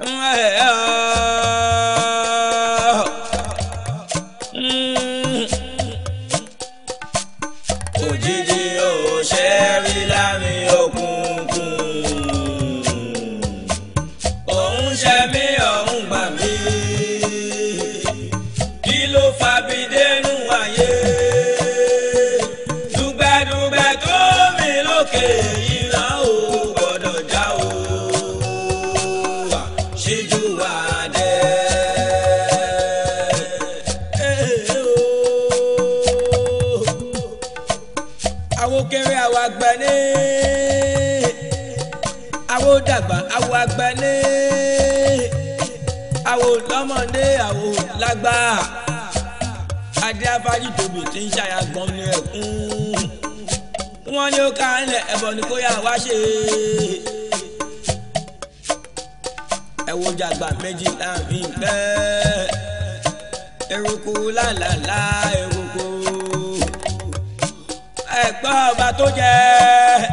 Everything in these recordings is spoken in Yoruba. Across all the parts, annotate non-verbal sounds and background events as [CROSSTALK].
É, é. odò tí ń ṣàyà gbọ́n ní ẹ̀kún wọ́n ní ó ká ńlẹ̀ ẹ̀bọ̀ ni kó yà wá ṣe ẹ wo jàgbà méjì láàrin bẹ́ẹ̀ eruku lálàlá eruku ẹ̀gbọ́n ọba tó jẹ́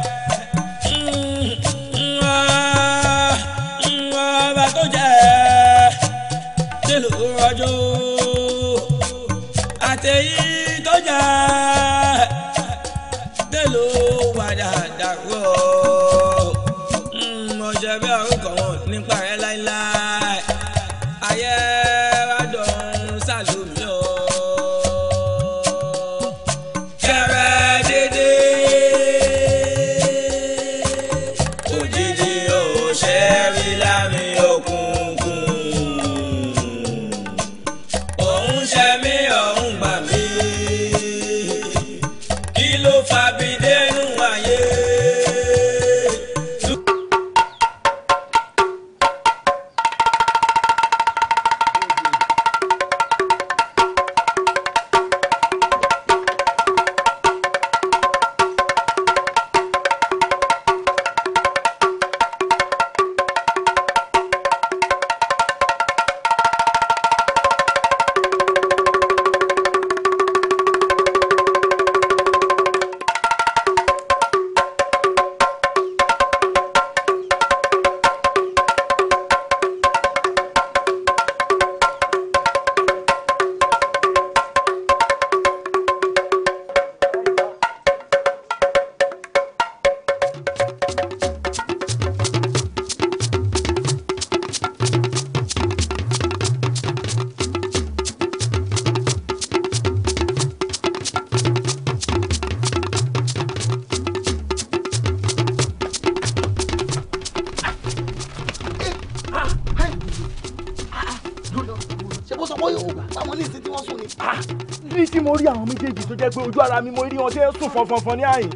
fọnfọn ní àyìn.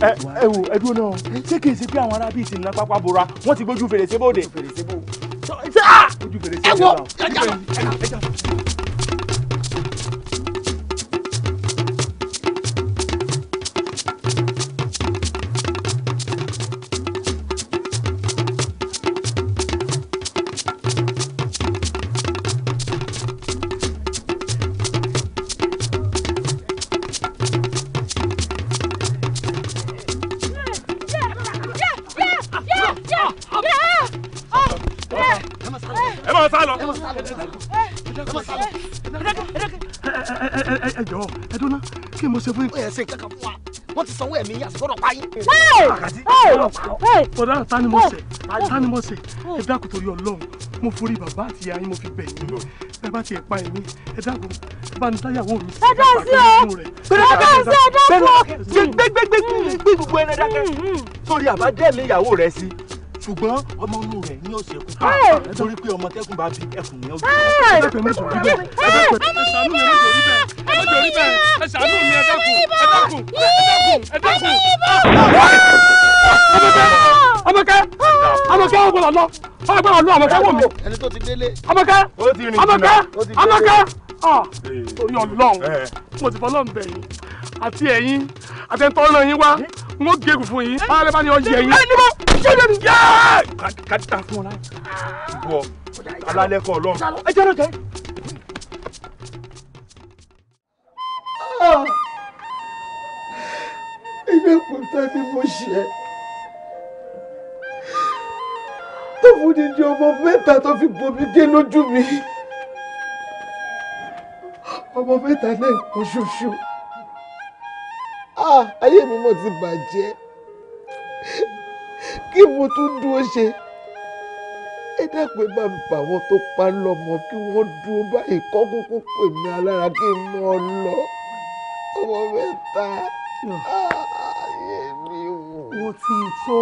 ẹ wo ẹ dúró náà ṣé kì ṣe pé àwọn arábí ti ná pápá bora wọ́n ti gbójú fèrèsé bòde. fèrèsé bò. Ah! ẹ wo ẹ jà yín. bọ̀dá ta ni mo ṣe ta ni mo ṣe ẹ dákun torí ọlọ́run mo forí bàbá àti ìyá yín mo fi bẹ̀ yín ẹ bá tiẹ̀ pa èmi ẹ dákun ẹ bá ní táyàwó mi. ẹ dá sí o ẹ dá sí ẹ dákun. gbẹgbẹgbẹ gbẹ gbogbo ẹran dákẹ́ sórí mm, mm. àbájẹ́ mi ìyàwó rẹ sí ṣùgbọ́n ọmọ inú rẹ̀ ní ọ̀sẹ̀ kù ká nítorí pé ọmọ tẹ́kùn bá bí ẹkùn ní ọjọ́. ẹ dẹ́pẹ̀ mẹ́jọ rí bẹ́ẹ̀ ẹ dẹ́pẹ̀ mẹ́jọ rí bẹ́ẹ̀ ẹ dẹ́pẹ̀ mẹ́jọ rí bẹ́ẹ̀ ẹ ṣàánú mi ẹ dákun ẹ dákun ẹ dákun. Amaka Amaka ọgbọ́n lọ ọgbọ́n lọ Amaka wọ̀ mí. ẹni tó ti délé. Amaka Amaka Amaka ah, orí Ọlọ́run eh. mo ti fọlọ́run bẹ̀ yín àti ẹ̀yin àtẹ̀ntọ́ ọ̀nà yín wá n ó gégùn fún yín alẹ́ bá ní ọyẹ yín. ẹni bọ́ jẹ́jẹ́ mi. kàdí ta fún ọ náà. bọ alálẹ́ kọ Ọlọ́run. ẹ jẹ́ lọ́tẹ̀. ọmọ mẹ́ta tó fi bomi dé lójú mi ọmọ mẹ́ta lẹ́ẹ̀kan ṣoṣo ah, ayé mi mọ̀ ti bàjẹ́ kí mo tún dúró ṣe ẹ dàpẹ́ bá mi pa àwọn tó pa lọ́mọ kí wọ́n dúró báyìí kọ́ kúkú pè mí alára kí n mọ́ ọ lọ ọmọ mẹ́ta ah, ayé mi wò. mo ti tó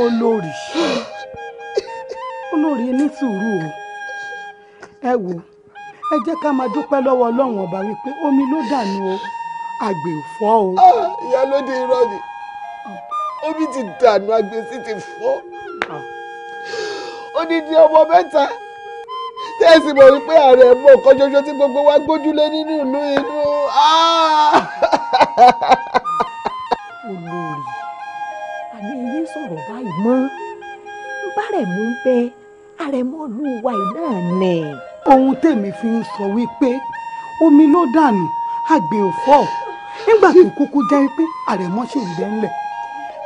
olórí olórí ní sùúrù o ẹ wò ẹ jẹ́ ká máa dúpẹ́ lọ́wọ́ ọlọ́run ọba wípé omi ló dànù o àgbè ò fọ́ o. Ah, ìyá ló dé irọ́ ni omi ti dànù àgbè sì ti fọ́ ah. odidi ọmọ mẹ́ta tẹ́sí mọ̀ wípé ààrẹ mọ̀ ọ̀kan ṣoṣo tí gbogbo wa gbójúlé nínú ìlú inú. Ah. olórí àní ilé sọ̀rọ̀ báyìí mọ́ bá rẹ̀ mú bẹ́ẹ̀ àrẹ̀mọ olúwa náà nì. ohun tèmi fi ń sọ wípé omi ló dànù àgbè ò fọ́ nígbà tó kúkú jẹ́ pé àrẹ̀mọ ṣì ń bẹ ńlẹ̀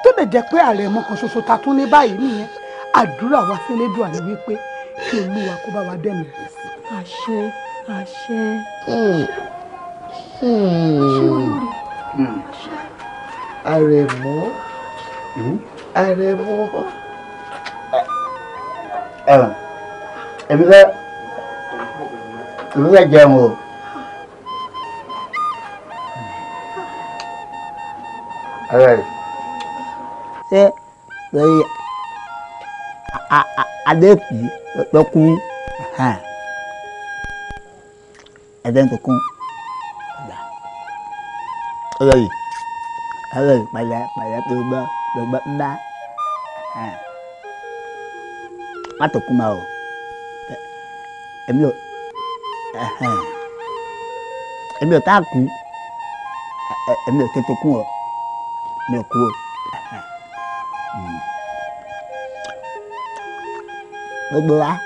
tó lè jẹ́ pé àrẹ̀mọ kan ṣoṣo ta tún ní báyìí nìyẹn àdúrà wa fẹ́lẹ́dùn àní wípé kí olúwa kó bá wa dẹ̀mí. àṣẹ àṣẹ. àrẹ̀mọ hmm, hmm. àrẹ̀mọ. Hmm? em ờ. em biết đứng ra chờ mùa ơi ờ. thế đây à à à đẹp gì đó cũng ha à đêm tôi cũng ơi ơi bài lá bài lá từ bơ từ bận đá à mắt cũng mờ em được ờ, ờ. em được ta cũng ờ, em được cái tôi cũng được cũng bữa bữa á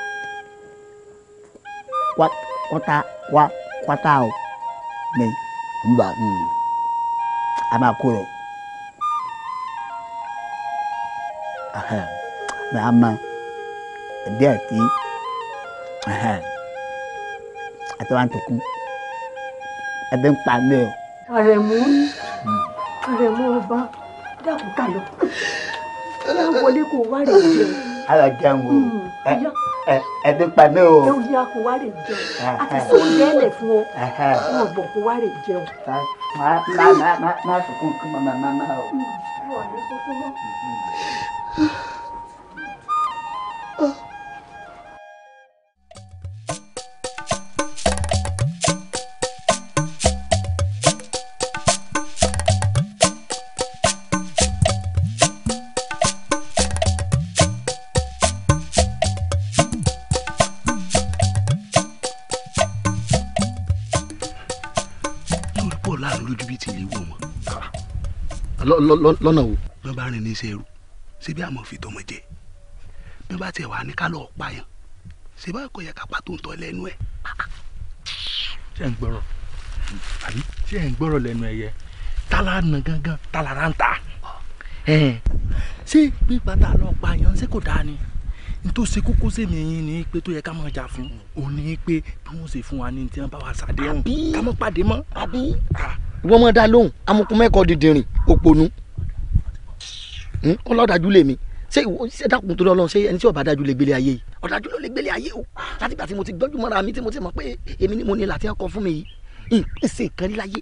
quá qua ta quá quá tao mình cũng bảo ừ. em à cô rồi à, mà ɛdeɛ ati ɛhɛn atawa ntoku ɛbi nkpa meo. àrẹ̀mú àrẹ̀mú hmm. ọba dákun ká lọ ẹ wọlé kó wá rè jẹ. ara jẹun o ẹ ẹbi nkpa meo. ẹ wọlé kó wá rè jẹ a hmm. ti sọ lẹ́lẹ̀ fún ọ wọn bọ̀ kó wá rè jẹ o. máa máa máa máa sọkún kí màmá máa o. Hmm. lọ́nà wo. bí wọ́n bá rìn ní sẹ́rù síbi àmọ́ fi tọmọ jẹ bí wọ́n bá tiẹ̀ wà ní kálọ̀ ọ̀páyàn ṣe bá kò yẹ ká pàtó ntọ́ lẹ́nu ẹ̀. ṣé ń gbọ́rọ̀ àbí ṣé ń gbọ́rọ̀ lẹ́nu ẹ̀yẹ tálá nà gángan tálá rà ń ta ṣé pípa tá a lọ pa yàn ṣé kò dáa ni nítorí ṣe kókó sèmi yín ni pé tó yẹ ká máa jà fún o ní pé bí wọ́n ṣe fún wa ní tiwọn bá wa ṣàdéhùn ká mọ́ pàdé mọ́. àbí ah. wọ́n mọ̀ dá lóhùn amúkúmẹ́kọ̀ọ́ dìndìnrín òpònú ọlọ́dàjú hmm? lèmi ṣé ṣé dákun torí Ọlọ́run ṣé ẹni tí ọba dájú lè gbélé ayé yìí ọ̀dájú ló lè gbélé ayé o láti gbà tí mo ti gbọ́jú mọ́ra mi tí mo ti mọ̀ pé èmi ni mo ní làtí ọkọ fún mi yìí ìpèsè kan ní láyé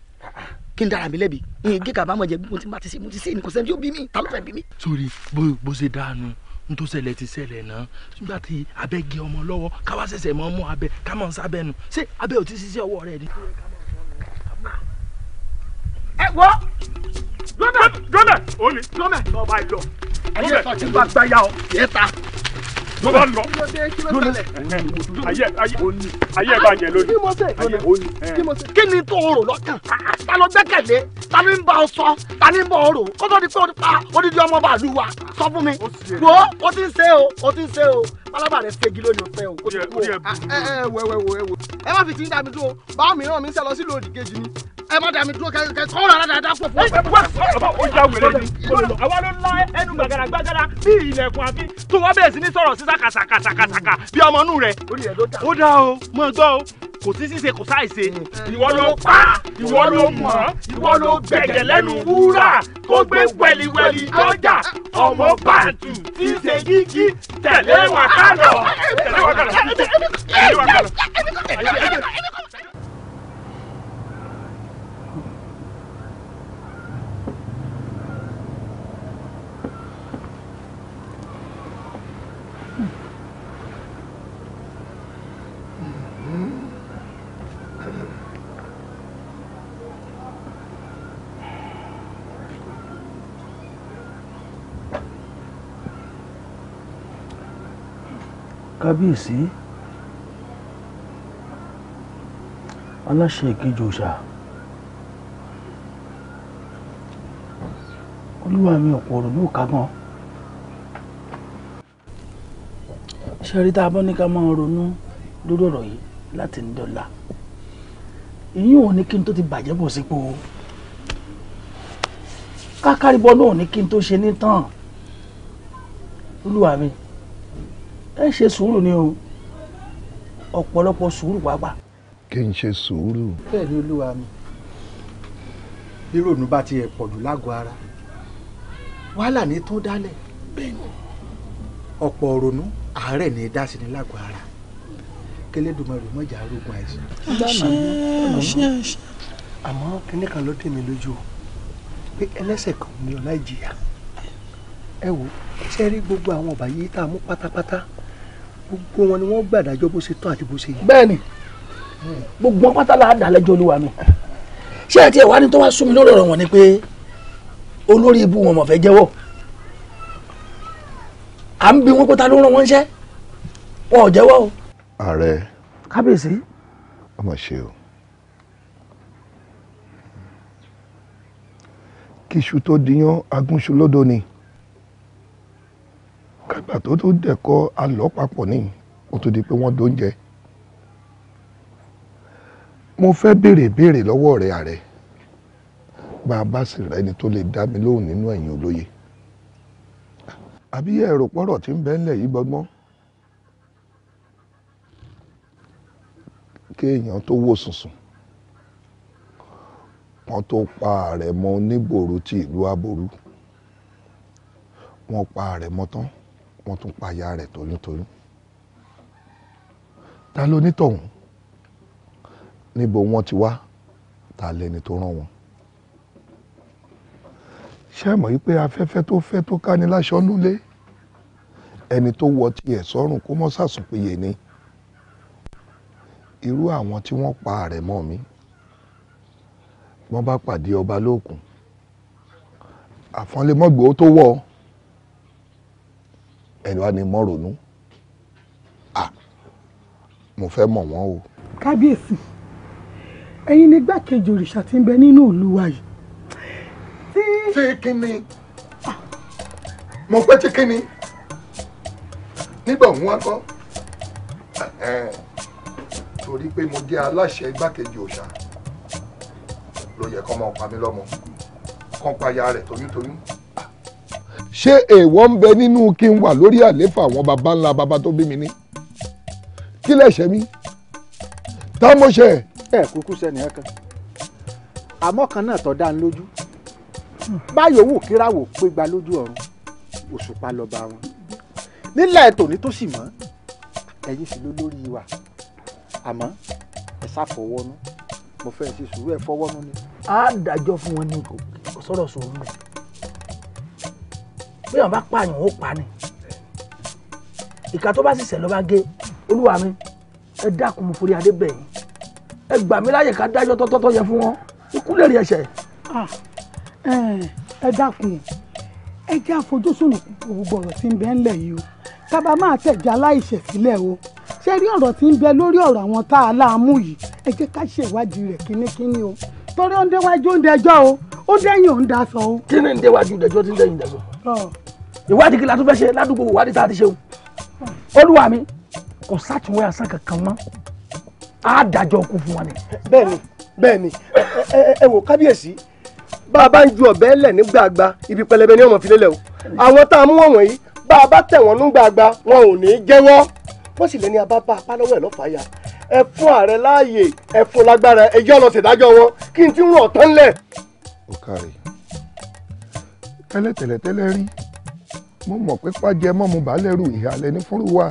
kí n dára mi lẹ́bi ìyẹn gé kàbámọ̀ jẹ bí mo ti bá ti ṣe mo ti ṣe nìkan sẹ́ni yóò bí mi ta ló fẹ́ bí mi. sori bó bó ṣe dáanu n tó ṣẹlẹ̀ ti ṣẹlẹ̀ náà nígbà tí abẹ́ gé ọmọ lọ́wọ́ káwá ṣẹ̀ṣẹ̀ mọ́ mú abẹ ká mọ̀ ń sábẹ́nu ṣé abẹ́ ò ti ṣiṣẹ́ ọwọ́ rẹ ni ẹ wọ. jọ́nà jọ́nà ó ní. jọ́nà tó bá lọ. ayé tó ti bá gbáyà ọ yẹ ta. tó bá lọ. ayé ayé ayé ẹ bá yẹ lónìí. kí mo ṣe kí mo ṣe kí ni tó o rò lọ́kàn. ta ló gbẹ́kẹ̀lé ta ni ń bá ọ sọ ta ni ń bá ọ rò kó tó di pé o ti pa odidi ọmọ bàálù wa sọ fún mi. wo o ti ń ṣe o o ti ń ṣe o pálábà rẹ fegi lónìí ọ̀fẹ́ o kó tó kú ẹ ẹ wẹ ẹ má fi ti ń dàbí tó o báwo mìíràn mi ń sẹ lọ sílùú òdìkejì ni ẹ má dàmí dúró kẹ sọ́ọ́ rárá dáadáa fún ọ̀pọ̀. ọba ó já wèrè ni àwa ló la ẹnu gbàgàdà gbàgàdà bí ilẹ̀kùn àfi tó wọ́n bẹ̀rẹ̀ sí ní sọ̀rọ̀ sísá kàṣàkàṣàkàṣàkà bí ọmọ inú rẹ̀. ó dá o mọ gbọ́ o kò sí ṣíṣe kò sáìṣe. ìwọ ló pa ìwọ ló mọ̀ ìwọ ló gbẹ̀gẹ̀ lẹ́nu wúrà kó gbé wẹ̀lìwẹ̀lì lọ́jà ọmọ bàǹtù tí ṣe yíkí tẹ̀lé wàkàlọ̀ tẹ̀lé wàkàlọ̀ tẹ̀lé wàkàlọ̀. kábíyèsí aláṣẹ ìkejì òòṣà olúwa mi ọ̀pọ̀ ọ̀rọ̀ ló ká gan ṣẹ́rí tá a bọ́ ní ká máa ronú lórí ọ̀rọ̀ yìí láti ní dọ́là ìyún ò kí n tó ti bàjẹ́ bọ̀ sípò kákàrí bọ́ náà ò kí n tó ṣe ní tán olúwa mi ẹ ṣe sùúrù ni o ọ̀pọ̀lọpọ̀ sùúrù pàápàá. kí n ṣe sùúrù. bẹ́ẹ̀ ni olúwa mi bí ròònù bá tiẹ̀ pọ̀ jù lágọ̀ọ́ ara wàhálà ní tún dálẹ̀ bẹ́ẹ̀ ni ọ̀pọ̀ òrònú àárẹ̀ ní dá sí ní lágọ̀ọ́ ara kẹlẹ́dùnmọ̀ rẹ̀ mọ̀jà arógun àìsàn. àmọ́ kíní kan ló tèmi lójú o pé ẹlẹ́sẹ̀ kan ni ọ̀la ìjìyà ẹ wo ṣe rí gbogbo àwọn ọ̀bà yìí tá a mú pátápátá gbogbo wọn ni wọ́n gbàdájọ́ bó ṣe tán àti bó ṣe yẹ. bẹ́ẹ̀ni gbogbo wọn pátá láàdá lẹ́jọ́ olúwa mi ṣé àti ẹwà ni tó wá súnmi lórí ọ̀rọ̀ wọn ni pé olórí ibú wọn mọ fẹ́ jẹ́wọ́ à ń bi wọn pé ta ló rán wọn ṣẹ wọn ò jẹ́wọ́ ààrẹ kábíyèsí. ọmọ ṣe o kí tó diyán agúnṣu lódò ni kàgbà tó tó dẹ̀kọ́ alọ́ papọ̀ ní kó tó di pé wọ́n dóúnjẹ. mo fẹ́ béèrè béèrè lọ́wọ́ rẹ̀ ààrẹ bá a bá sì rẹ́ni tó lè dá mi lóhùn nínú ẹ̀yin olóye. àbí ẹ̀rọ pọ́rọ̀ tí ń bẹ ńlẹ̀ yìí gbọ́gbọ́n. kéèyàn tó wò sùnsùn wọ́n tó pa ààrẹ mọ́ onígbòòrò ti ìlú aboru wọ́n pa ààrẹ mọ́ tán wọ́n tún pa ìyá rẹ̀ toyúntoyún ta ló nítọ̀hún níbo wọ́n ti wá ta lẹni tó rán wọn ṣé mọ̀ yí pé afẹ́fẹ́ tó fẹ́ tó ká ní láṣọ núlé ẹni tó wọ tiẹ̀ sọ́rùn kó mọ́ sàsùnpìyè ni irú àwọn tí wọ́n pa rẹ̀ mọ́ mi wọ́n bá pàdé ọba lóòkùn àfọ́nlẹ́mọ́gbò tó wọ̀ ọ́ ẹni wá ní mọ́ ronú à mo fẹ́ mọ̀ wọ́n o. kábíyèsí ẹ̀yin ni igbákejì òrìṣà tí ń bẹ nínú ìlú wa yìí. tí. ṣé kí ni mo pẹ́ tí kí ni nígbà òun wá kọ́ torí pé mo jẹ́ aláṣẹ igbákejì òòṣà ló yẹ kọ́ máa pa mí lọ́mọ kọ́ pa ya rẹ̀ toyúntoyún ṣé èèwọ̀ ń bẹ nínú kí n wà lórí àléfà àwọn baba ńlá baba tó bí mi ní kí lẹ̀ṣẹ̀ mi tá mo ṣe. ẹ kúkú sẹni ẹ kan àmọ́ kan náà tọ́ dá ń lójú báyọ̀ wò kíráwò pé gba lójú ọ̀run òṣùpá lọ́ba wọn nílẹ̀ tòní tó sì mọ́ ẹ̀yìn sì ló lórí wa àmọ́ ẹ ṣàfọwọ́nú mo fẹ́ ṣe sùúrù ẹ fọwọ́nú ni. a dájọ́ fún wọn ní kò sọ̀rọ̀ sòrò rẹ̀ bí wọn bá pààyàn ó pa ni ìka tó bá sì ṣẹ̀ ló bá gé olúwa mi ẹ dákun mo forí adé bẹ̀ yín ẹ gbà mí láyè ká dájọ́ tọ́tọ́tọ́ yẹ fún wọn ikú lè rí ẹ̀ṣẹ̀. Ah, ẹ dákun ẹ jẹ́ àfojúsùn gbogbo ọ̀rọ̀ tí ń bẹ ńlẹ̀ yìí o kábà máa tẹ̀jà aláìṣẹ̀ sílẹ̀ o ṣé rí ọ̀rọ̀ tí ń bẹ lórí ọ̀rọ̀ àwọn tá a láàmú yìí ẹ jẹ́ ká ṣèwádìí rẹ̀ kínníkínní o torí ó ń déwájú ó ń dẹjọ́ o ó dẹ́yìn ó ń daṣọ o. kí ni ń déwájú dẹjọ́ tí ń dẹ́yìn daṣọ ìwádìí kí la tún fẹ́ ṣe ládùúgbò ìwádìí tá a ti ṣe o olúwa mi kò sátúnwé asán kankan mọ́ á dájọ́ kú fún wọn ni. bẹ́ẹ̀ni bẹ́ẹ̀ni ẹ wò kábíyèsí bá a bá ń ju ọ̀bẹ lẹ̀ ní gbàgbà ibi pẹlẹbẹ ni ọmọ fi lélẹ̀ o àwọn tá a mú wọn wọ̀nyí bá a bá tẹ̀ wọ́n ní gbàgbà wọn ò ní jẹ́wọ́ wọ́n sì lé ní abá bá apá lọ́wọ́ ẹ̀ lọ́fàá ya ẹ fún ààrẹ láàyè ẹ fún lágbára ẹ yọ lọ ṣèdájọ́ wọn kí n ti rún ọ̀tán lẹ̀. ó kàrí tẹ́lẹ̀tẹ́lẹ̀ tẹ́lẹ̀ rí mo mọ̀ pé pàjẹ́ mọ́ mo bá lẹ́rù ìhàlẹ́ ní fúnrúwà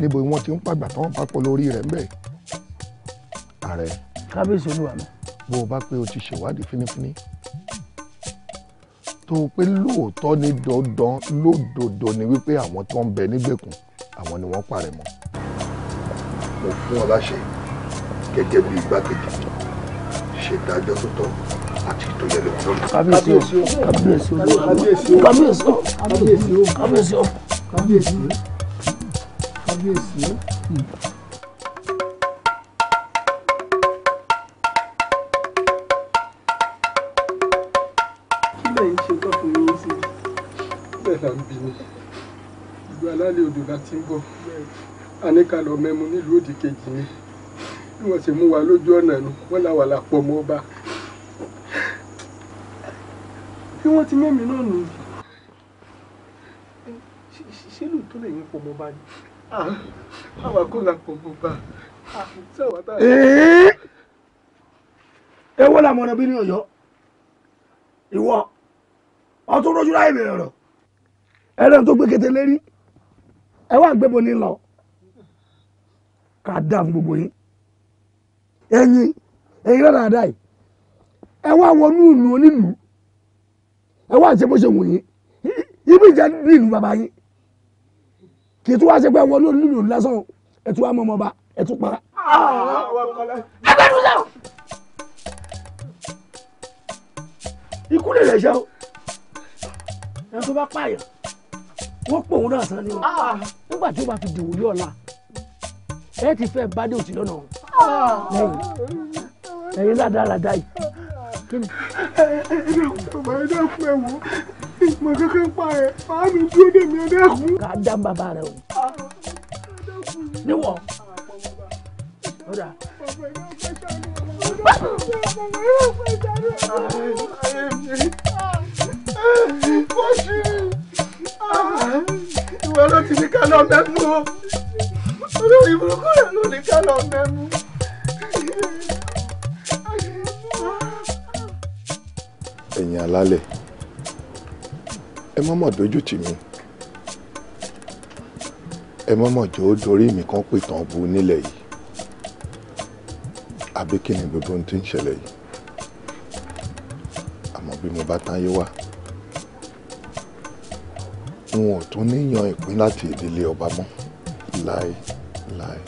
níbo wọn ti ń pàgbà tán papọ̀ lórí rẹ̀ ń bẹ̀. ààrẹ kábíyèsí olúwa mi. bó o bá pé o ti ṣèwádìí fínífíní tó o pé lóòótọ́ ní dandan lódodo ni wípé àwọn tó ń bẹ nígbèkùn àwọn ni wọ́n parẹ́ mọ́. mo fún ọ láṣẹ gẹ́gẹ́ bí igbákejì ṣèdájọ́ tó tọ́ kábíyèsí o kábíyèsí o kábíyèsí o kábíyèsí o kábíyèsí o kábíyèsí o kábíyèsí o kábíyèsí o. kílẹ̀ ń ṣe tán fún yín sí bẹ́ẹ̀ là ń bí ni ìlú alálẹ̀ odò la ti ń mẹ́mu nílùú òdì kejì ni bí wọ́n ṣe mú wa lójú ọ̀nà nu wọ́n làwà là mọ́ ọba bí wọ́n ti mẹ́mi náà nù ṣé lóòótọ́ lẹ́yìn fọmọ bá ní. àwa kò la fọmọ bá sáwà tá a. ẹ wọ́n làmọ́ ọ̀nà bí ní ọ̀yọ́ ìwọ ọtún rojú láì bèrè ọ̀rọ̀ ẹlẹ́nu tó gbé kété lérí ẹ wá gbébo ní lọ ká dá fún gbogbo yín ẹ̀yin ẹ̀yin rẹ̀ dáadáa yìí ẹ wá wọnú ìlú onílù ẹ wá ṣe bó ṣe wù yín ibi ìjẹ bí ìlú bàbá yín kì í tún wá ṣe pé wọnú ìlú lásán ẹ tún wá mọ ọmọọba ẹ tún para. agbẹnusẹ ikú lè lè ṣe o ẹ tó bá pààyàn wọ́n pò òun náà sàn ni o nígbà tí ó bá fi dìwò ní ọ̀la ẹ ti fẹ́ bá dé òsì lọ́nà o lẹ́yìn ẹ̀yin ládàá ládàá yìí kíni. ẹ dákun ẹ wò ìmọ̀ kankan pa ẹ̀ máa mi dúró dè mí ẹ dákun. kà á dá bàbá rẹ o níwọ̀ ó dà. ìwọ ló ti ní ká lọ mẹ́mú o olórí burúkú rẹ̀ ló ní ká lọ mẹ́mú. ẹ̀yin alálẹ̀ ẹ má mọ̀ dójú tì mí ẹ má mọ̀ jọ ó dorí mi kan pè tán bu nílẹ̀ yìí àbí kí ni gbogbo ohun tí ń ṣẹlẹ̀ yìí àmọ́ bí mo bá táyé wá n ò tún níyan ìpín láti ìdílé ọba mọ́ láé láé.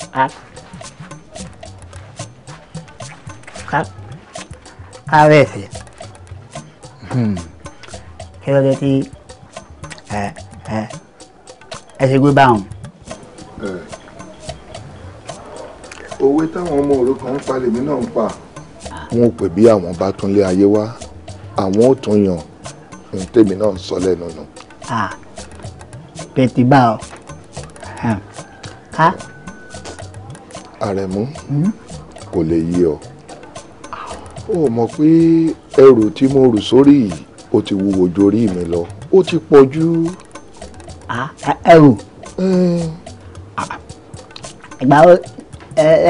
kábíyèsí. Hmm. kí ló dé tí ẹ ṣe gbé báwọn. òwe táwọn ọmọ òrukàn ń pa lèmi náà ń pa. wọn ò pè bí àwọn bá tún lé ayé wá àwọn ò tún yàn ohun tèmi náà ń sọ lẹ́nu nù. pètè bá ọ ká. àrẹ̀mú hmm? kò lè yí ọ. ó mọ̀ pé ẹrù tí mo rù sórí yìí ó ti wúwo ju orí mi lọ ó ti pọ̀ jù. ẹrù ìgbà wo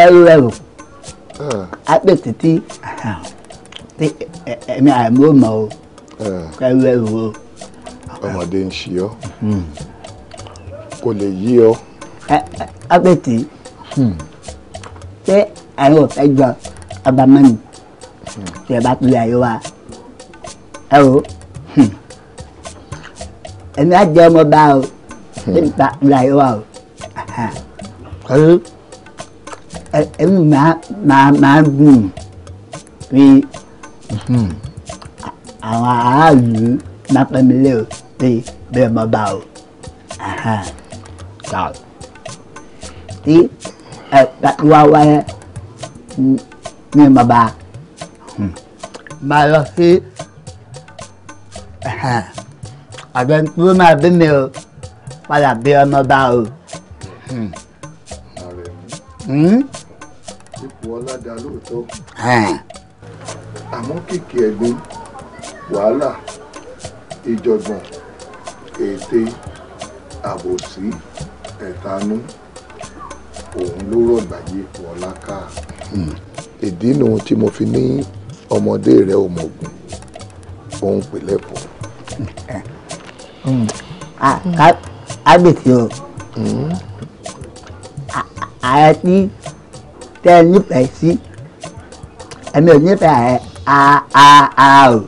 ẹrù ẹrù apètè tí èmi àìmú mọ o ẹrù ẹrù o. ọmọdé ń ṣe ọ hmm. kò lè yí ọ. apètè hmm. ṣé àwọn òfẹ́ jọ ọba mọ́ni tí ẹ bá pè ayé wa ẹ o èmi hmm. á jẹ ọmọ bá o tí hmm. n bá pè ayé wa o èmi máa máa máa gùn pé hmm. àwọn aráàlú máa pẹ́ mi lé o pé bẹ́ẹ̀ mọ́ bá o tí ẹ bá wá wáyé ní ọmọ bá a máa lọ sí àgbẹ̀ntúró máa bí mi o padà bí ọmọ bá o. ipò ọládàá lóòótọ́ àmọ́ kìkì ẹ̀gún wàhálà ìjọ̀gbọ̀n ète àbòsí ẹ̀tanú òun ló rọ̀gbàyé ipò ọlá ká. Hmm. ìdí nu tí mo fi ní ọmọdé rẹ ò mọ̀gùn òun pèlẹ́ pọ̀. kábíyèsí hmm. ah, ah, o hmm. ah, ààrẹ tí tẹ́ ẹ nífẹ̀ẹ́ sí ẹ̀mí ò nífẹ̀ẹ́ ara o.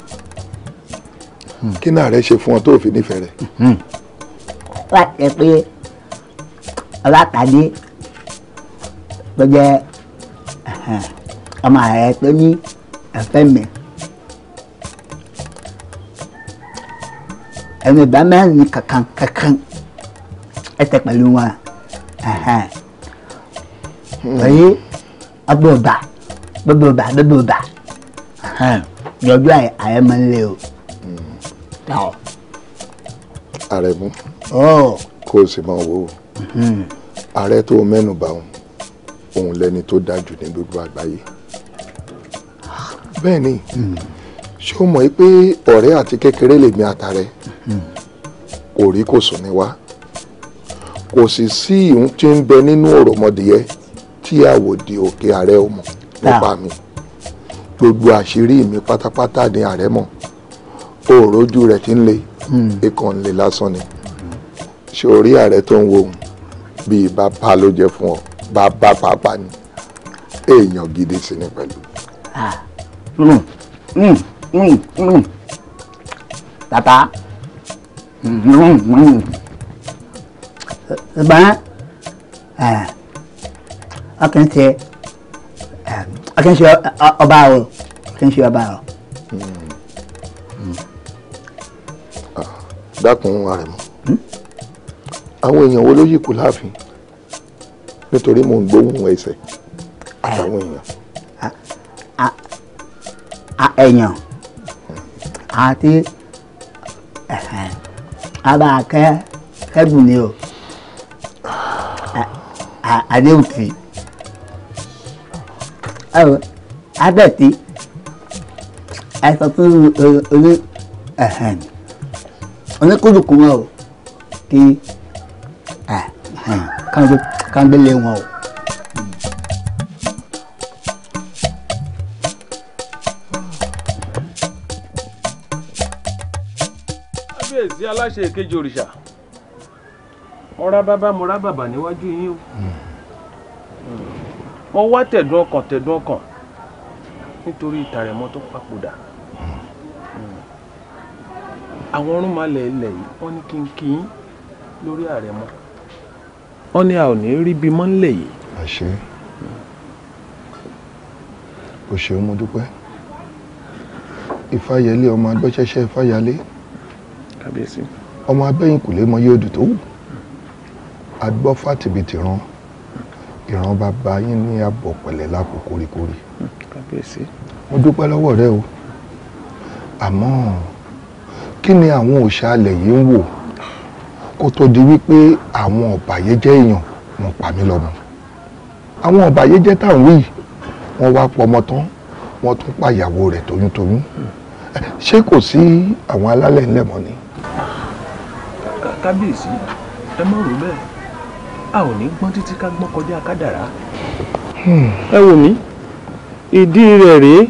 Hmm. kí náà rẹ ṣe fún ọ tó fi nífẹ̀ẹ́ rẹ. wọ́n ti pé ọba tàbí tó jẹ́ ọmọ ààrẹ tó ní afɛmɛ ɛmɛ bá mɛ ni kankan kankan ɛtɛ pẹ̀lú wọn ɛhɛn oye ɔbɛ ɔba bɛbɛ ɔba bɛbɛ ɔba ɛhɛn yɔjɔ ayɛ mɛ n lé o tawɔ. Àrẹ̀mú oh. kó o sì máa wò ó mm-hmm. ààrẹ tó mẹ́nu bá òun òun lẹni tó dájú ní gbogbo àgbáyé bẹ́ẹ̀ ni ṣé o mọ̀ pé ọ̀rẹ́ àti kékeré lèmi àtàrẹ kò rí kò sùn ní wá kò sì sí ìhun tí ń bẹ nínú òròmọdìyẹ tí àwòdì òkè ààrẹ ò mọ̀ nípa ah. mi gbogbo àṣírí mi pátápátá ni ààrẹ mọ̀ òòrójú rẹ̀ ti ń le hmm. ikàn ń lásán ni ṣé o rí ààrẹ tó ń wo òun bíi bàbá ló jẹ́ fún ọ bàbá pàápàá ni èèyàn gidi sí ni pẹ̀lú. Ah. Mm, mm, mm, tata ṣùgbọ́n ọkàn ṣe ọkàn ṣe ọba o ọkàn ṣe ọba o. Ah, dákun àrẹ̀mọ hmm? àwọn èèyàn wo ló yí kù láàfin nítorí mò ń gbóhùn ẹsẹ̀ àtàwọn èèyàn ẹ̀yàn àti abàkẹ́ kẹ́gùn ni o àdéhùtì abẹ́tì àìsàn tó ní oníkùdùkù wọn o kí kàn gbélé wọn o. sí aláṣẹ èkejì òrìṣà ọ̀rá bàbá mo rá bàbá níwájú yín o hmm. mo wá tẹ̀dùn ọkàn tẹ̀dùn ọkàn nítorí ìtàrẹ̀mọ tó papòdà hmm. àwọn ọ̀rúnmalẹ̀ ilẹ̀ yìí wọ́n ní kí n kí yín lórí àrẹ̀mọ wọ́n ní a ò ní rí bí mọ́ ńlẹ̀ yìí. àṣẹ o ṣeun mo dúpẹ́ ìfàyẹlé ọmọ agbẹ́sẹ́sẹ́ ìfàyàlé kábíyèsí. ọmọ abẹ́yìn kò lè mọ yóò dùn tó wù agbọ́ fàtìbí ti rán ìran bàbá yín ní àbọ̀ pẹ̀lẹ́ lápò kórikórì. kábíyèsí. mo dúpẹ́ lọ́wọ́ rẹ o àmọ́ kí ni àwọn òòṣà alẹ̀ yìí ń wò kó tó di wípé àwọn ọ̀bàyéjẹ́ èèyàn wọn pa mí lọ́mọ àwọn ọ̀bàyéjẹ́ tá à ń wí wọn wá pọ̀ ọmọ tán wọ́n tún pàyàwó rẹ̀ toyúntoyún ṣé kò sí àwọn alálẹ̀ ńlẹ̀ mọ́ ni kábíyèsí ẹ má rò bẹ́ẹ̀ a ò ní gbọ́n títí ká gbọ́n kọjá kádàrá. Hmm. ẹ wò mí ìdí rẹ̀ rèé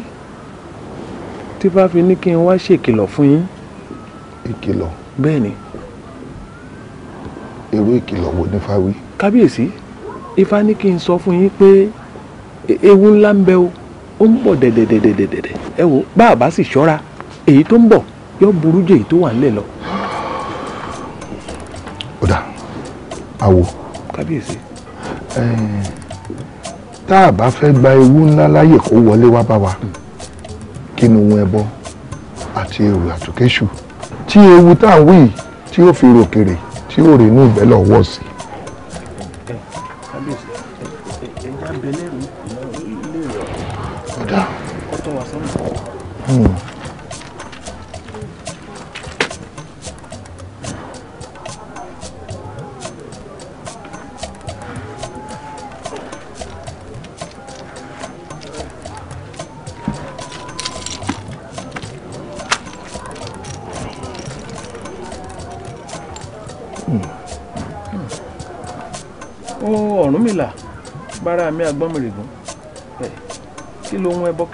tí bá fi ní kí n wá ṣèkìlọ̀ fún yín. ìkìlọ̀. bẹ́ẹ̀ ni. irú ìkìlọ̀ wo ni ifá wí. kábíyèsí ifá ní kí n sọ fún yín pé e-, ewu ńlá ń bẹ o ó ń bọ̀ dẹ̀dẹ̀dẹ̀dẹ̀dẹ̀ ẹ wò bá a bá sì ṣọ́ra èyí tó ń bọ̀ yóò burú jẹ́ èyí tó wà ńlẹ̀ lọ. àwò. kábíyèsí. tá a bá fẹ́ gba ewu ńlá láyè kó wọlé wá bá wa kí ni ohun ẹbọ àti èrò àtúkéṣù tí ewu tá à ń wí tí ó fi ròkèrè tí ó rè ní ìbẹ́lẹ̀ ọwọ́ sí i.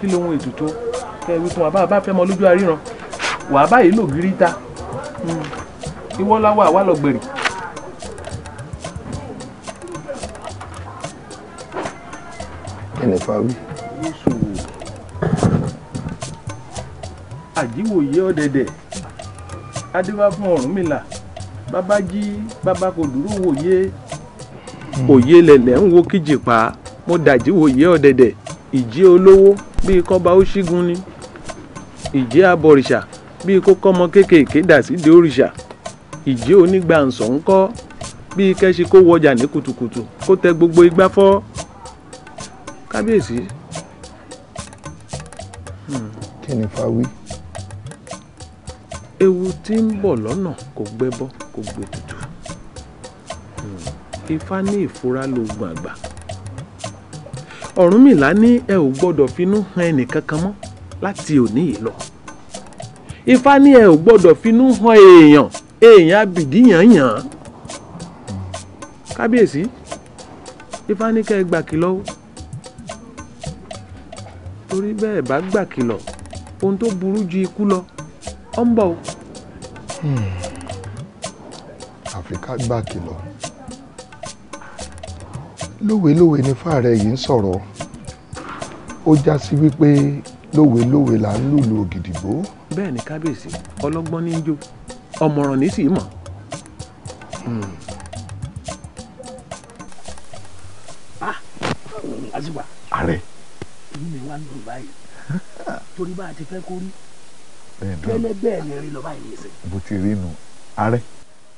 kí lohun ètùtù kẹwì fún bàbá bá fẹ́ mọ lójú aríran wàá báyìí lò gírí ta hmm. ìwọ láwọ àwa lọ gbèrè. ẹnìfà wí. àjíwòye ọ̀dẹ̀dẹ̀ adéwà fún Ọ̀rúnmìlà bàbá jí bàbá kò dúró wòye hmm. òye lẹ̀lẹ̀ ń wo kíjì pa mo dàjíwòye ọ̀dẹ̀dẹ̀ ìjí olówó bíi kọ́ba ó ṣígun ni ìjẹ́ abọ̀rìṣà bíi kó kọ́mọ kéékèèké dà sí di òrìṣà ìjẹ́ onígbàǹsọ̀ ń kọ́ bíi kẹ́sì kó wọjà ní kùtùkùtù kó tẹ gbogbo igbá fọ́ kábíyèsí. Hmm. kí ni fa wí. ewu tí ń bọ̀ lọ́nà kò gbẹ́bọ́ kò gbòtùtù hmm. ifá ní ìfura lóògùn àgbà ọ̀rúnmìlà ní ẹ ò gbọ́dọ̀ finú han ẹnìkankan mọ́ láti òní yìí lọ ifá ní ẹ ò gbọ́dọ̀ finú han èèyàn èèyàn abìdí yànyàn kábíyèsí ifá ní kẹ́ ẹ gbà kìlọ̀ o torí bẹ́ẹ̀ bá gbà kìlọ̀ ohun tó burú ju ikú lọ ọ ń bọ̀ o. Hmm. àfi gbà kìlọ̀ lówelówe ni fàárẹ̀ yìí ń sọ̀rọ̀ ó já sí wípé lówelówe là ń lùlù ògìdìgbò. bẹ́ẹ̀ ni kábíyèsí ọlọ́gbọ́n ní í jó ọ̀mọ̀ràn ní sì mọ̀. Hmm. Ah, àzùbà ààrẹ èyí ni wà ń lò báyìí torí bá a ti fẹ́ kó rí tẹ́lẹ̀ bẹ́ẹ̀ ni rí lọ báyìí nìyẹn. bó ti rí nu ààrẹ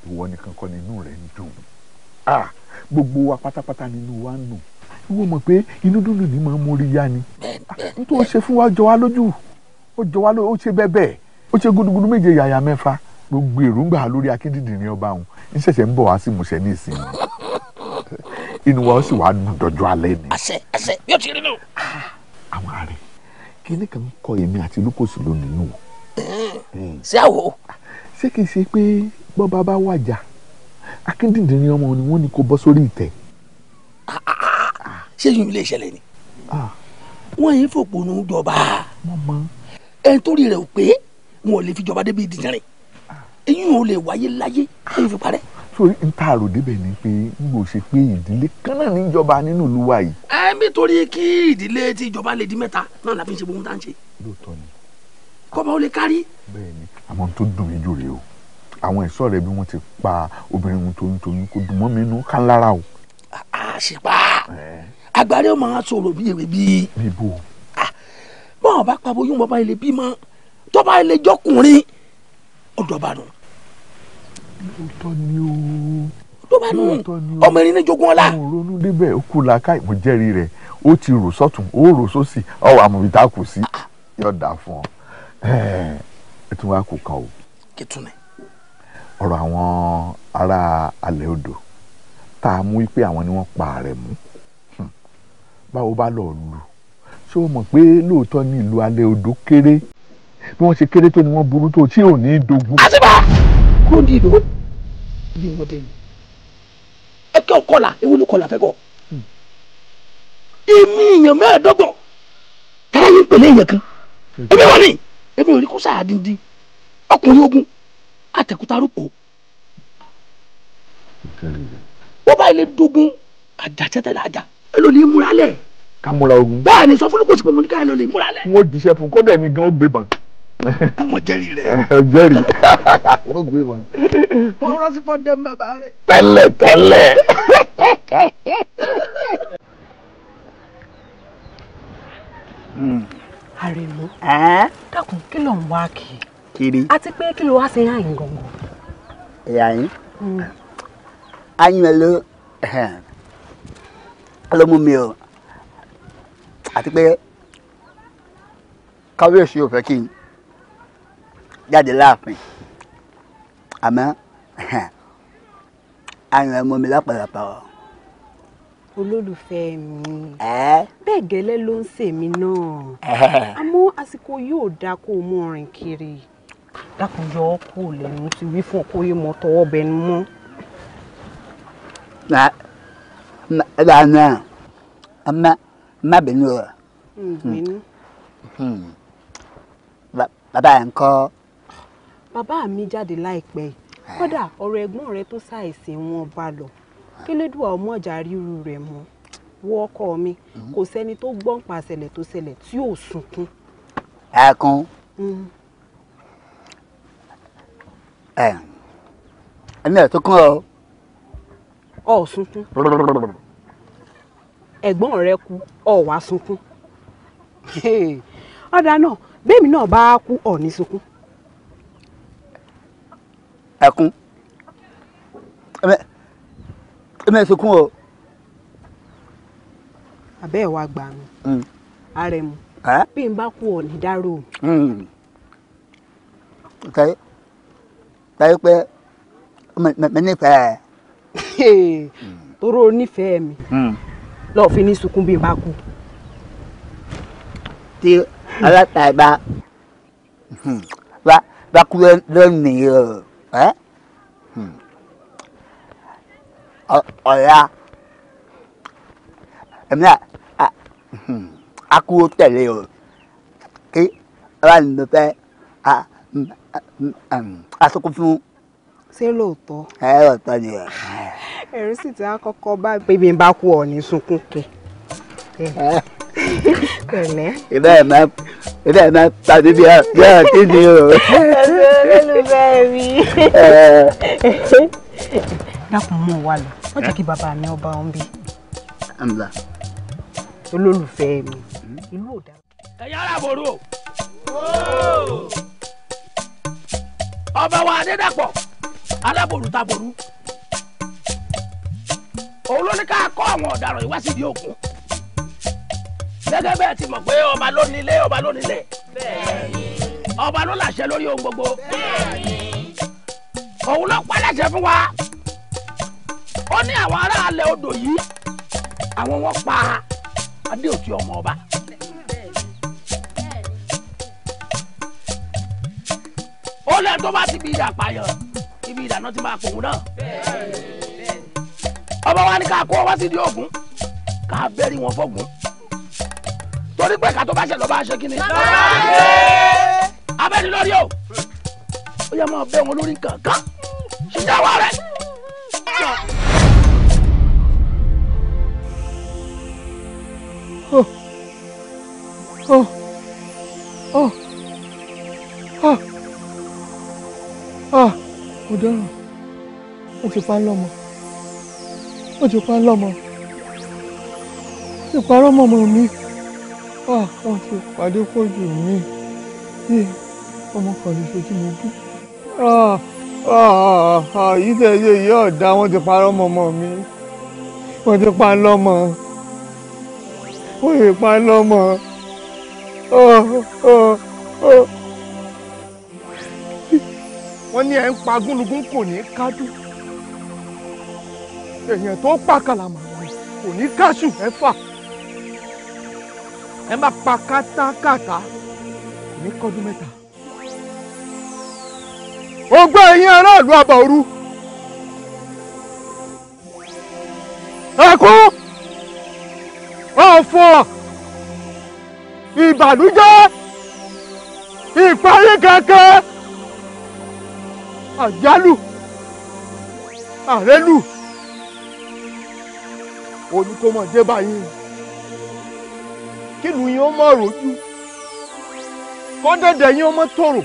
ìwọ nìkan kọ́ ni inú rẹ̀ ń dùn. Ah, gbogbo wa pátápátá nínú wa ń nù ìwọ mọ̀ pé inú dúdú ni màá mórí yá ni nítorí ó ṣe fún wa jọ wá lójú ó jọ wá lójú ó ṣe bẹ́ẹ̀ bẹ́ẹ̀ ó ṣe gudugudu méje yàyà mẹ́fà gbogbo èròǹgbà lórí akíndìdì ní ọba òun níṣẹ̀ṣẹ̀ ń bọ̀ wá sí ìmúṣẹ ní ìsinmi inú wa ó sì wàá dùn dọjọ́ alẹ́ ni. àṣẹ àṣẹ yóò ti rí nù. Ah, àwọn ààrẹ kíní kan kọ èmi àti lukosi lónìí nù. Hmm. Hmm. ṣé àwò. ṣé kìí ṣe pé bọ́ba bá wàjà akíndìndín ni ọmọ ni wọ́n ní kó bọ́ sórí ìtẹ́. ṣé yìí lè ṣẹlẹ̀ ni ah. wọ́n yìí fòpònú jọba ẹni tó rí rẹ̀ ò pé wọn ò lè fi jọba débi ìdìjẹrin èyí ò lè wáyé láyé ẹ̀ fi parẹ́. sórí n ta àrò débẹ̀ ni pé n kò ṣe pé ìdílé kan náà níjọba nínú ìlú wa yìí. ẹ nítorí kí ìdílé tí ìjọba lè di mẹ́ta náà la fi ń ṣe gbogbo tá à ń ṣe. lóòótọ́ ni. kọ́ba lè kárí. bẹ́ẹ̀ àmọ́ n tó dùn mí jù rèé o àwọn ẹ̀ṣọ́ rẹ̀ bí wọ́n ti pa obìnrin ohun toyúntoyún kò dùn mọ́ mi nú ká lára o. àṣìpá agbárí ó máa sọ̀rọ̀ bí èrè bí. bíbó. bọ́n ọba pàbó yóò bọ́ba ilé bímọ tọ́ba ilé jọkùnrin ọ̀dọ̀ bá nù. lóòótọ́ ni o. tó bá nù ọmọ erin ní jogún ọlá. mo ronú débẹ̀ ó kú làákàyè mo jẹ́rìí rẹ̀ ó ti rò sọ́tún ó rò sósì ọwọ́ àmọ̀bìtà kù sí ah. yọ̀ọ̀dà fún ọ ẹ tún wá kó kan o. kìtùnú ọ̀rọ̀ àwọn ará alẹ́ odò tá a mú wípé àwọn ni wọ́n pa ààrẹ mú hmm. báwo bá lọ lù ṣé o mọ̀ pé lóòótọ́ ní ìlú alẹ́ odò kéré bí wọ́n ṣe kéré tó ni wọ́n burú tó tí ò ní í dogun. àtibá kó ní ìlú bí wọ́n dé yìí ẹ kẹ́ ọ kọ́là ewu ló kọ́là fẹ́ hmm. èmi èèyàn mẹ́ẹ̀ẹ́dọ́gbọ̀n tẹ́lẹ̀ yín pèlè èèyàn kan hmm. èmi wọ́n ní èmi ò rí kó sáà díndín ọkùnrin ogun àtẹ̀kúta rúpò. wọ́n bá ilé dogun àjà tẹ́tẹ́lẹ̀ àjà ẹ ló lè múra lẹ̀. ká múra ogun. bẹ́ẹ̀ ni sọ fún lóko tí mo ní ká ẹ ló lè múra lẹ̀. wọ́n jíṣẹ́ fún kódà mi gan ó gbé bàn. wọ́n jẹ́rìí rẹ̀. jẹ́rìí wọ́n gbé bàn. wọ́n rán sí fọ́ndé bàbá rẹ̀. tẹ́lẹ̀ tẹ́lẹ̀. Hmm. àrèmọ dákun kí ló ń wá kì í kiri. àti pé kí ló wá sí àyìn gbọ̀ngàn. ẹ̀yà yín àyìn hmm. ẹ̀ ló ló mú mi o àti pé kábíyèsí ò fẹ́ kí n jáde láàfin àmọ́ àyìn ẹ̀ mú mi lápàlàpà o olólùfẹ́ mi. bẹ́ẹ̀ gẹ́lẹ́ ló ń ṣèmi náà. àmọ́ àsìkò yóò dáa kó o mú ọrìn kiri dákúnjọ kò lẹ́nu ti wí fún ọkọ yé mọ tọwọ́ bẹ ni mọ́. na na na ama ma bínú o. Hmm, hmm. bínú. Hmm. bàbá yẹn kọ́. bàbá mi jáde láìpẹ́ eh. kódà ọ̀rọ̀ ẹ̀gbọ́n rẹ tó ṣàìsí wọn bá lọ kí lédùá ọmọ ọjà ríru rẹ̀ mọ́ wọ ọkọ mi kò sẹ́ni tó gbọ́n pa àṣẹlẹ̀ tó ṣẹlẹ̀ tí ò sunkún. ẹkún. Mm. Emi ẹ̀ tó kún ọ. ọ sunkún ẹ̀gbọ́n rẹ kú ọ wá sunkún ọ̀dà náà bẹ́ẹ̀mi náà bá kú ọ ní sunkún. ẹkún ẹmí ẹ sunkún o. àbẹ́ ẹ̀ wá gbà mí ààrẹ mm. mu bí n bá kú ọ ní dárò. Mm. táyé pé mi nífẹ̀ẹ́. [LAUGHS] toró nífẹ̀ẹ́ mi hmm. lọ́ọ́ fi ní sunkún bí n bá kú. tí aláta ẹ̀ hmm, bá bá kú lónìí ẹ̀ hmm. ọ̀la ẹ̀mí à akúrò tẹ̀lé o kí ọ̀la nìbẹ̀fẹ́ àsìkò fún. ṣé lóòótọ́. ẹ ọ̀tọ̀ ni. ẹ̀rù sì ti á kọ́kọ́ bá pé bí n bá kú ọ̀ ní sunkún kẹ. pẹ̀lẹ́. ilé ẹ̀ máa ilé ẹ̀ máa tàbí bí ẹ kí ni o. ẹ̀rù olólùfẹ́ mi. dákun mú wa lọ wọ́n jẹ́ kí bàbá mi ọba ọ̀hún bí. olólùfẹ́ mi ìlú ò dára. ẹ̀yà ara bòrú o ọba wa adédàpọ̀ alábòrútabòrú òun ló ní ká kọ́ àwọn ọ̀daràn ìwá sídìí òkun gẹ́gẹ́ bẹ́ẹ̀ ti mọ̀ pé ọba ló nílé ọba ló nílé ọba ló làṣẹ lórí ohun gbogbo òun ló pálẹ̀ṣẹ̀ fún wa ó ní àwọn aráàlẹ̀ odò yìí àwọn wọn pa adéòtí ọmọ ọba. ó lẹ tó bá ti bí ìdà pààyàn ibi ìdà náà ti máa pòun náà ọba wa ni ká kó wá sí di Ògún ká bẹ́rí wọn fọ́gun torí pé ká tó bá ṣe lọ́ba ṣe kí ni. abẹ́ni lórí o ó yẹ máa bẹ́ wọn lórí kankan ṣíṣe wa rẹ̀. Oh. Oh. Oh. Oh ah mo dáràn ti pa ń lọ́mọ mo ti pa ń lọ́mọ mo ti parọ́ mọ́ ọmọ mi ah wọ́n ti pàdé pọ̀jù mi yé ọmọ kan lè ṣojú mi bí ah ah, ah yìí tẹ̀ ṣe yìí ọ̀dà wọ́n ti parọ́ mọ́ ọmọ mi wọ́n ti pa ń lọ́mọ wọ́n ti pa ń lọ́mọ. Oh, oh, oh wọ́n ní ẹ̀ ń pa gúnlugún kò ní kádù èèyàn tó pa kàlàmà kò ní káṣù mẹ́fà ẹ má pa kátákátá kò ní kọ́dún mẹ́ta. ogbó ẹ̀yin aráàlú àbàoru ẹkún ọ̀fọ̀ ìbànújẹ́ ìparí kankan àjálù àrélù òní kò mọ̀ dé báyìí kí lu yín ó mọ̀ rojú kó dẹ̀dẹ̀ yín ó mọ̀ tòrò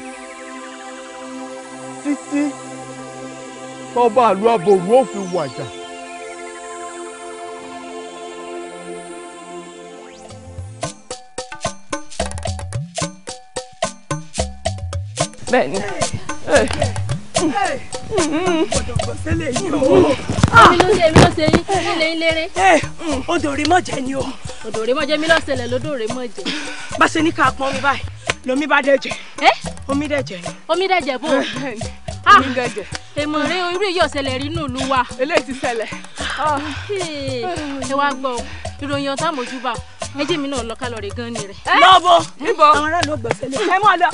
títí tọ́ba àlù abòrú ó fi wàjà. bẹ́ẹ̀ ni ọ̀dọ̀gbọ̀sẹ́lẹ̀ yìí o. èmi ló ṣe èmi ló ṣe yín nílé yín léré. odòrè mọ̀jẹ̀ ni o. odòrè mọ̀jẹ̀ mi lọ́sẹ̀lẹ̀ lódòrè mọ̀jẹ̀. bá a ṣe ní ká pọn mi báyìí lomi bá dẹ̀jẹ̀. omi dẹ̀jẹ̀ ni. omi dẹ̀jẹ̀ bò. omi dẹ̀jẹ̀. èmọ̀ rẹ orí yóò ṣẹlẹ̀ rí nùlù wa. eléyìí ti ṣẹlẹ̀. ẹ wá gbọ́ ìròyìn ọ̀tá mojúbà ẹjẹ mi náà lọ kálọ̀rì gan ni rẹ̀. lọ́bọ̀ níbo àwọn aráàlú ọgbọ̀nsẹ̀ lè fẹ́ mọ́ ọ lọ.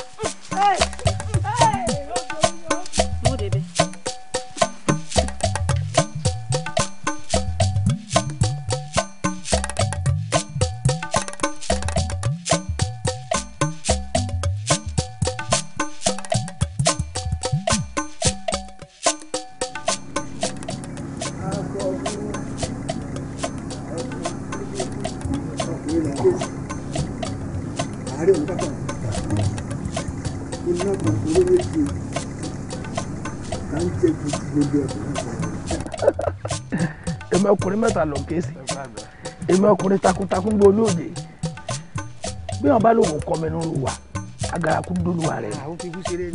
ọkùnrin mẹ́ta lọ ké sí èmi ọkùnrin takuntakun gbé olóòjé bí wọn bá lòun kọ́ mi nínú wa agara kú dúlùwà rẹ. àwọn fi kú ṣeré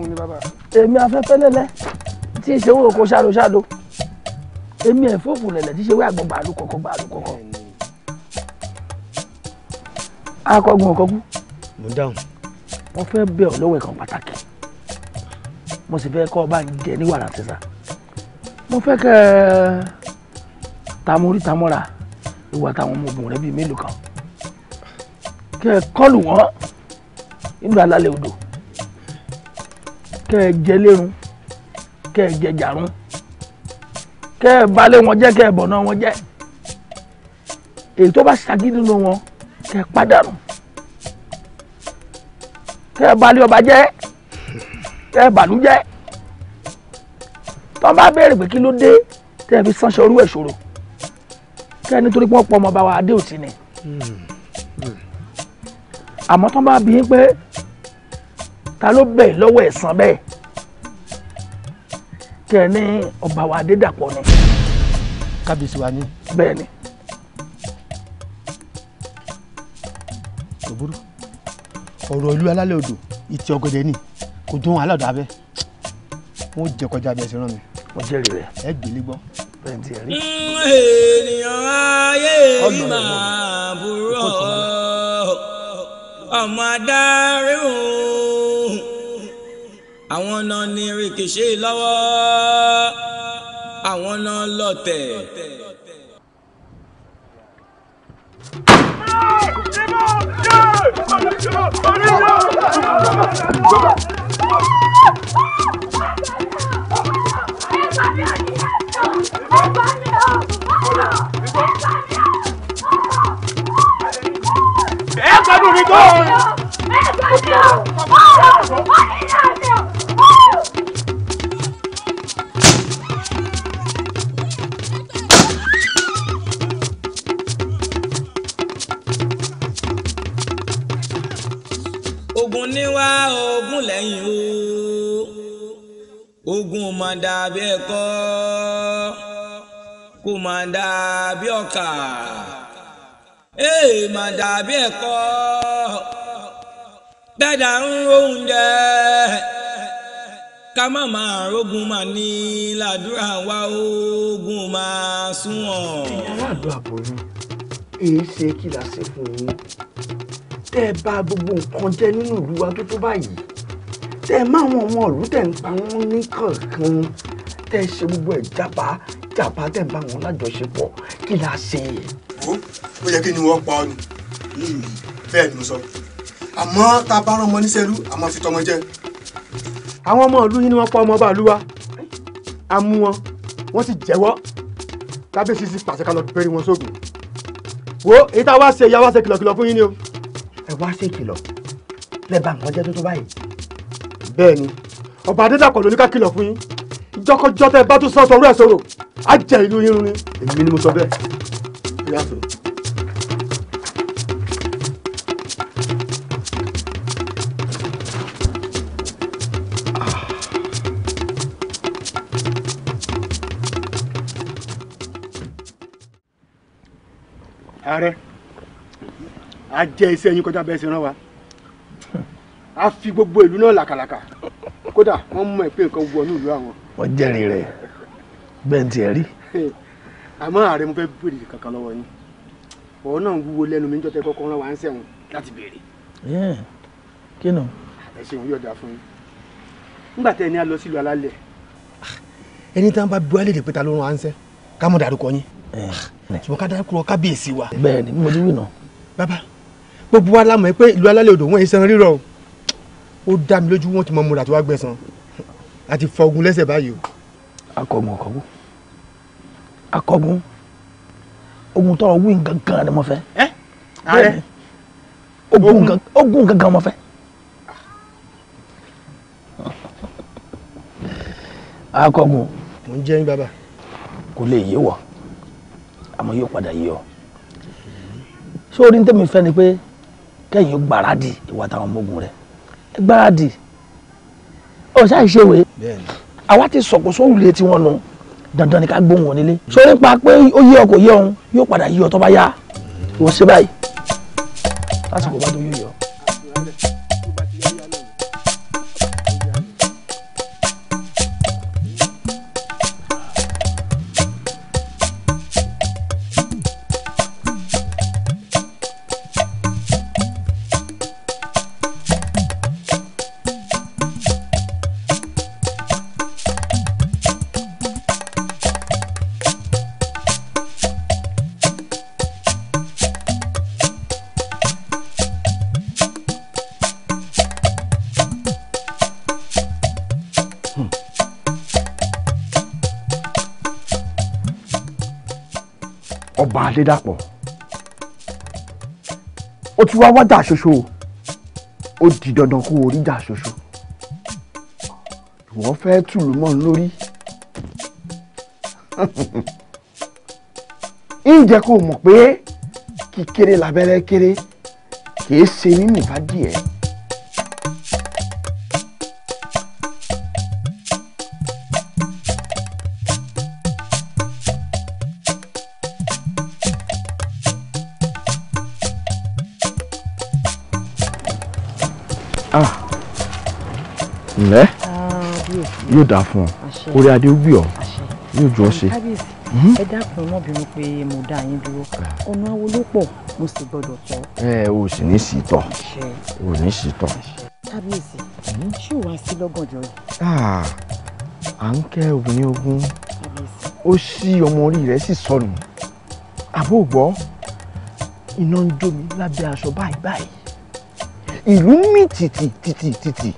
ni èmi afẹ́fẹ́ lẹ́lẹ́ tí ń ṣe owó oko ṣádoṣádo èmi ẹ̀fọ́fù lẹ̀lẹ̀ tí ṣe wé àgbọn bàálù kọ̀ọ̀kan bàálù kọ̀ọ̀kan akọgun ọ̀kọ́kú. mo dáhùn. wọ́n fẹ́ bẹ̀ ọ́ lọ́wọ́ ẹ̀kan pàtàkì mo sì fẹ́ kọ́ ọ bá ń jẹ ní wàrà mo fẹ́ kẹ́ ẹ tamori tamora ìwà táwọn ọmọ ogun rẹ bíi mélòó kan kẹ́ ẹ kọlù wọn nínú alálẹ̀ odò kẹ́ ẹ jẹ lérun kẹ́ ẹ jẹ jàrún kẹ́ ẹ balẹ̀ wọn jẹ́ kẹ́ ẹ bọ̀nà wọn jẹ́ èyí tó bá ṣàgídí nínú wọn kẹ́ ẹ pàdánù kẹ́ ẹ balẹ̀ ọba jẹ́ kẹ́ ẹ bàlú jẹ́ tó bá béèrè pé kí ló dé tẹ́ ẹ fi sánṣọ orú ẹ̀ ṣòro kẹ́ ẹ nítorí pé wọ́n pọ̀ ọmọ bá wa adé òtí ni àmọ́ tó bá bí i pé ta ló bẹ̀ lọ́wọ́ ẹ̀sán bẹ́ẹ̀ kẹ́ ẹ ní ọba wa adé dàpọ̀ ni. kábíyèsí wa ni. bẹ́ẹ̀ ni. kò burú ọ̀rọ̀ ìlú alálẹ̀ odò ìtì ọ̀gọ̀dẹ̀ ni kò dún aláàdá abẹ́ wọ́n jẹ́ kọjá bí ẹ rán mi mo jẹ́rìí rẹ̀. ẹ gbélé gbọ́. bẹ́ẹ̀ ti rí. ènìyàn ayé rí màá burú ọmọ adarí òun àwọn náà ní rìkìṣe lọ́wọ́ àwọn náà lọ́tẹ̀. Oh, ẹ gbádùn mi tó. ẹ gbádùn ọ̀rọ̀ wọ́n ní ìyá mi. ogun níwá ogun ogun máa dà bí ẹ̀kọ́ kò máa dà bí ọkà ee máa dà bí ẹ̀kọ́ dada ń rohùn jẹ ká má máa rogun máa ní ládùúrà wá ogun máa súnwọ̀n. ẹ̀yin aráàlú àbòyún èyí ṣe kí lásìkò yín tẹ́ ẹ bá gbogbo nǹkan jẹ́ nínú ìlú wa tó tó báyìí tẹ́ máa wọn ọmọ ìlú tẹ̀ ń pa wọ́n ní kankan tẹ́ ṣe gbogbo ẹ̀ jàpá jàpá tẹ̀ ń bá wọn lájọṣepọ̀ kí la ṣe. ó ó yẹ kí ni wọ́n pa ọ́ ni bẹ́ẹ̀ ni mo sọ àmọ́ tá a bá rán ọmọ níṣẹ́lú àmọ́ fi tọmọ jẹ. àwọn ọmọ ìlú yìí ni wọ́n pa ọmọ ọba ìlú a mú wọn wọ́n sì jẹ́wọ́ kábíyèsí sì pàṣẹ ká lọ bẹ̀rẹ̀ wọn sóògùn wo èyí tá a wá ṣe ìyá wa ṣe kìlọ̀kìlọ̀ fún yín ni o. ẹ wá ṣe ìkìlọ̀ lẹ́ẹ̀bà àwọn tó tó báyìí bẹ́ẹ̀ ni ọba adédàpọ̀ ló ní ká kìlọ̀ fún yín ìjọkọjọ tẹ bá tún sọ sọrú ẹ̀ sọ̀rọ̀ á jẹ ìlú yín rún ni èmi ni mo sọ bẹ́ẹ̀ yàtọ̀. ààrẹ a jẹ iṣẹ́ yín kọjá bẹ́ẹ̀ ṣe rán wa a fi gbogbo ìlú náà làkàlàkà kódà wọ́n mọ̀ pé nǹkan wọ ní ìlú àwọn. wọ́n jẹ́rìí rẹ̀ bẹ́ẹ̀ tiẹ̀ rí. àmọ́ ààrẹ mo fẹ́ béèrè kankan lọ́wọ́ yín ọ̀rọ̀ náà ń wúwo lẹ́nu mi ń jọ́tẹ́ kọ́kọ́ rán wa ń sẹ̀wọ̀n láti béèrè. kí nù. ẹ ṣeun yọ̀dà fún yín nígbà tẹ ẹni á lọ sílùú alálẹ̀. ẹni tá a bá bu alẹ́ pẹ́ta ló rán wa ń sẹ́ ká mọ̀ dárúkọ yín. ṣùgbọ́n ká dárúkọ kábíyèsí wa. bẹ́ẹ̀ ni mo ti wí nà. bàbá gbogbo wa lámọ̀ pé ìlú alálẹ̀ odò wọn ìsan rírọ̀ o ó dá mi lójú wọn ti mọ múra tó wá gbẹ̀san àti fọgun lẹ́sẹ̀ báyìí o. akọgun ọkọgun akọgun ogun tọrọ wí gangan ni mo fẹ́. ẹ ààrẹ ogun gangan mo fẹ́. akọgun. mo ń jẹ́ yín bàbá. kò lè yé wọ àmọ́ yóò padà yé ọ sórí ní tẹ́mi fẹ́ ni pé kẹ́yìn gbáradì ìwà táwọn ọmọ ogun rẹ̀ gbáradì ọ̀sá ìṣèwé àwa ti sọ̀kò sóhùn lé tiwọn nù dandan ni ká gbóhùn wọn nílé sórí pa pé ó yé ọ kò yé òun yóò padà yí ọ tó bá yá wò ó ṣe báyìí lásìkò bá tó yé. Adédàpọ̀ O ti wá wájà ṣoṣo ó di dandan kó o ríjà ṣoṣo ìwọ fẹ́ tùlù mọ́ [LAUGHS] ń lórí ǹjẹ́ kó o mọ̀ pé kíkéré labẹ́rẹ́ kéré kìí ṣe nínú ìbádìí ẹ̀. yóò dáa fún ọ orí adé ó gbé ọ yóò jọ ọ ṣe. Mhm. ẹ dákun náà bínú pé mo dá yín dúró ọ̀nà awo ló pọ̀ mo sì gbọ́dọ̀ tọ́. ẹ o sì ní sí tọ o ní sí tọ. kábíyèsí mhm. ṣé ò wá sí lọ́gànjọ́ yìí. Ah, à ń kẹ́ obìnrin ogun ó ṣí ọmọ orí rẹ̀ sì sọnù àbó gbọ́ iná ń jó mi lábẹ́ aṣọ báyìí báyìí ìlú mì tìtì tìtì tìtì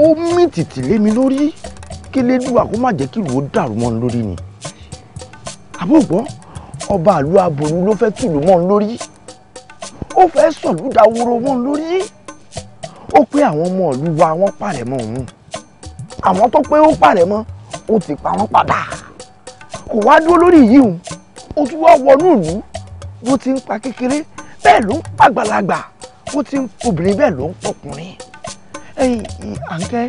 ó mì tìtì lé mi lórí kí lẹ́dùwà kó má jẹ́ kí ìlú ó dàrú mọ́ ń lórí ni àbúrò ọba àlú aboyún ló fẹ́ tìlú mọ́ ń lórí ó fẹ́ sọ̀lú daworo mọ́ ń lórí ó pé àwọn ọmọ ìlú wa wọ́n pàrẹ̀ mọ́ òun àwọn tó pé ó pàrẹ̀ mọ́ ó ti pa wọ́n padà kò wá dúró lórí yìí òun ó tún wá wọnú ìlú bó ti ń pa kékeré bẹ́ẹ̀ ló ń pàgbàlagbà bó ti ń obìnrin bẹ́ẹ̀ ló ń pọkùnrin ẹ̀yin àǹkẹ́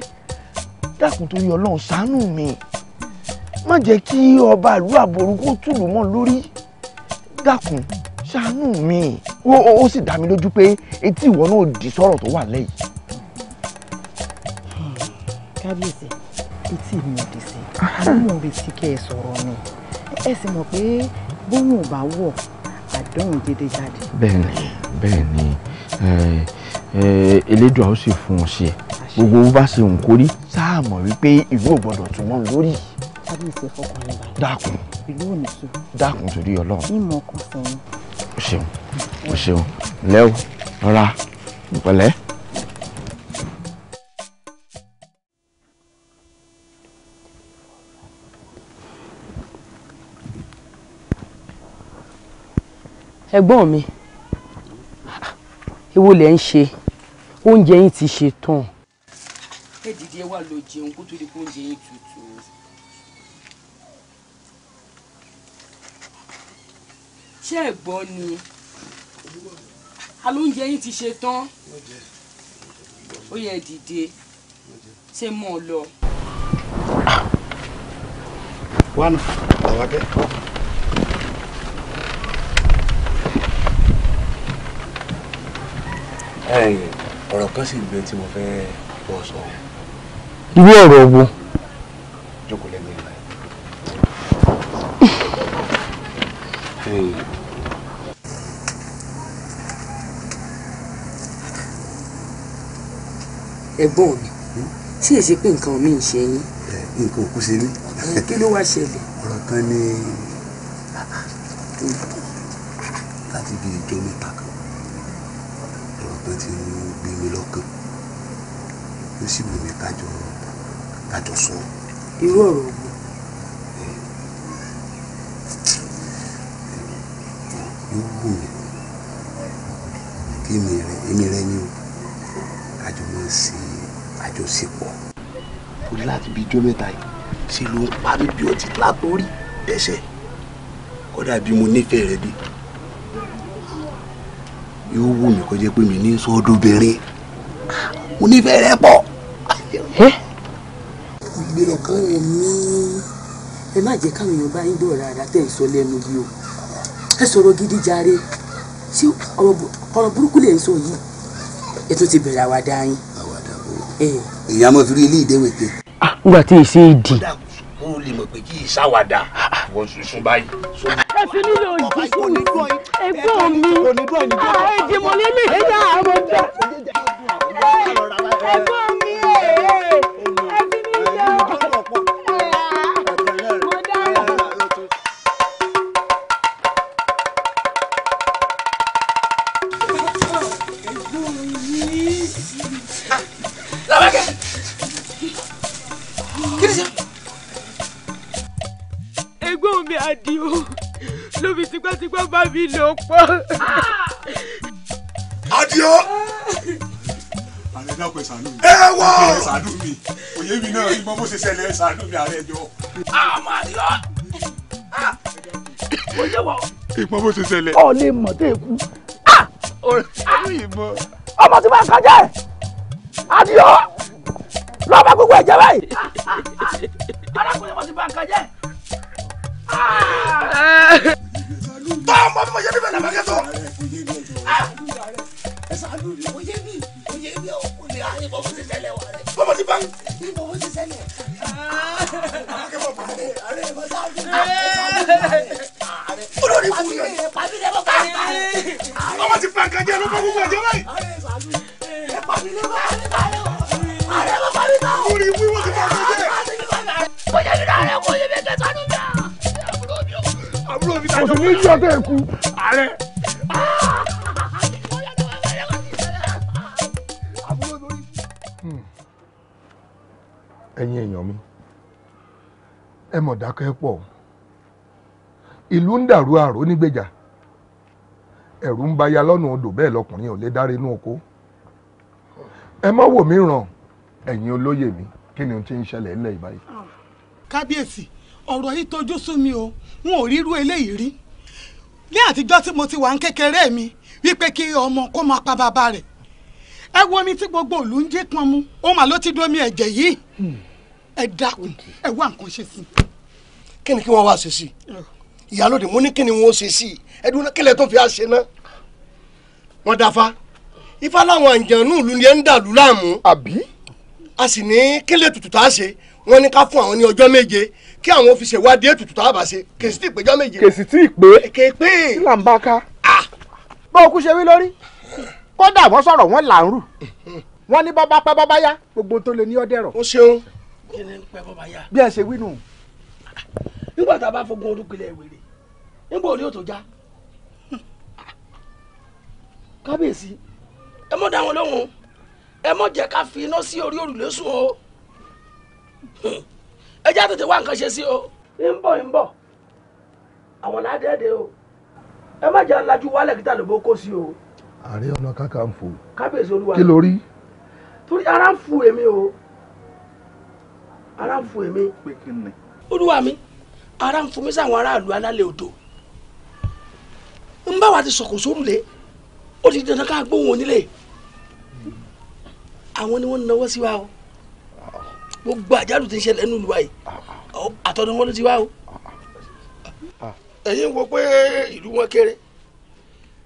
dákun torí ọlọ́run ṣàánú mi má jẹ́ kí ọba ìlú àbòrú kó tùlù mọ́ lórí dákun ṣàánú mi ó sì dá mi lójú pé etí ìwọ náà di sọ̀rọ̀ tó wà lẹ́yìn. Hmm, kábíyèsí etí mi ò dì sí àánú ah. ò retí kẹ́ ẹ sọ̀rọ̀ mi ẹ sì mọ̀ pé bóun ò bá wọ̀ àdéhùn jẹjẹ jáde. bẹ́ẹ̀ni bẹ́ẹ̀ni. Eh elédùn àwọn sì fún un ṣe gbogbo bó bá ṣe nǹkó rí sáà mọ̀ wípé ìlú ò gbọ́dọ̀ tún wọn lórí. kábíyèsí fọkàn ní báyìí. dákun ìlú ò ní sùúrù. dákun torí Ọlọ́run. ìmọ̀ ọkàn sẹ́yìn. o ṣeun o ṣeun lẹ́wọ̀ rọra pẹ̀lẹ́. ẹ̀gbọ́n mi èwo lẹ ń ṣe oúnjẹ yín ti ṣe tán. ẹ dìde ẹ wá lọ jẹun kó tó di pé oúnjẹ yín tutù. ṣé ẹ gbọ́ ni alóúnjẹ yín ti ṣe tán ó yẹ dìde ṣé mọ ọ lọ. wọn làwọn kẹ. Hey ọ̀rọ̀ kan sì gbé tí mo fẹ́ bọ́ sọ. irú ọ̀rọ̀ wo. jókòó lẹ́gbẹ̀ẹ́ rẹ̀. ẹ̀gbọ́n mi tí èsì pé nǹkan mi ń ṣe yín. nǹkan òkú ṣe mí. kí ló wá ṣẹlẹ̀. ọ̀rọ̀ kan ni láti bí ìjọ mẹ́ta kan ọ̀rọ̀ kan ti ń gbé mi lọ́kàn yóò sì mú mi kájọ kájọ sọ. irú ọ̀rọ̀ wo. yóò wù mí kí èmi rẹ èmi rẹ ni o àjọ máa ń ṣe àjọṣepọ̀. torí láti bíi ijó mẹ́ta yìí ṣe ló ń pa mí bí ó ti látòrí dẹ́sẹ̀ kódà bí mo nífẹ̀ẹ́ rẹ dé yóò wù mí kó jẹ́ pé mi ní sọ́ọ́dọ́bìnrin mo nífẹ̀ẹ́ rẹ pọ̀. ìgbèrò kan ẹ ní ẹ má jẹ́ káwọn èèyàn bá yín dọ̀rọ̀ rárá tẹ̀ ń sọ lẹ́nu yìí o ẹ sọ̀rọ̀ gidi jàre ṣé ọ̀rọ̀ burúkú lè ń sọ yìí ẹ tún ti bẹ̀rẹ̀ àwàdà yín. àwàdà bò èyí á mọ̀ fi rí ilé ìdẹ́wò èké. Ah, nígbà tí èsì èdè. mo lè mọ̀ pé kí ìsáwàdà wọ̀ báyìí. ẹ fi nílò ìdíkùn ẹ̀gbọ́n mi ẹ̀jẹ̀ mọ̀lẹ́lẹ̀ ẹ̀yà àmọ̀dá ẹ̀gbọ́n mi ló pọ̀. Adio ààrẹ dákun ẹ mi ẹ wọ ẹ mi òye mi náà ìmọ̀ bó ṣe ṣẹlẹ̀ ẹ mi ààrẹ jọ. àmọ́ ah, àdìọ́ òye ah! wọ. ìmọ̀ bó ṣe ṣẹlẹ̀. ọ̀ lè mọ̀ tó èkú. Ah! ọmọ tí wọ́n kọjá ẹ̀ àdìọ́ lọ́ọ́ bá gbogbo ẹ̀jẹ̀ báyìí. dákẹ́ pọ̀ ìlú ń dàrú àrò nígbèjà ẹ̀rù ń baya lọ́nà odò bẹ́ẹ̀ lọkùnrin ò lè dáre inú oko ẹ má wò mí ràn ẹ̀yin olóyè mi kí ni ohun tí ń ṣẹlẹ̀ ńlẹ̀ ìbáyìí. kábíyèsí ọ̀rọ̀ yìí tojú sú mi o n ò ríru eléyìí rí ní àtijọ́ tí mo ti wà ń kékeré mi wípé kí ọmọ kó máa pa bàbá rẹ̀ ẹ wo omi tí gbogbo òlù ń jẹ́ pọn ó mà ló ti domi ẹ̀jẹ̀ yìí hmm. ẹ dákun ẹ wá nǹkan ṣe sí i kí ni kí wọ́n wá ṣe sí i ìyálòdì mo ní kí ni wọ́n ṣe sí i ẹ̀dùn náà kílẹ̀ tó fi àṣẹ náà wọ́n dáfa ifá làwọn àǹjànú ìlú ni ẹ̀ ń dàlú láàmú àbí a sì ní kílẹ̀ tutù tá a ṣe wọ́n ní ká fún àwọn ní ọjọ́ méje kí àwọn fi ṣèwádìí ètùtù tá a bá ṣe kèsì tí ìpéjọ́ méje. kèsì tí ìpè kéèpé tí là ń bá ká. bó o kú ṣe wí lórí kódà wọ́n sọ̀rọ̀ wọ́n là ń rù wọ́n ní bàbá pẹ́ bàbá yá gbogbo tó lè ní ọdẹ rọ̀. ó ṣeun. kí ni pẹ́ bàbá yá. bí ẹ ṣe wí nù nígbà tá a bá fogun orúkúlẹ̀ wèrè nígbà òní ò já kábíyèsí ẹ mọ̀ dá wọn lóhùn ẹ mọ̀ jẹ́ ká fi iná sí orí òrùlé sùn o ẹ já tètè wá nǹkan ṣe sí o. ń bọ̀ ń bọ̀ àwọn ládẹ́ẹ̀dẹ́ o ẹ má jẹ́ alájú wálẹ̀ kíta ló bó kó sí o. ààrẹ ọ̀nà kakanfò kábíyèsí olúwa kí ló rí. torí ara ń fu èmi o ara ń fu èmi. pé kí ni olúwa mi ara ń fún mi sáwọn aráàlú alálẹ̀ odò ń bá wa ti sọ̀kò sórùlé ó ti dandan ká gbóhùn onílé àwọn ni wọ́n náwó sí wa o gbogbo àjálù ti ń ṣẹlẹ̀ nínú ìlú wa yìí àtọ́ni wọn ló ti wá o. ẹ̀yin wo pé ìlú wọn kéré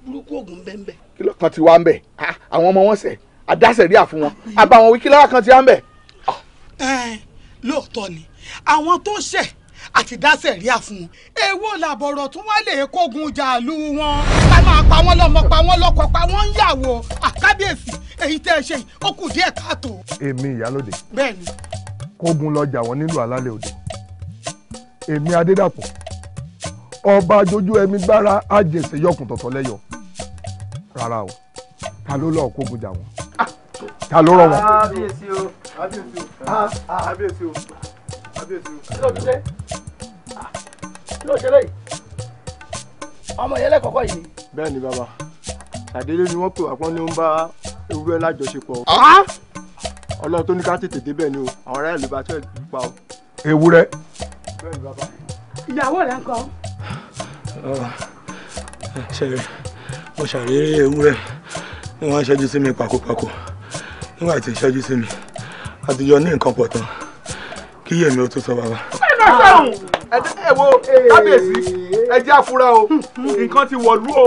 burúkú oògùn bẹ́ẹ̀ bẹ́ẹ̀. kí ló kan ti wá ń bẹ̀ ah, àwọn ọmọ wọn sẹ̀ adásẹ̀ríà fún wọn àbàwọn wí kí lára kan ti wá ń bẹ̀. ẹ ah, lóòótọ́ ni àwọn tó ṣẹ̀ àti dáṣẹ̀ ríà fún un èwo làbọ̀rọ̀ tún wá lè kógun jàlú wọn. ká máa pa wọ́n lọ́mọ pa wọ́n lọ́kọ pa wọ́n ń yàwó àkábíyèsí èyí tẹ́ ẹ ṣe ó kù díẹ̀ káàtó. èmi ìyálòdè. bẹ́ẹ̀ni. kógun lọjà wọn nílùú alálẹ̀ òde èmi adédàpọ̀ ọba jojú ẹmí gbára àjèsè yọkùn tọ̀tọ̀ lẹ́yọ rárá o ta ló lọ́ọ́ kógun jà wọ́n ah! ta ló rọ wọn. kábíyèsí o kábíyèsí o ah, ah, kábíyèsí o ọmọ yẹn lẹ́kọ̀ọ́kọ́ yìí ni. bẹ́ẹ̀ ni bàbá ṣàdédé ni wọ́n pè wá pọ́n ní ń bá ewúrẹ́ lájọṣepọ̀ ọlọ́run tó ní ká tètè débẹ̀ ni o àwọn ará ìlú bá tẹ̀ pa o. ewúrẹ́. bẹ́ẹ̀ ni bàbá. ìyàwó rẹ̀ ń kọ́. ṣe mo ṣàrírí ewúrẹ́ ni wọ́n ṣẹ́jú sí mi pàkópàkó nígbà tí ìṣẹ́jú sí mi àtijọ́ ní nǹkan pọ̀ tán kí yẹmi ó tó sọ bàbá. ṣé ẹ sẹ́hùn ẹ wo kábíyèsí ẹ jẹ́ àfúrá o nǹkan ti wọ̀lú o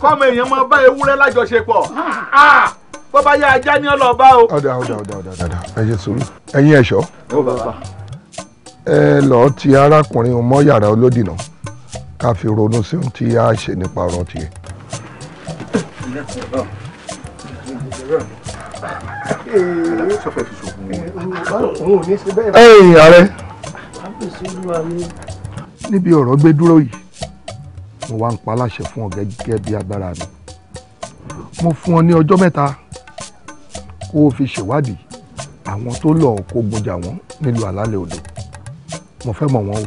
kọ́mọ èèyàn máa bá ewúrẹ́ lájọṣepọ̀ bó bá yá ajá ní ọlọ́ọ̀bá o. ọ̀dà ọ̀dà ọ̀dà ọ̀dà ẹ jẹ́ sùúrù ẹ̀yin ẹ̀ṣọ́ ẹ lọ́ọ́ ti arákùnrin mọ́ yàrá olódì náà ká fi ronú sí ohun tí a ṣe nípa ọ̀rọ̀ tiẹ̀ ẹ̀yin ààrẹ níbi ọ̀rọ̀ gbé dúró yìí mo wá ń pa fún ọ gẹ́gẹ́ bí agbára mi mo fún ọ ní ọjọ́ mẹ́ta kó o fi ṣèwádìí àwọn tó lọ kógun jà wọ́n nílùú àlálẹ̀ odò mo fẹ́ mọ̀ wọ́n o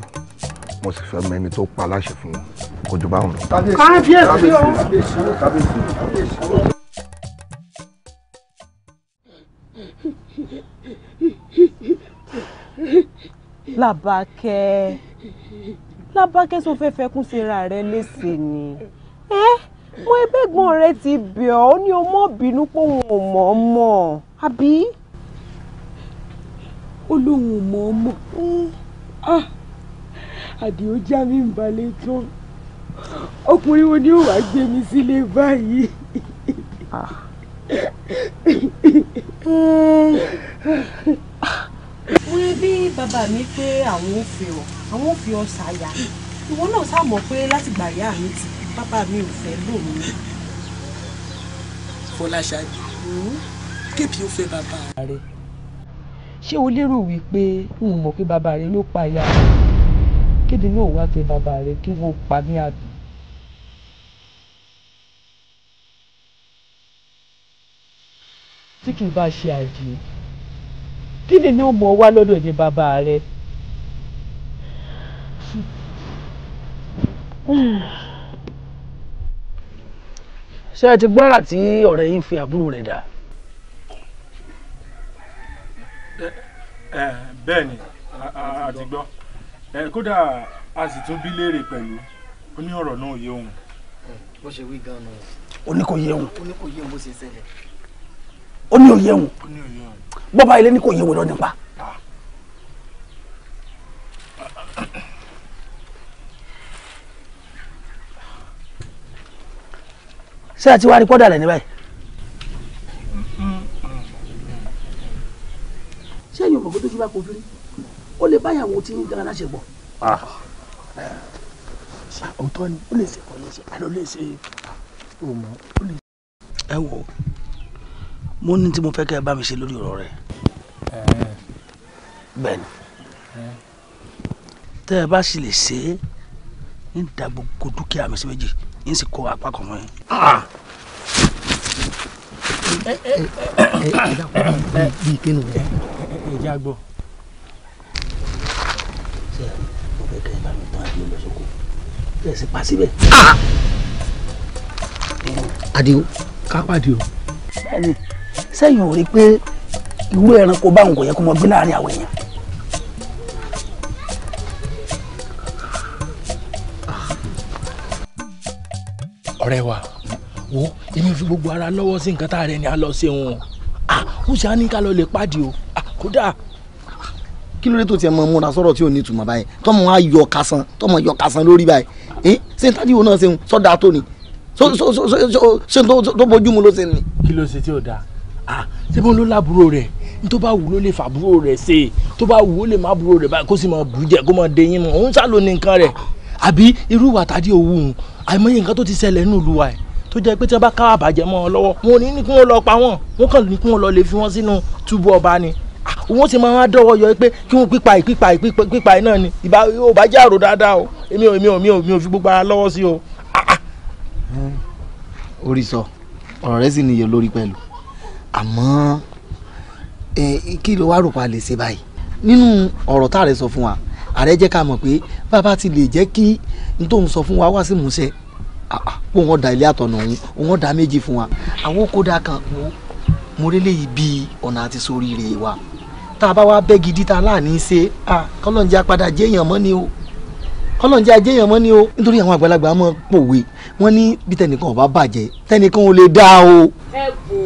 mo sì fẹ́ mọ tó pa fún wọn kó jù báwọn lọ. kábíyèsí o kábíyèsí o kábíyèsí o. làbákẹ́ làbákẹ́ tó fẹ́ fẹkún síra rẹ léṣe ni ẹ mo ẹgbẹ́gbọ́n rẹ ti bẹ̀ ọ́ ní o mọ̀ bínú pé òun ò mọ̀ ọ́ mọ̀ àbí. ó lóun ò mọ̀ ọ́ hmm. ah, já mi ń balẹ̀ tán ọkùnrin wo ni ó wàá gbé mi sílé báyìí. Ah. Hmm. ah wọ́n bí bàbá mi pé àwọn ò fi ọ àwọn ò fi ọ ṣàyà ìwọ náà sàmọ̀ pé láti gbà yá mi ti bàbá mi ò fẹ́ lò mí. Fọláṣadé hmm? kébi ó fẹ́ bàbá rẹ ṣé o lérò wípé n ò mọ̀ pé bàbá rẹ ló pa ìyá rẹ kébi náà wá fẹ́ bàbá rẹ kí wọ́n pa ní àbí. tí kì í bá ṣe àjẹ́ kí ni ní ọmọ wa lọ́dọ̀ ẹ̀yin bàbá rẹ. ṣé ẹ ti gbọ́ra tí ọ̀rẹ́ yín fi àbúrò rẹ̀ dà. bẹ́ẹ̀ ni a ti gbọ́ kódà a sì tún bí léèrè pẹ̀lú ó ní ọ̀rọ̀ náà yé òun. bó ṣe wí gan-an. ó ní kò yé òun. ó ní kò yé òun bó ṣe ṣẹlẹ̀ ó ní òye òun bọ́ba ilé ní kò yẹ wòlò nípa. ṣé àti wá rí kọ́dà rẹ̀ ní báyìí. ṣé èyí ò mọ̀ kó tó ṣe bá kó fi rí ó lè báyàwó tí ń gan aláṣepọ̀. Ah. òótọ́ ni ó lè ṣe kọ́ àlọ́ lè ṣe òmò ẹ wò mo ní tí mo fẹ́ kẹ́ ẹ bá mi ṣe lórí ọ̀rọ̀ rẹ̀ bẹ́ẹ̀ni tẹ́ ẹ bá sì lè ṣe é ń da gbogbo dúkìá mi sí méjì ń sì kó apá kan mọ́ ẹ. bí kínú rẹ. ẹ jẹ́ àgbọ̀. ṣé mo fẹ́ kẹ́ mi tán àdìo lọ sóko bẹ́ẹ̀ sì pa síbẹ̀. àdìo kápá àdìo. bẹ́ẹ̀ni sẹ́yìn ò rí pé irú ẹranko báwọn kò yẹ kó mọ gbé láàrin àwọn èèyàn. ọ̀rẹ́ wa wo èmi fi gbogbo ara lọ́wọ́ sí nǹkan tá a rẹ̀ ni a lọ ṣeun o ó ṣe á ní ká lọ lè pàdé o kódà. kí ló dé tó tiẹ̀ mọ múra sọ̀rọ̀ tí ò ní ìtumọ̀ báyìí tọ́mọ á yọ kásán tọ́mọ yọ kásán lórí báyìí ṣé n tájú wo náà ṣeun sọ́dà tó ni ṣé n tó bójú mu ló ṣe ni. kí ló ṣe tí ò dáa Ah, ṣé bó ló lábúrò rẹ̀ tó bá wù ló lè fàbúrò rẹ̀ ṣe tó bá wù ó lè má búrò rẹ̀ báyìí kó sì máa bù jẹ kó máa dẹyìn mọ́ òun ṣàlò ní nǹkan rẹ̀ àbí irú ìwà tàdí òwú òun àìmọye nǹkan tó ti ṣẹlẹ̀ nínú ìlú wa ẹ̀ tó jẹ́ pé tí wọ́n bá ká àbàjẹ́ mọ́ ọ lọ́wọ́ wọn ò ní ní kí wọ́n lọ pa wọ́n wọ́n kàn ní kí wọ́n lọ lè fi wọ́n sínú túbú ọba ni ah, òun ti máa dọ́wọ́ yọ pé kí wọ́n pípa ì pípa náà ni ìbá ò bá jẹ́ àrò dáadáa o èmi ò èmi ò mi ò mi ò fi gbogbo ara lọ́wọ́ sí o. Ah, orí sọ ọ̀rọ̀ rẹ sì níye lórí pẹ̀lú àmọ́ kí ló wá rò pa lè ṣe báyìí nínú ọ̀rọ̀ tá a rẹ sọ fún wa ààrẹ jẹ́ ká mọ̀ pé bàbá ti lè jẹ́ kí n tó ń sọ fún wa wá sí ìmúṣẹ kó wọn da ilé àtọ̀nà òun wọn da méjì fún wa àwọn kódà kan wo mo rí léyìí bíi ọ̀nà àti soríire wa tá a bá wá bẹ́ gidi ta láàní ṣe kọ́lọ́njẹ́ apadà jẹ́yàn mọ́ ni o kọ́lọ́njẹ́ ajẹ́yàn mọ́ ni o nítorí àwọn àgbàlagbà mọ́ pòwe wọ́n ní bí tẹnìkan ò bá bàjẹ́ tẹnìkan ò lè dá o. ẹ bò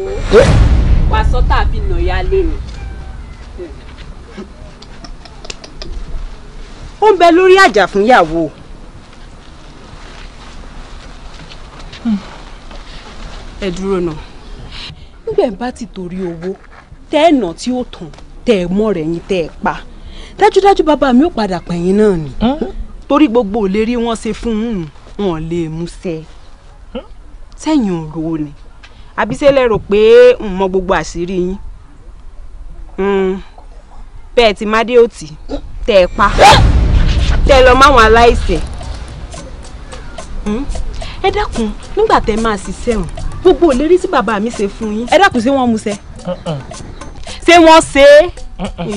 pa sọ́tà fi nà ya lé mi. ó ń bẹ lórí àjà fún ìyàwó. ẹ dúró náà nígbà bá ti torí owó tẹ́ ẹ̀ nà tí ó tàn tẹ́ ẹ̀ mọ́ rẹ̀ yín tẹ́ ẹ̀ pa dájúdájú bàbá mi ò padà pẹ̀yìn náà ni torí gbogbo ò lè rí wọn ṣe fún un wọn lè mú ṣe sẹ́yìn òru ni àbíṣe lérò pé n mọ gbogbo àṣírí yín bẹ́ẹ̀ hmm. ti mádé òtí tẹ́ ẹ pa tẹ́ ẹ lọ máwọn aláìsẹ̀ hmm. ẹ dákun nígbà tẹ́ máa ṣiṣẹ́ hàn gbogbo ìlérí tí bàbá mi ṣe fún yín ẹ dákun ṣé wọ́n mú ṣẹ ṣé wọ́n ṣe é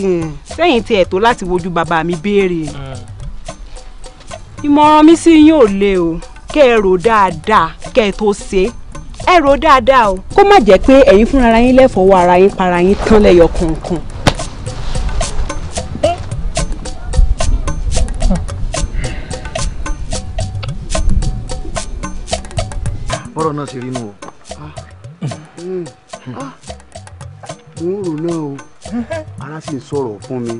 sẹ́yìn tí ẹ̀ tó láti wojú bàbá mi béèrè mm. ìmọ̀ràn mi sí yín ò le o kẹ́ ẹ rò dáadáa kẹ́ ẹ tó ṣe é ẹ rò dáadáa o. kó má jẹ́ pé ẹ̀yin fúnra yín lẹ́fọ̀ọ́ ara yín para yín tán lẹ́yọ kọ̀ọ̀kan. bọ́rọ̀ náà ṣe rí nu o. mo ń rò náà o ara sì ń sọ̀rọ̀ fún mi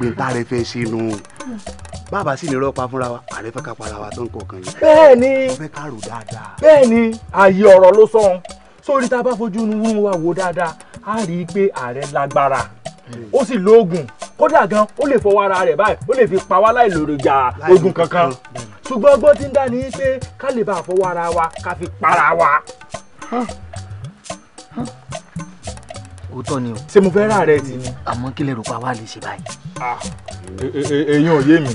pé n ta rẹ fẹ́ ṣe nu o bàbá sì ní rọpa fúnra wa ààrẹ fẹ́ ká para wa tán kọ̀ọ̀kan yìí. bẹ́ẹ̀ni ọbẹ ká rò dáadáa. bẹ́ẹ̀ni ààyè ọ̀rọ̀ ló sọ sórí tá a bá fojú inú wa wò dáadáa a rí i pé ààrẹ lágbára hmm. ó sì lóògùn kódà gan ó lè fọwọ́ ara rẹ̀ báyìí ó lè fi pa wá láì lòròjà ogun kankan hmm. ṣùgbọ́n ọgbọ́n tí ń dá ní pé ká lè bá àfọwọ́ ara wa ká fi para wa. òótọ́ ni o. ṣé mo fẹ́ rà rẹ tì. àmọ́ kí lè rò pa wá lè ṣe báyìí. èèyàn ah, e, e, e, ò yé mi.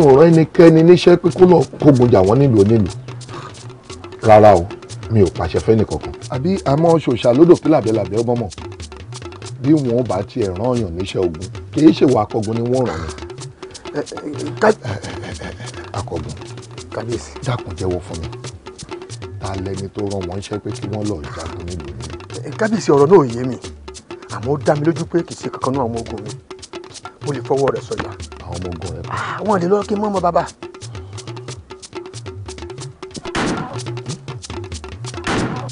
ò rán ẹnikẹ́ni níṣẹ́ pé kó lọ kógun jà wọ́n nílùú onílùú rárá o mi ò pàṣẹ fẹ́ni kankan. àbí àmọ́ ṣòṣà lódò pé làbẹ́làbẹ́ ọmọ mọ̀ bí wọn bá tiẹ̀ rán yàn níṣẹ́ ogun kì í ṣèwà akọgun ni wọ́n rán mi. akọgun kábíyèsí dákun jẹ́wọ́ fún mi ta lẹni tó rán wọn ṣẹ́ pé kí wọ́n lọ jagun nílùú ni. kábíyèsí ọ̀rọ̀ náà yé mi àmọ́ ó dá mi lójú pé kì í ṣe kankan náà ọmọ ogun mi mo lè fọwọ́ àwọn ìdílé ọkì mọ́ ọmọ bàbá.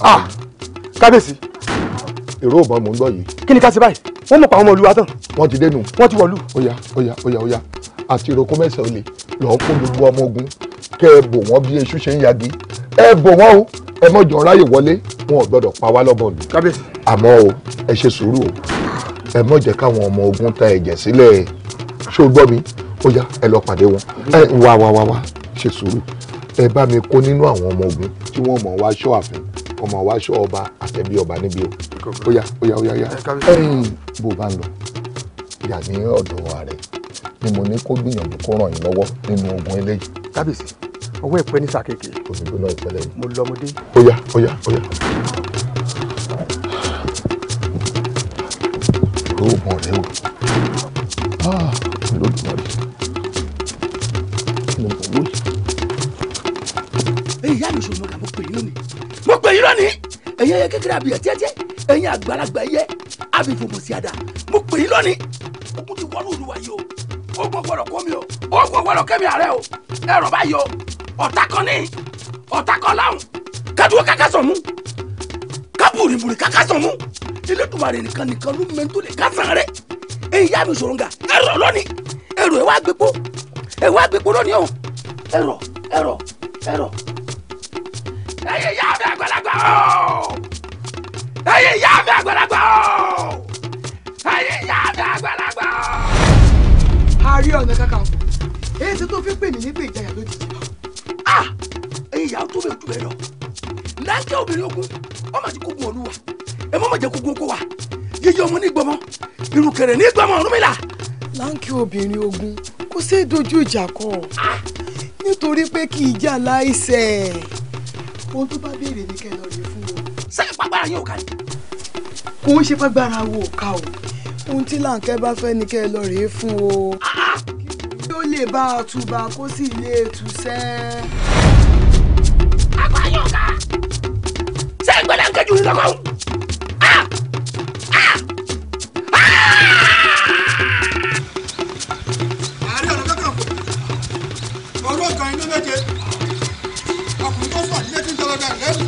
Ah! Ah! kábíyèsí. èrò ọ̀bọ̀n mò ń gbọ́ yìí. kí ni ká ṣe báyìí wọ́n mọ̀ pa ọmọ olúwa tán. wọ́n ti dénú. wọ́n ti wọ̀lú. óyá óyá óyá óyá àti ìrókò mẹ́sàn-án olè lọ́ọ́ kó gbogbo ọmọ ogun kẹ́ ẹ bò wọ́n bí eṣú ṣe ń yagi ẹ bò wọ́n o ẹ mọ̀jọ ráyè wọlé wọn ò gbọ́dọ̀ pa wá lọ́bọ̀n lù. kábíyèsí. àmọ́ o ẹ ṣe sùúrù o ẹ mọ̀jẹ̀ káwọn ọmọ ogun ta ẹ̀jẹ̀ sílẹ̀ ṣé gbọ́ mi ó yá ẹ lọ pàdé wọn ẹ wá wá wá wá ṣe sùúrù ẹ bá mi kó nínú àwọn ọmọ ogun tí wọ́n mọ̀ wá ṣọ́ àfin ọmọ wá ṣọ́ ọba àtẹ̀bí ọba níbi o ó yá ó yá ó yá ó yá ẹ̀yìn bó bá ń lọ yà ní ọ̀dọ̀ ààrẹ ni mo ní kó gbìyànjú kó ràn yín lọ́wọ́ nínú ogun eléyìí. kábíyèsí ọwọ́ ẹ̀ pẹ́ ní sàkéèké. òṣèlú náà yìí. mo lọ́mọdé. ó yá ó yá ó yá. lóògùn rẹ o ah, ẹ̀yin ẹyẹ kékeré àbíyẹ tiẹ́tiẹ́ ẹ̀yin àgbàlagbà ẹyẹ àbí fòmùsí àdá mo pè yín lónìí ogun ti wọnú olúwa yìí o ogun gbọ́dọ̀ kó mi o ogun gbọ́dọ̀ kẹmi ààrẹ o ẹrọ báyìí o ọ̀tá kan ní ọ̀tá kan láhùn kádùn kákásán mú kábùrìbùrì kákásán mú ilé tùmàrè nìkan nìkan ló mẹ́tò lè kásán rẹ èyí yá mi sọ̀rọ̀ nga ẹrọ lónìí lónìí o ẹrọ ẹrọ ẹrọ ẹyẹ àgbàlagbà o ẹ̀yin ya me àgbàlagbà o ẹ̀yin ya mi àgbàlagbà o. Ààrẹ Ọ̀nà Kakanfò èyí tí tó fi pè mí nígbà ìjayà lójijì. Ah! ẹ̀yin ìyá tó bẹ̀ dùbẹ̀ lọ láńkẹ́ obìnrin ogun ọmọ ti kógun olúwa ẹ̀ mọ́ mọ̀ jẹ́ kógun oko wa yíyí ọmọ ní gbọmọ irun kẹrẹ ní gbọmọ Ọ̀rúnmìlà. láńkẹ́ obìnrin ogun kò sí dojú ìjà kọ ah! nítorí pé kì í jà láìṣẹ̀ ohun tó bá béèrè ní kẹlọ́ọ̀rẹ́ fún wọn ṣé pàgbára yín ò ká ni. kò ń ṣe pàgbára wo ká o ohun tí làǹkẹ́ bá fẹ́ ni kẹ́ ẹ lọ rèé fún o ah, ah. kí ó lè bá a túba kó sì lè tú sẹ́. àgbà yóò ká ṣé ìgbẹ́lẹ̀ ń kẹ́jú nílọ́kọ̀ ah, ọ̀hún. ọ̀rọ̀ kan inú méje ọkùnrin tó sọ̀ nílé tí ń jọlọ́dà lẹ́nu.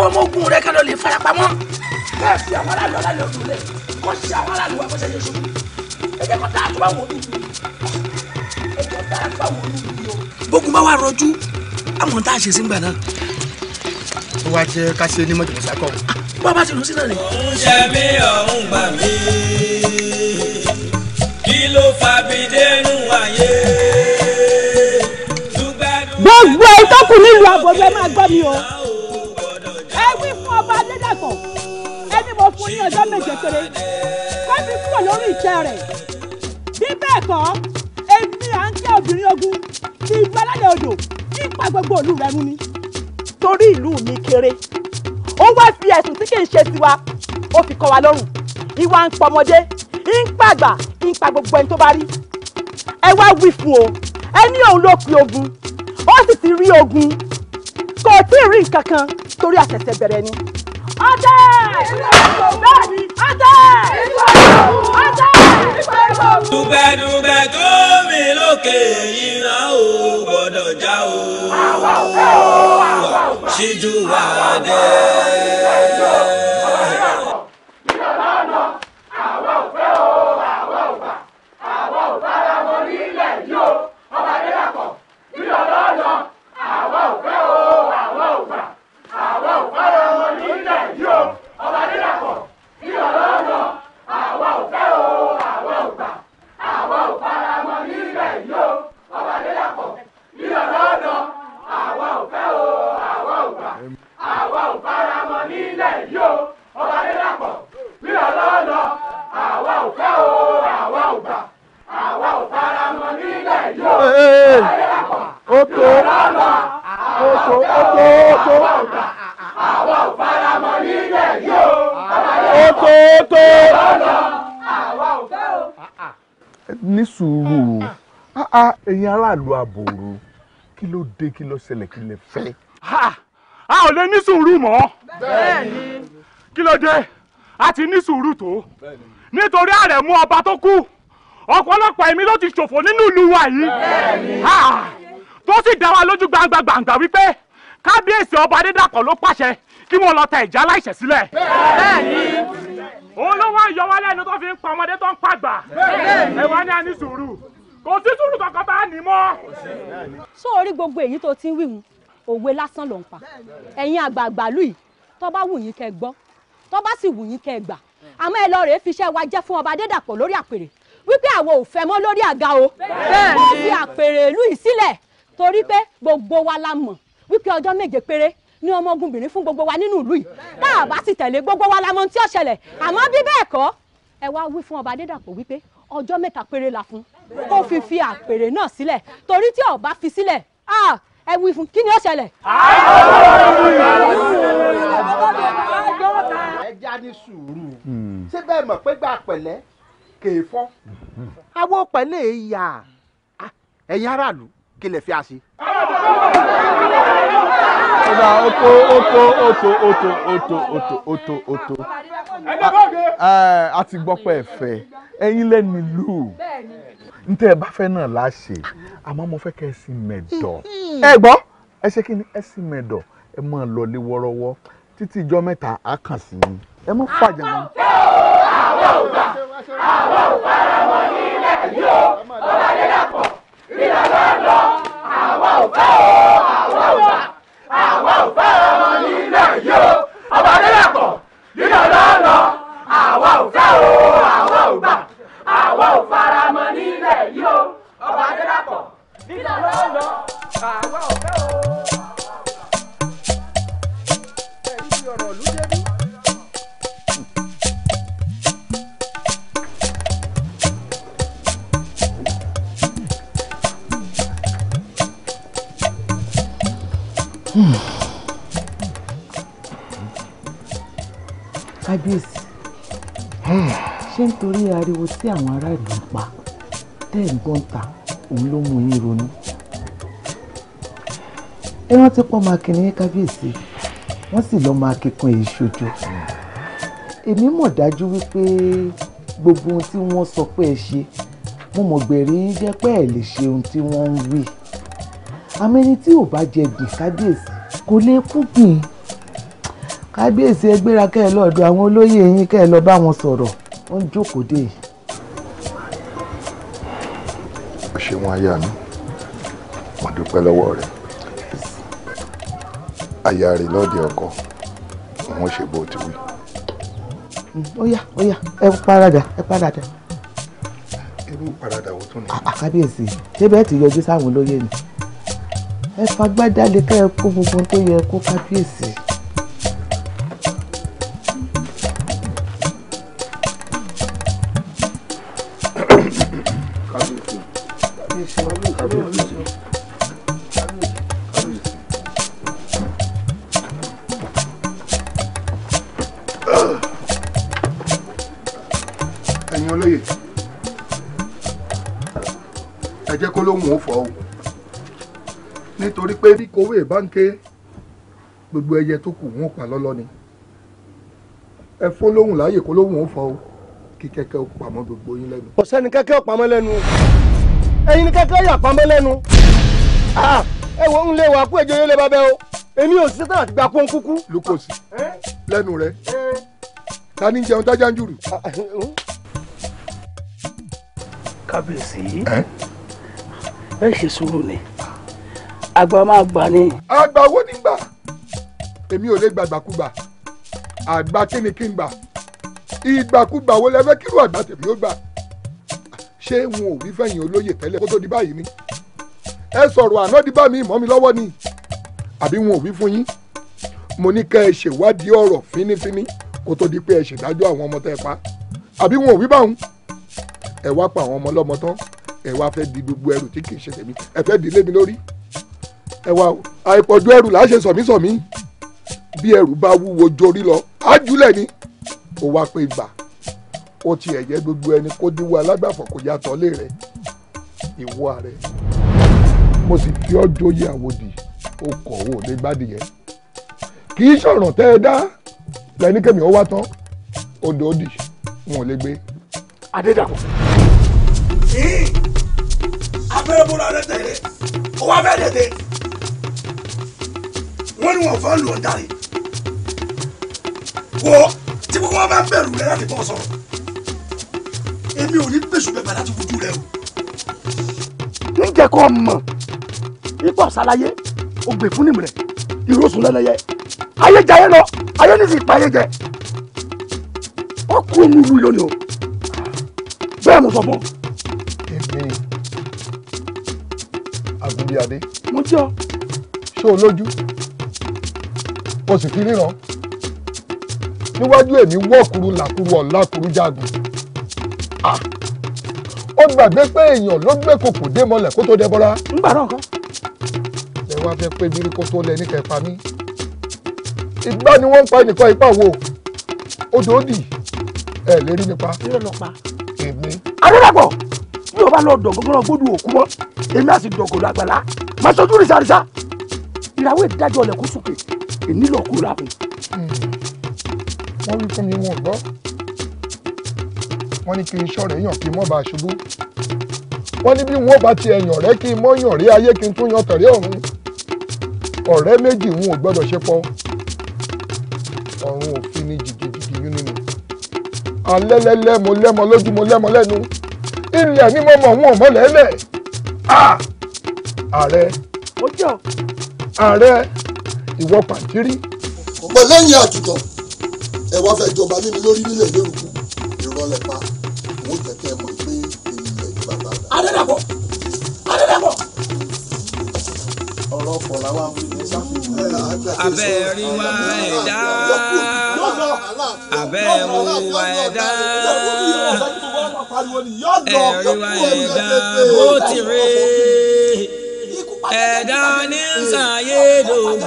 àwọn ọmọ ogun rẹ kan lọ lè fara pamọ́ bẹ́ẹ̀ fi àwọn aráàlú aráàlú ọdún lẹ̀ kọ́ sí àwọn aráàlú wa fẹsẹ̀ yẹn ṣubú ẹ̀jẹ̀ kọ́ dáa tó bá wọ̀ lùlù ẹ̀jẹ̀ kọ́ dáa tó bá wọ̀ lùlù yìí o. gbogbo bá wà rọjú àwọn tá a ṣe sí gbà náà. ó wá jẹ́ ká ṣe ní mọ̀jọ̀ sákọ̀. bá bá ti lù sí náà ni. òun ṣe mí ọ̀hún gbà mí kí ló fa bídẹ́nu ayé gbogbo ẹ̀ tó kù nílùú àbọ̀dọ̀ máa gbọ́ mi o. ọjọ́ méje péré kó fi kúrò lórí ìtẹ́ rẹ̀ bí bẹ́ẹ̀ kọ́ èmi à ń jẹ́ obìnrin ogun ti ìlú alálẹ̀ odò nípa gbogbo ìlú rẹ̀ mú ni. torí ìlú mi kéré ó wá fi ẹ̀sùn tí kì í ṣe tiwa ó fi kọ́ wa lọ́rùn ìwà ń pọmọdé ń pàgbà ń pa gbogbo ẹni tó bá rí ẹ wá wí fún o ẹni òun ló pe ogun ó sì ti rí ogun kò tí ì rí nǹkan kan torí àṣẹ̀ṣẹ̀ bẹ̀rẹ̀ ni ọ̀tẹ̀ bẹ́ẹ̀ ni ọ̀tẹ̀ ọ̀tẹ̀. dùbẹ̀dùbẹ̀ tó mi lókè iná ò gbọ́dọ̀ já o ṣíjú wa dé. oto oto oto oto àwọn òfaramọ nílẹ̀ yìí o oto oto àwọn òfẹ́ o. ní sùúrù o ah, ah, ẹ̀yin aráàlú àbòrò kí ló dé kí ló ṣẹlẹ̀ kí lè fẹ́. a ò lè ní sùúrù mọ́ kí ló dé a ti ní sùúrù tó nítorí àrẹ̀mú ọba tó kú ọ̀pọ̀lọpọ̀ ẹ̀mí ló ti ṣòfò nínú ìlú wa yìí tó sì dá wa lójú gbangba gbangba wípé kábíyèsí ọba adédàpọ̀ ló pàṣẹ kí wọ́n lọ ta ìjà aláìṣẹ̀ sílẹ̀. olówó ayọ̀wá lẹ́nu tó fi ń pa ọmọdé tó ń pàgbà ẹ̀wá ní a ní sùúrù kò sí sùúrù kankan bá ní mọ́. sọ orí gbogbo èyí tó ti ń wíwun òwe lásán ló ń pa ẹ̀yin àgbààgbà lù yìí tó bá wù yín kẹ́ gbọ́ tó bá sì wù yín kẹ́ gbà àmọ́ ẹ lọ rèé fiṣẹ́ wa jẹ́ fún ọba adédàpọ̀ lórí àpèrè wípé àwọn ò fẹ́ mọ́ lórí àga o kó fi àpèrè ìlú yìí sílẹ̀ torí pé gbogbo wa la mọ̀ wípé ọjọ́ méje péré ní ọmọgùnbìnrin fún gbogbo wa nínú ìlú yìí tá a bá sì tẹ̀lé gbogbo wa la mọ̀ tí ó ṣẹlẹ̀ àmọ́ bí bẹ́ẹ̀ kọ́ ẹ wá wí fún ọba adédàpọ̀ wípé ọjọ́ mẹ́ta péré la fún kó fi fi àpèrè náà sílẹ̀ torí tí ó bá fi sílẹ̀ ẹ wí fún kí ni ó ṣẹlẹ̀. ẹ já ní sùúrù hmm. ṣé bẹ́ẹ̀ mọ̀ pé gbà pẹ̀lẹ́ kéèfọ́ àwọn pẹ̀lẹ́ ìyá ẹ̀yin aráàlú kí lè fi àṣì. ọba oto oto oto oto oto oto oto oto a ti gbọ́ pé ẹ fẹ́ ẹ̀yin lẹ́nu ìlú ntẹ́ ẹ bá fẹ́ náà láṣẹ àmọ́ mo fẹ́ kẹ́ ẹ sì mẹ̀dọ̀ ẹ gbọ́ ẹ ṣe kí ni ẹ sì mẹ̀dọ̀ ẹ máa lọlé wọ́rọ́wọ́ títí ijọ́ mẹ́ta á kàn sí i ẹ má fàjà mọ́. àwọn ò àwọn ò àwọn ò fara wọn nílẹ̀ yìí o ọba adédàpọ̀ ríra lọ́dọ̀ àwọn ò bá o àwọn ò bá àwọn ò fara wọn nílẹ̀ yìí o ọba adédàpọ̀ ríra lọ́dọ̀ àwọn ò bá o àwọn ò bá àwọn ò fara wọn nílẹ̀ yìí o ọba adédàpọ̀ kábíyèsí ṣé nítorí ariwo tí àwọn ará ìlú ń pa tẹ́ ẹ̀ ń gbọ́n ta òun ló mú yín ronú ẹ rántí pọ́ máa kí ni kábíyèsí wọ́n sì lọ́ọ́ máa kíkan èyí ṣojú èmi mọ̀ dájú wípé gbogbo ohun tí wọ́n sọ pé ẹ ṣe mo mọ̀ gbẹ̀rí jẹ́ pé ẹ lè ṣe ohun tí wọ́n ń wí amẹni tí ò bá jẹ̀bi kábíyèsí kò lè kúgbìn kábíyèsí ẹ gbéra kẹ́ ẹ lọ́ọ̀dọ̀ àwọn olóyè yín kẹ́ ẹ lọ bá wọn sọ̀rọ̀ ó ń jókòó dé. ṣé wọn aya mi mo dúpẹ́ lọ́wọ́ rẹ aya rẹ lọ́ọ̀dẹ ọkọ wọn ṣe bó ti wí. Mm, ó yá ó yá ẹ paradà ẹ paradà. irú paradà wo tún ni. àkàbíyèsí ah, ah, débẹ̀ ti yọjú sáwọn olóyè ni ẹ fagbádá lè kẹ́ ẹ kó gbogbo tó yẹ kó kábíyèsí. koríkowé báńkẹ́ gbogbo ẹyẹ tó kù wọn pa lọ́lọ́ ni ẹ fún lóhùn láàyè kó lóhùn ó fọ o kí kẹ́kẹ́ ó pamọ́ gbogbo yín lẹ́nu. kò sẹ́ni kẹ́kẹ́ ó pamọ́ lẹ́nu ẹ̀yin ni kẹ́kẹ́ yà pamọ́ lẹ́nu ẹ wo ń lé wa kú ẹjọ́ yóò lé babẹ́ o èmi ò sí tán àti gba pọ́n kúkú. lukosi lẹ́nu rẹ̀ ta ni jẹun tájà ń jùlù. kábíyèsí ẹ ṣe sùúrù ni àgbà máa gbà ni. àgbà owó ní gbà èmi ò lè gbàgbàkúgbà àgbà kíni kí n gbà ìgbàkúgbà wo lẹ fẹ́ kírú àgbà tèmi ó gbà ṣé wọn ò wí fẹ̀yìn olóyè tẹ́lẹ̀ kó tó di báyìí ni ẹ sọ̀rọ̀ àná di bá mi mọ́ mi lọ́wọ́ ni àbí wọn ò wí fún yín mo ní kẹ́ ẹ ṣèwádìí ọ̀rọ̀ fínífíní kó tó di pé ẹ ṣèdájọ́ àwọn ọmọ tẹ́ pa àbí wọn ò wí báwọn ẹ wá pa àwọn ọmọ ọlọ́mọ tán ẹ wá fẹ́ di gbogbo ẹrù tí kì í ṣe tèmi ẹ fẹ́ di lé mi lórí ẹ wá o àìpọ̀jù ẹrù là á ṣe sọ̀mísọ̀mí bí ẹrù bá wúwo jorí lọ ájúlẹ̀ ni ó wá pé gbà ó ti ẹ̀yẹ́ gbogbo ẹni kó dínwó alágbàfọ̀ kò yàtọ̀ lé rẹ̀ ìwọ ààrẹ mo sì fi ọ́ joyè àwòdì ó kọ̀ ó lè gbádìyẹ kì í ṣọ̀ràn tẹ́ ẹ dá lẹ́nikẹ́mi ó wá tán odò òdì wọn ò lè gbé. adédàpọ̀. abẹ́rẹ́ bọ́lá rẹ tẹ̀lé ó wá bẹ́ẹ̀ tẹ̀lé wọ́n ní wọ́n fẹ́ lù ọ́ dáre wọ́ tí gbogbo wọn bá bẹ̀rù rẹ láti bọ́ sọ̀rọ̀ èmi ò ní bẹ̀sù bẹ̀bà láti fojú rẹ o. níjẹ́ kọ́ mọ̀ ipò ṣàlàyé ògbè fún nìmú rẹ̀ ìrosùn lẹ́lẹ́yẹ ayéjayé lọ ayé ní ti pa ayé jẹ ọkùnrin mi wù lónìí o bẹ́ẹ̀ mo sọ fún ọ. èmi Àgùnbíadé. mo jẹ́ ọ. ṣé o lójú mo sì fi ríran níwájú èmi wọ́ọ̀kùrú làkúrú ọ̀làkúrú jágun ó gbàgbé pé èèyàn ló gbé kòkò dé mọ́lẹ̀ kó tó dẹ bọ́lá. ń gbàdọ̀ kan. ẹ wá fẹ́ pé bírí kó tó lẹ ní kẹfà mi ìgbà ni wọ́n ń pa ẹnìkan ipá wo odò òdì ẹ lè rí mi pa. ilé lọ pa. èmi. adúlápọ̀ bí o bá lọ dọ̀gọ́gọ́ lọ gbódù òkú mọ́ èmi á sì dọ̀gọ́dọ̀ àgbàlá màá sojú rìsàrìsà ìràwọ̀ ìdájọ́ ọ̀lẹ̀kùn sókè ṣe nílòkulà fún. Hmm. wọ́n wí fún mi wọn gbọ́ wọ́n ní kí n ṣọ̀rẹ́ yàn kí n bá a ṣubú wọ́n ní bí wọ́n bá ti ẹ̀yàn rẹ́ kí n yàn rí ayé kí n tún yan tẹ̀lé ọ̀run ọ̀rẹ́ méjì wọn ò gbọ́dọ̀ ṣe pọ̀ ọ̀run òfin ni jìgìjìgì yún nínú alẹ́ mo lẹ́mọ lójú mo lẹ́mọ lẹ́nu ilẹ̀ mímọ́ mọ̀ wọn ò mọ̀ lẹ́lẹ̀ ah! ààrẹ ààrẹ ìwọ pàǹtírí. mo lẹ́yìn àtúntọ̀ ẹ wá fẹ́ jọba lé lórí nílẹ̀ lórúkú ìrọ̀lẹ́ pa òun jẹ́ mọ̀ pé ènìyàn ìgbà bá dà. adédàbọ̀ adédàbọ̀. ọ̀rọ̀ ọkọ̀ làwọn afẹ́lẹ́ sáfù. abẹ́ rí wá ẹ̀dá abẹ́ mú wá ẹ̀dá ẹ̀rí wá ẹ̀dá bó ti rí ẹ̀dá ní sàyé lògùn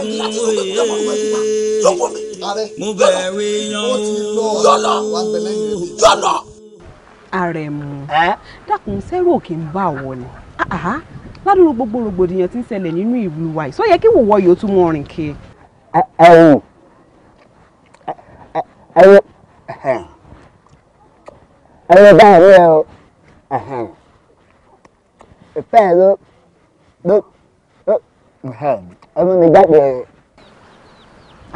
òye mo bẹ̀rù yan o. àrẹ̀mú dákun sẹ́rù òkè ń bá wọ ni ládùúgbò gbogbo rògbòdìyàn tí ń ṣẹlẹ̀ nínú ìlú wa yìí sọ yẹ kí wòwọ́ yìí ó tún mọ rìn kiri. ẹ̀hún ẹ̀hún ẹ̀hún báyìí ẹ̀hún ìfẹ́ ló ló ọmọ mi jáde.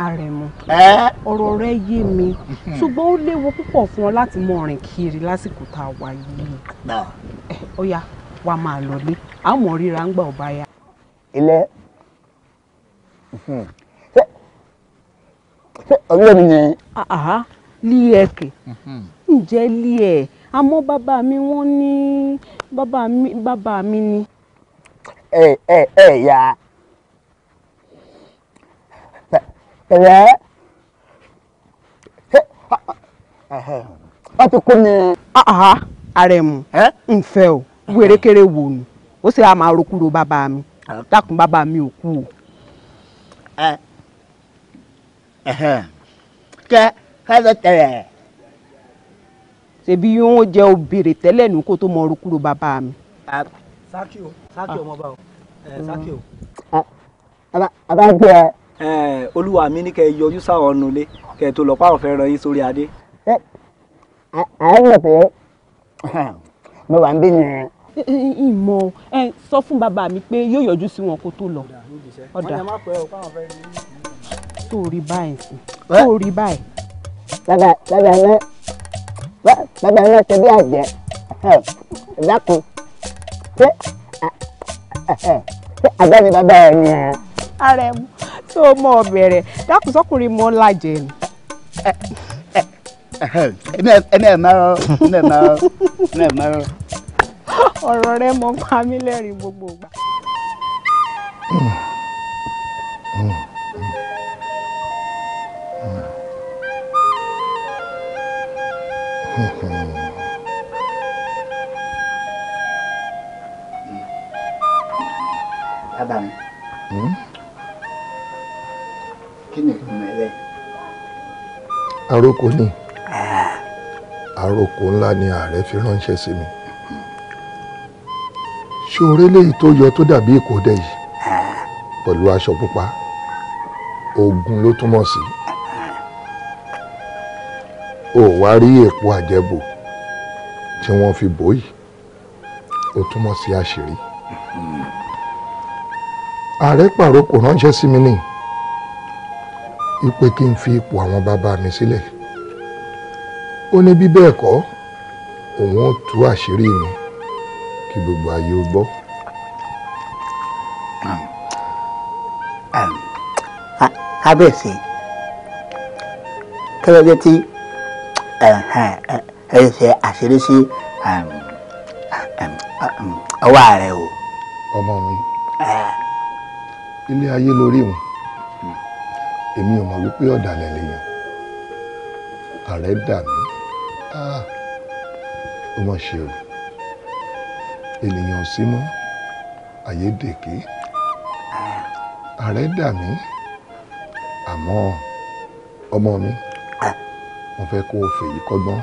Àrẹ̀mú ọ̀rọ̀ rẹ yé mi [LAUGHS] ṣùgbọ́n ó léwu púpọ̀ fún ọ láti mọ ọ̀rìn kiri lásìkò tá a wà yìí eh, ó yá wa máa lọlé a mọ̀ ríra ń gbà ọba ya. ilé hmm. ọ̀rẹ́ mi ni. lí hmm. ǹjẹ́ lí àmọ́ mi wọ́n ní bàbá mi ni. ẹ ẹ ẹ tẹ̀rẹ́ wọ́n ti kó ni. àrẹ̀mú nfẹ́ o wérékéré wò ni ó sì á máa rokúro bàbá mi dákun bàbá mi ò kú o. kẹ kẹ lọ tẹ̀rẹ̀. ṣèbí yóò jẹ́ obìnrin tẹ́lẹ̀ mi. sákì o sákì o mo o sákì o. olúwa mi ní kẹ́ ẹ yọjú sáwọn nulẹ̀ kẹ́ ẹ tó lọ páwọn fẹ́ ràn yín sórí adé. àárọ̀ pé mo wà ń bí yẹn. ìmọ̀ ẹ sọ fún bàbá mi pé yóò yọjú sí wọn kó tó lọ. ọ̀dà tó rí báyìí tó rí báyìí. bàbá bàbá náà bàbá náà ṣe bí àjẹ́ dákun ṣé àgbẹ̀ ni bàbá ẹ̀ ni. ààrẹ mu so mọ bẹ̀rẹ̀ dákun sọkùnrin mọ lajẹ ni. ẹnẹ ẹ máa rọ ẹnẹ ẹ máa rọ ẹnẹ ẹ máa rọ. ọ̀rọ̀ rẹ mọ pa mí lẹ́rìn gbogbo ìgbà. Bàbá mi. àrokò ni àrokò ńlá ni ààrẹ fi ránṣẹ́ sí mi ṣé orí léyìí tó yọ tó dàbí ìkódẹ yìí pẹ̀lú aṣọ pupa ogun ló túmọ̀ sí ò wá rí èpo àjẹbù tí wọ́n fi bò yìí ó túmọ̀ sí àṣírí mm-hmm. ààrẹ pàrokò ránṣẹ́ sí mi nìyí wípé kí n fi ipò àwọn bàbá mi sílẹ̀ ó ní bí bẹ́ẹ̀ kọ́ òun ó tú àṣírí mi kí gbogbo ayé ó gbọ́. Hmm. Hmm. Ah, kábíyèsí kẹ́lẹ́dẹ́ tí eh, eh, eh, ẹ ṣe àṣírí sí hmm, ọwọ́ rẹ o. ọmọ mi ilé ayé lórí mi èmi ò mọ̀ wípé ọ̀dàlẹ̀ lèèyàn ààrẹ dà mí ah, ó mọ̀ ṣe o ènìyàn ò sí mọ́ àyédèké ààrẹ dà mí àmọ́ ọmọ mi mo fẹ́ kó o fèyí kọ́gbọ́n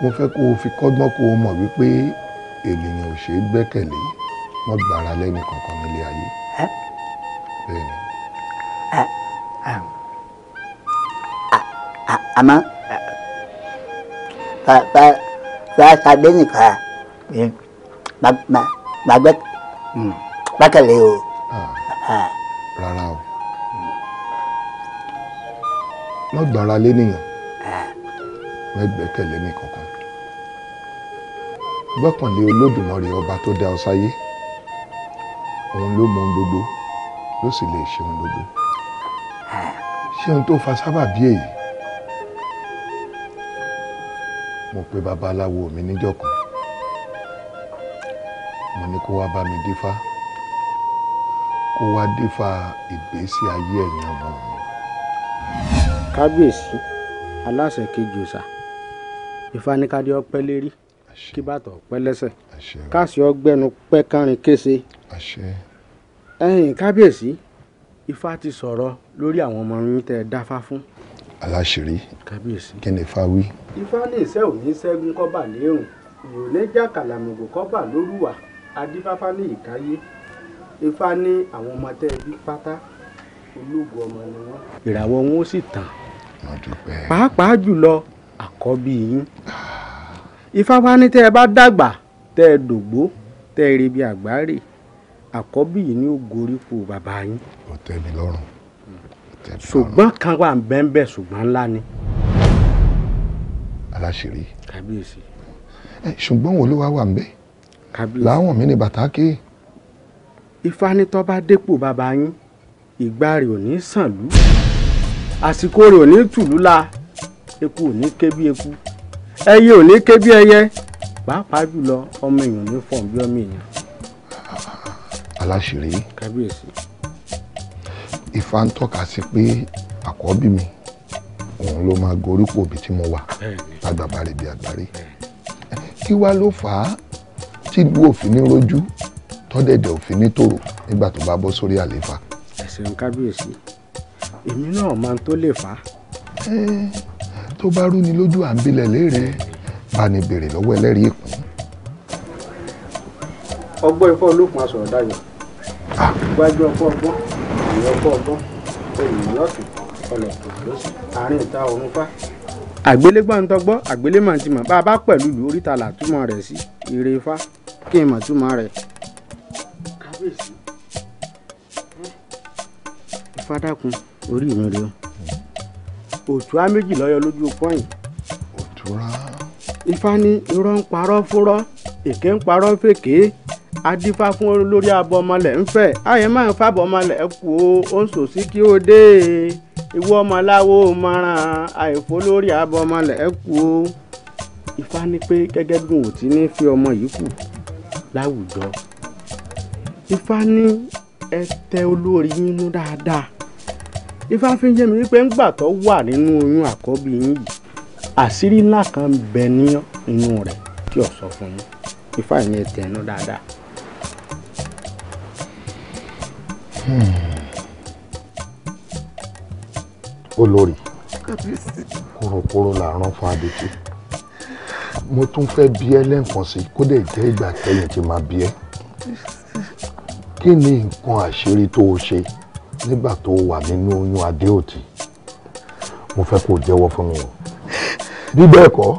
mo fẹ́ kó o fi kọ́gbọ́n kó o mọ̀ wípé ènìyàn ò ṣeé gbẹ́kẹ̀lé wọ́n gbára lẹ́ni kankan nílé ayé bẹ́ẹ̀ ni. Eh, ehm. ah, ah, àmọ́ fàṣàdé eh, eh, nìkan gbàgbẹ́ hmm, gbàkẹ̀lé o. Ah. rárá o má gbára lé nìyẹn má gbẹ́kẹ̀lé nìkankan gbọ́kànlé olódùmarè ọba tó dá ọ sáyé òun ló mọ ohun gbogbo ló sì lè ṣe ohun gbogbo ṣé ohun tó fa sábàbí èyí mo pe babaláwo mi níjọ́ kan mo ní kó wá bá mi dífá kó wá dífá ìgbésí ayé ẹ̀yìn ọmọ mi. kábíyèsí aláṣẹ kejì ọ̀sà ìfanikadé ọpẹ́ lérí kí bàtọ̀ pẹ́ lẹ́sẹ̀ káàsì ọgbẹ́nu pẹ́ kése ẹ̀yìn kábíyèsí ifá ti sọ̀rọ̀ lórí àwọn ọmọ yín tẹ́ ẹ dáfá fún. aláṣìírí kí ni ifá wí. ifá ní iṣẹ́ òní ṣẹ́gun kọ́bà lérùn ìròlẹ́jà kàlàmùgò kọ́bà lórúwà adífáfá ní ìkáyé ifá ní àwọn ọmọ tẹ́ ẹ bí pátá ológun ọmọ ni wọ́n. ìràwọ̀ wọn ó sì tàn pàápàá jùlọ àkọ́bí yín ifá wá ní tẹ́ ẹ bá dàgbà tẹ́ ẹ dògbó tẹ́ ẹ rebi àgbáre àkọ́bí yìí ni ó goríko bàbá yín. ó tẹ́ mi lọ́rùn. ṣùgbọ́n kan wà bẹ́ẹ̀nbẹ́ ṣùgbọ́n ńlá ni. aláṣìírí. kábíyèsí. ẹ ṣùgbọ́n wo ló wá wà ń bẹ́ẹ̀. kábíyèsí. láwọn mi ni bàtà ké. ifá bá dépò bàbá yín ìgbà rẹ̀ ò ní sànlú àsìkò rẹ̀ ò ní tùlú la eku ò ní ké bí eku ẹyẹ ò ní ké bí ẹyẹ pàápàá jùlọ ọmọ èèyàn ní fọ̀n bí ọmọ èèyàn láṣìírí kábíyèsí ifá ń tọ́ka sí pé àkọ́bí mi òun ló máa gorípò bí tí mo wà lágbàbá rẹ̀ bí àgbárí kí wá ló fà á tí ìlú òfin ní rojú tọ́dẹ̀dẹ̀ òfin ní tòrò nígbà tó bá bọ́ sórí àléfà. ẹ̀sẹ̀ ń kábíyèsí èmi náà máa ń tó lè fà á. tó bá rú ni lójú à ń bilẹ̀ léèrè bá ní béèrè lọ́wọ́ ẹlẹ́rìí ọgbọ́n ifọ̀ olókun aṣọ̀rọ̀ dayọ̀ iwájú ọkọ ọgbọ́n ìyẹn ọkọ ọgbọ́n èyí lọ́sùn ọlọ́pàá lọ́sùn àárín ìta ọ̀run fá. àgbélégbọ́n ń tọgbọ́ àgbélémọ̀ ti mọ̀ bá a bá pẹ̀lú ìlú oríta làtúmọ̀ rẹ̀ sí ire fá kí n mọ̀ túmọ̀ rẹ̀. kábíyèsí ìfádàkùn orí mi rè o òtúá méjì lọ́yọ̀ lójú pọ́yìn. òtúrá. ifá ní irọ́ ń parọ́ fúrọ́ èké ń parọ́ fèké adífá fún olórí abọmọlẹ̀ ń fẹ́ àyẹ̀mọ́ ìfàbọ̀mọlẹ̀ kú ó ń sòsí kí ó dé ìwọ ọmọláwo mọ́ràn àìfó lórí abọmọlẹ̀ kú ó. Ifá ní pé Gẹ́gẹ́gùn ò ti ní fi ọmọ yìí kù láwùjọ. Ifá ní ẹ tẹ olórí yín nú dáadáa. Ifá fi ń yé mi wípé ńgbà tó wà nínú oyún àkọ́bí yín yìí àṣírí ńlá kan bẹ ní inú rẹ̀ tí ò sọ fún yín Ifá ìyẹn tẹ̀ ẹ́ nú dáadáa. Hmm. olórí kòròkòrò là rán fún adití mo tún fẹ́ bí ẹ lẹ́ǹkan sí kó dẹ̀ jẹ́ ìgbà kẹ́yìn tí máa bí ẹ kí ni nǹkan àṣírí tó o ṣe nígbà tó o wà nínú oyún adéòtí mo fẹ́ kó o jẹ́wọ́ fún mi o bí bẹ́ẹ̀ kọ́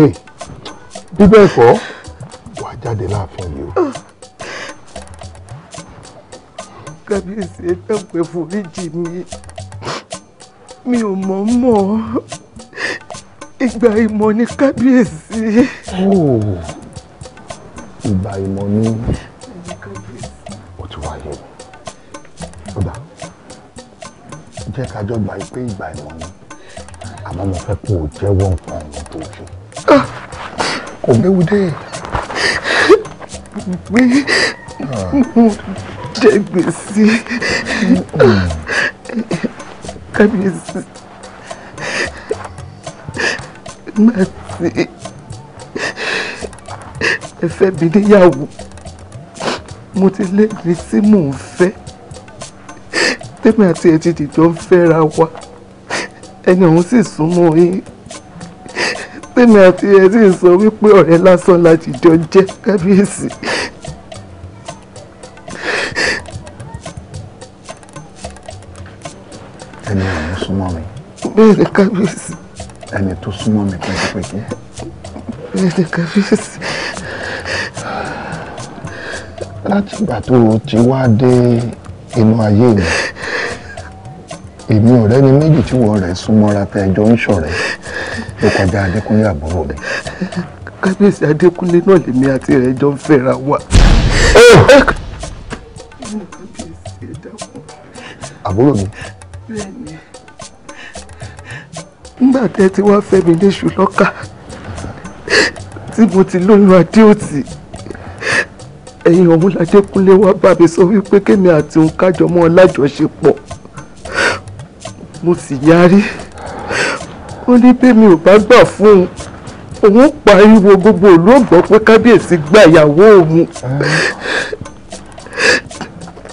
eh, bí bẹ́ẹ̀ kọ́ wàá jáde láàfin yìí o kábíyèsí ẹ dàgbẹ́ foríjì mi mi ò mọ̀ mọ̀ ìgbà ìmọ̀ ni kábíyèsí. ìgbà ìmọ̀ ni ó ti wáyé ọ̀dà jẹ́ ká jọ gbà pé ìgbà ìmọ̀ ni àmọ́ mo fẹ́ kó o jẹ́wọ́ nǹkan ọ̀hún tó ṣe kò léwu dé. Ah. mo jẹ gbèsè kábíyèsí nígbà tí ẹ fẹ́ mi níyàwó mo ti lẹ́rìí tí mò ń fẹ́ tèmi àti ẹ̀jì dìjọ́ ń fẹ́ra wa ẹni ọ̀hún sì súnmọ́ yín tèmi àti ẹ̀jì sọ wípé ọ̀rẹ́ lásán la jìjọ jẹ́ kábíyèsí. ẹni ọ̀hún súnmọ́ mi. bẹ́ẹ̀ni kábíyèsí. ẹni tó súnmọ́ mi pẹ́kípẹ́kí. bẹ́ẹ̀ni kábíyèsí. láti ìgbà tó o ti wá dé inú ayé mi èmi ọ̀rẹ́ ni méjì tí wọ́n rẹ̀ súnmọ́ra tẹ ẹjọ́ ń ṣọ̀rẹ́ ló kọjá adékúnlé àbúrò mi. kábíyèsí adékúnlé náà lèmi àti rẹ̀ jọ ń fẹ́ra wa. àbúrò mi. bẹ́ẹ̀ni nígbà tẹ́ ti wá fẹ́ mi léṣù lọ́kà tí mo ti lóyún adéòtì ẹ̀yin ọ̀hún làjẹkúnlé wá bá mi sọ wípé kémi àti òun kájọ mọ́ lájọṣepọ̀ mo sì yarí ó ní bẹ́mi ò bá gbà fún un òun pariwo gbogbo ìlú ògbọ́ pé kábíyèsí gba ìyàwó òun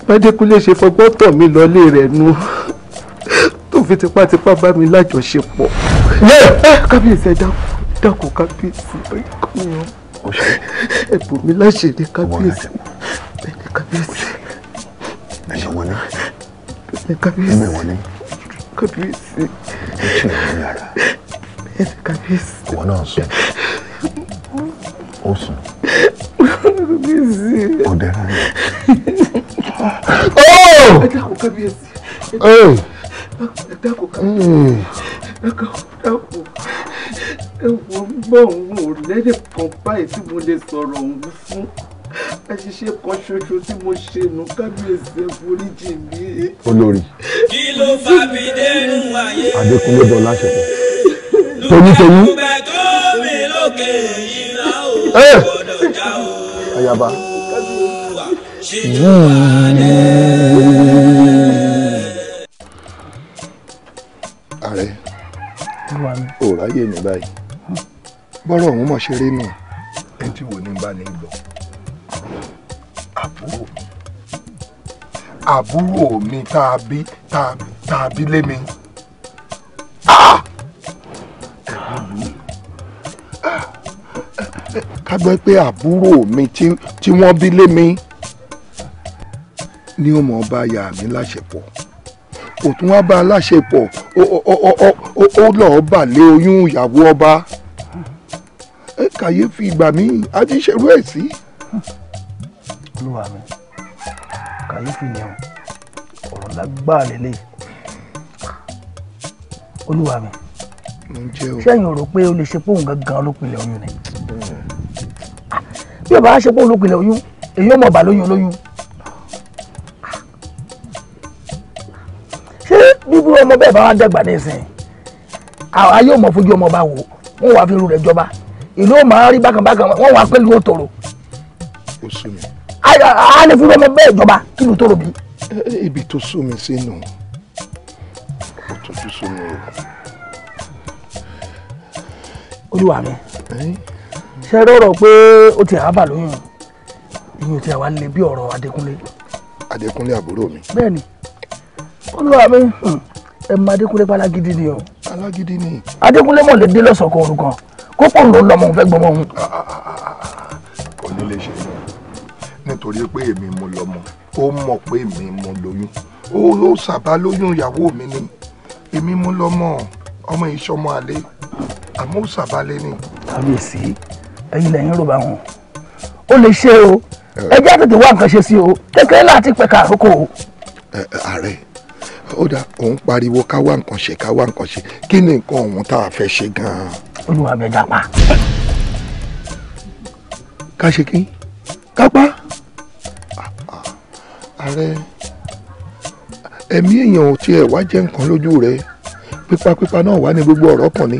bàdékúnlé ṣe fọgbọ́n tọ̀ mí lọ́lé rẹ̀ nu. No fi tipátipá bá mi lájọṣepọ̀. Ah, kábíyèsí ẹ dákun kábíyèsí ẹ bò mí láṣẹ ní kábíyèsí ní kábíyèsí. ẹ̀yọ̀ wọn ni. ní wọn ni. kábíyèsí. ó kábíyèsí. ìwọ náà sùn. ó sùn. kábíyèsí. kò rẹ̀. ẹ dákun kábíyèsí dákun dákun dákun ẹ wo gbọ́ òun ò lẹ́yìn kan báyìí tí mo lè sọ̀rọ̀ òun fún àṣìṣe kan ṣoṣo tí mo ṣe nù kábíyèsí ẹ̀fọ́ríjì mi. olórí kí ló fà mí dẹnu ayé adékúnlé bọ láṣepọ tónítóní. lùgbà tó mi lókè yìí la ò gbọdọ̀ já o. ayaba. ṣèjọba ni. ààrẹ ò ráyè ní báyìí bọ́rọ̀ òun mọ̀ ṣe rí nù ẹni tí wò ní bá ní lọ àbúrò mi àbúrò mi tá a bí tá a bí lé ah! mi ká gbọ́ pé àbúrò mi tí wọ́n bí lé mi ni ó mọ̀ bá yà mí láṣepọ̀ kò tún wá bá aláṣepọ̀ ó lọ́ọ́ bà lé oyún ìyàwó ọba kàyéfì ìgbà mi á ti ṣerú ẹ̀ sí. olúwa mi kàyéfì ni ọ̀rọ̀ lágbára lélẹ̀ olúwa mi sẹ́yìn rò pé o lè ṣe póun gangan olópinlẹ̀ oyún ni bí o bá ṣe póun olópinlẹ̀ oyún èyí ó mọ̀ bá lóyún olóyún. bíbú ọmọ bẹ́ẹ̀ bá wá dàgbà nísìn àwa yóò mọ fojú ọmọ bá wò wọn wàá fi irú rẹ̀ jọba ìlú ò máa rí bákan bákan wọn wàá pẹ̀lú òtòrò. ó a ní fúnra ọmọ bẹ́ẹ̀ jọba kí ló tóró bí. Eh, ibi tó sún mi sínú ó tójú sún mi o. olúwa mi eh? ṣe rọrọ pé o ti àbá lóyún ìyóò tí a wá lè bí ọ̀rọ̀ Adékúnlé. Adékúnlé àbúrò mi. bẹ́ẹ̀ni olúwa mi ẹ mọ adékúnlé pa alágídí ni o. alágídí ni. adékúnlé mọ̀ lè dé lọ́sọ̀kọ̀ orúkọ kókó ń lò lọ́mọ òun fẹ́ gbọmọ òun. kò ní lè ṣe é nítorí pé èmi mo lọ́mọ ó mọ̀ pé èmi mo lóyún ó sábà lóyún ìyàwó mi ni èmi mo lọ́mọ ọmọ ìṣọmọ àlè àmọ́ ó sábà lé ní. kábíyèsí ẹ̀yin lẹ́yìn rò bá wọn ó lè ṣe o ẹ jẹ́ tètè wá nǹkan ṣe sí o kékeré láti pẹ̀ka àkókò o. ààrẹ ó dà òun pariwo ká wá nǹkan ṣe ká wá nǹkan ṣe kí ni nǹkan ọ̀hún tá a fẹ́ ṣe gan-an. olúwa bẹ dápá. ká ṣe kí kápá ààrẹ ẹ̀mí èèyàn ò tiẹ̀ wá jẹ́ nǹkan lójú rẹ pípapípa náà wà ní gbogbo ọ̀rọ̀ kan ni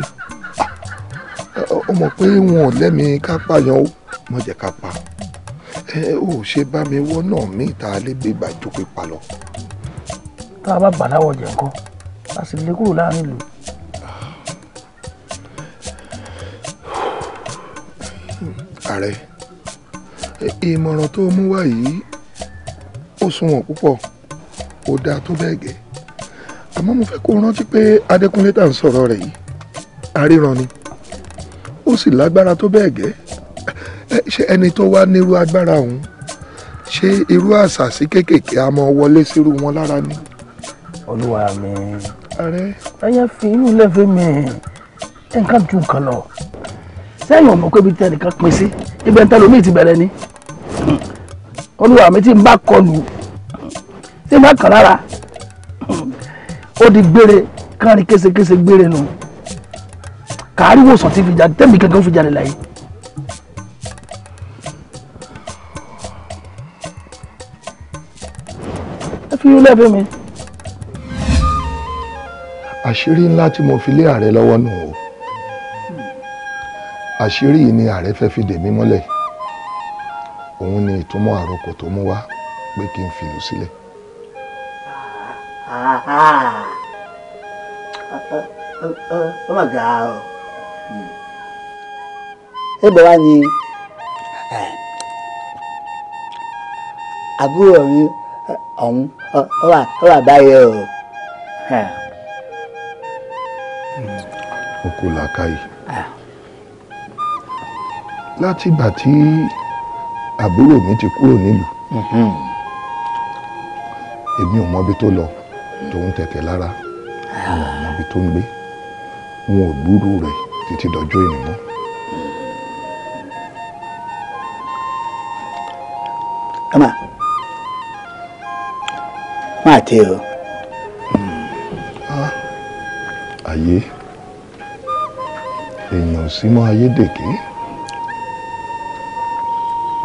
ó mọ̀ pé wọn ò lẹ́mìí ká pààyàn ó mọ̀ jẹ́ ká pa ẹ ò ṣe bá mi wọ́n náà mí ìta lé gbégbá jókòó pa lọ tá a bá gbà láwọ̀ jẹ̀ ńkọ́ a sì lè kúrò láàrin ìlú. ààrẹ ìmọ̀ràn tó mú wá yìí ó sunwọ̀n púpọ̀ ó dáa tó bẹ́ẹ̀ gẹ́ àmọ́ mo fẹ́ kó rántí pé adékúnlé tá à ń sọ̀rọ̀ rẹ̀ yìí aríran ni ó sì lágbára tó bẹ́ẹ̀ gẹ́ ṣé ẹni tó wá nírú agbára òun ṣé irú àṣà kéékèèké a mọ wọlé sírú wọn lára ni olúwa mi ẹyẹ fi irú lẹ́fẹ̀ mi ẹ̀ nǹkan ju nǹkan lọ sẹ́yìn ọmọ pé ibi tí ẹnìkan pín sí ibi ẹ̀ńtẹ́ lomi ti bẹ̀rẹ̀ ni olúwa mi ti ń bá kọlù tí ń bá kàn lára ó di gbére káàrin késekése gbére nu kàárí wòsàn ti fi jáde tẹ́mi kankan fi jáde láyé. ẹ fi irú lẹ́fẹ̀ mi àṣírí ńlá tí mo fi lé ààrẹ lọ́wọ́ nù o àṣírí yìí ni ààrẹ fẹ́ fi dè mí mọ́lẹ̀ òun ni ìtumọ̀ àròkọ tó mú wá pé kí n fìlú sílẹ̀. ó mà ga ọ. ẹ̀bọ̀ wa ni àbúrò mi ọ̀hún ó wà báyìí o ó kó làákàyè. látìgbà tí àbúrò mi ti kúrò nílùú mm-hmm. èmi ò mọbi tó lọ tòun tẹ̀tẹ̀ lára ah. wọn ò mọbi tó ń gbé wọn ò gbúrú rẹ̀ títí dọjọ́ ìnìmọ́. kama máa tẹ o. Ah, ayé. Ah èèyàn ò sí mọ́ ayédèké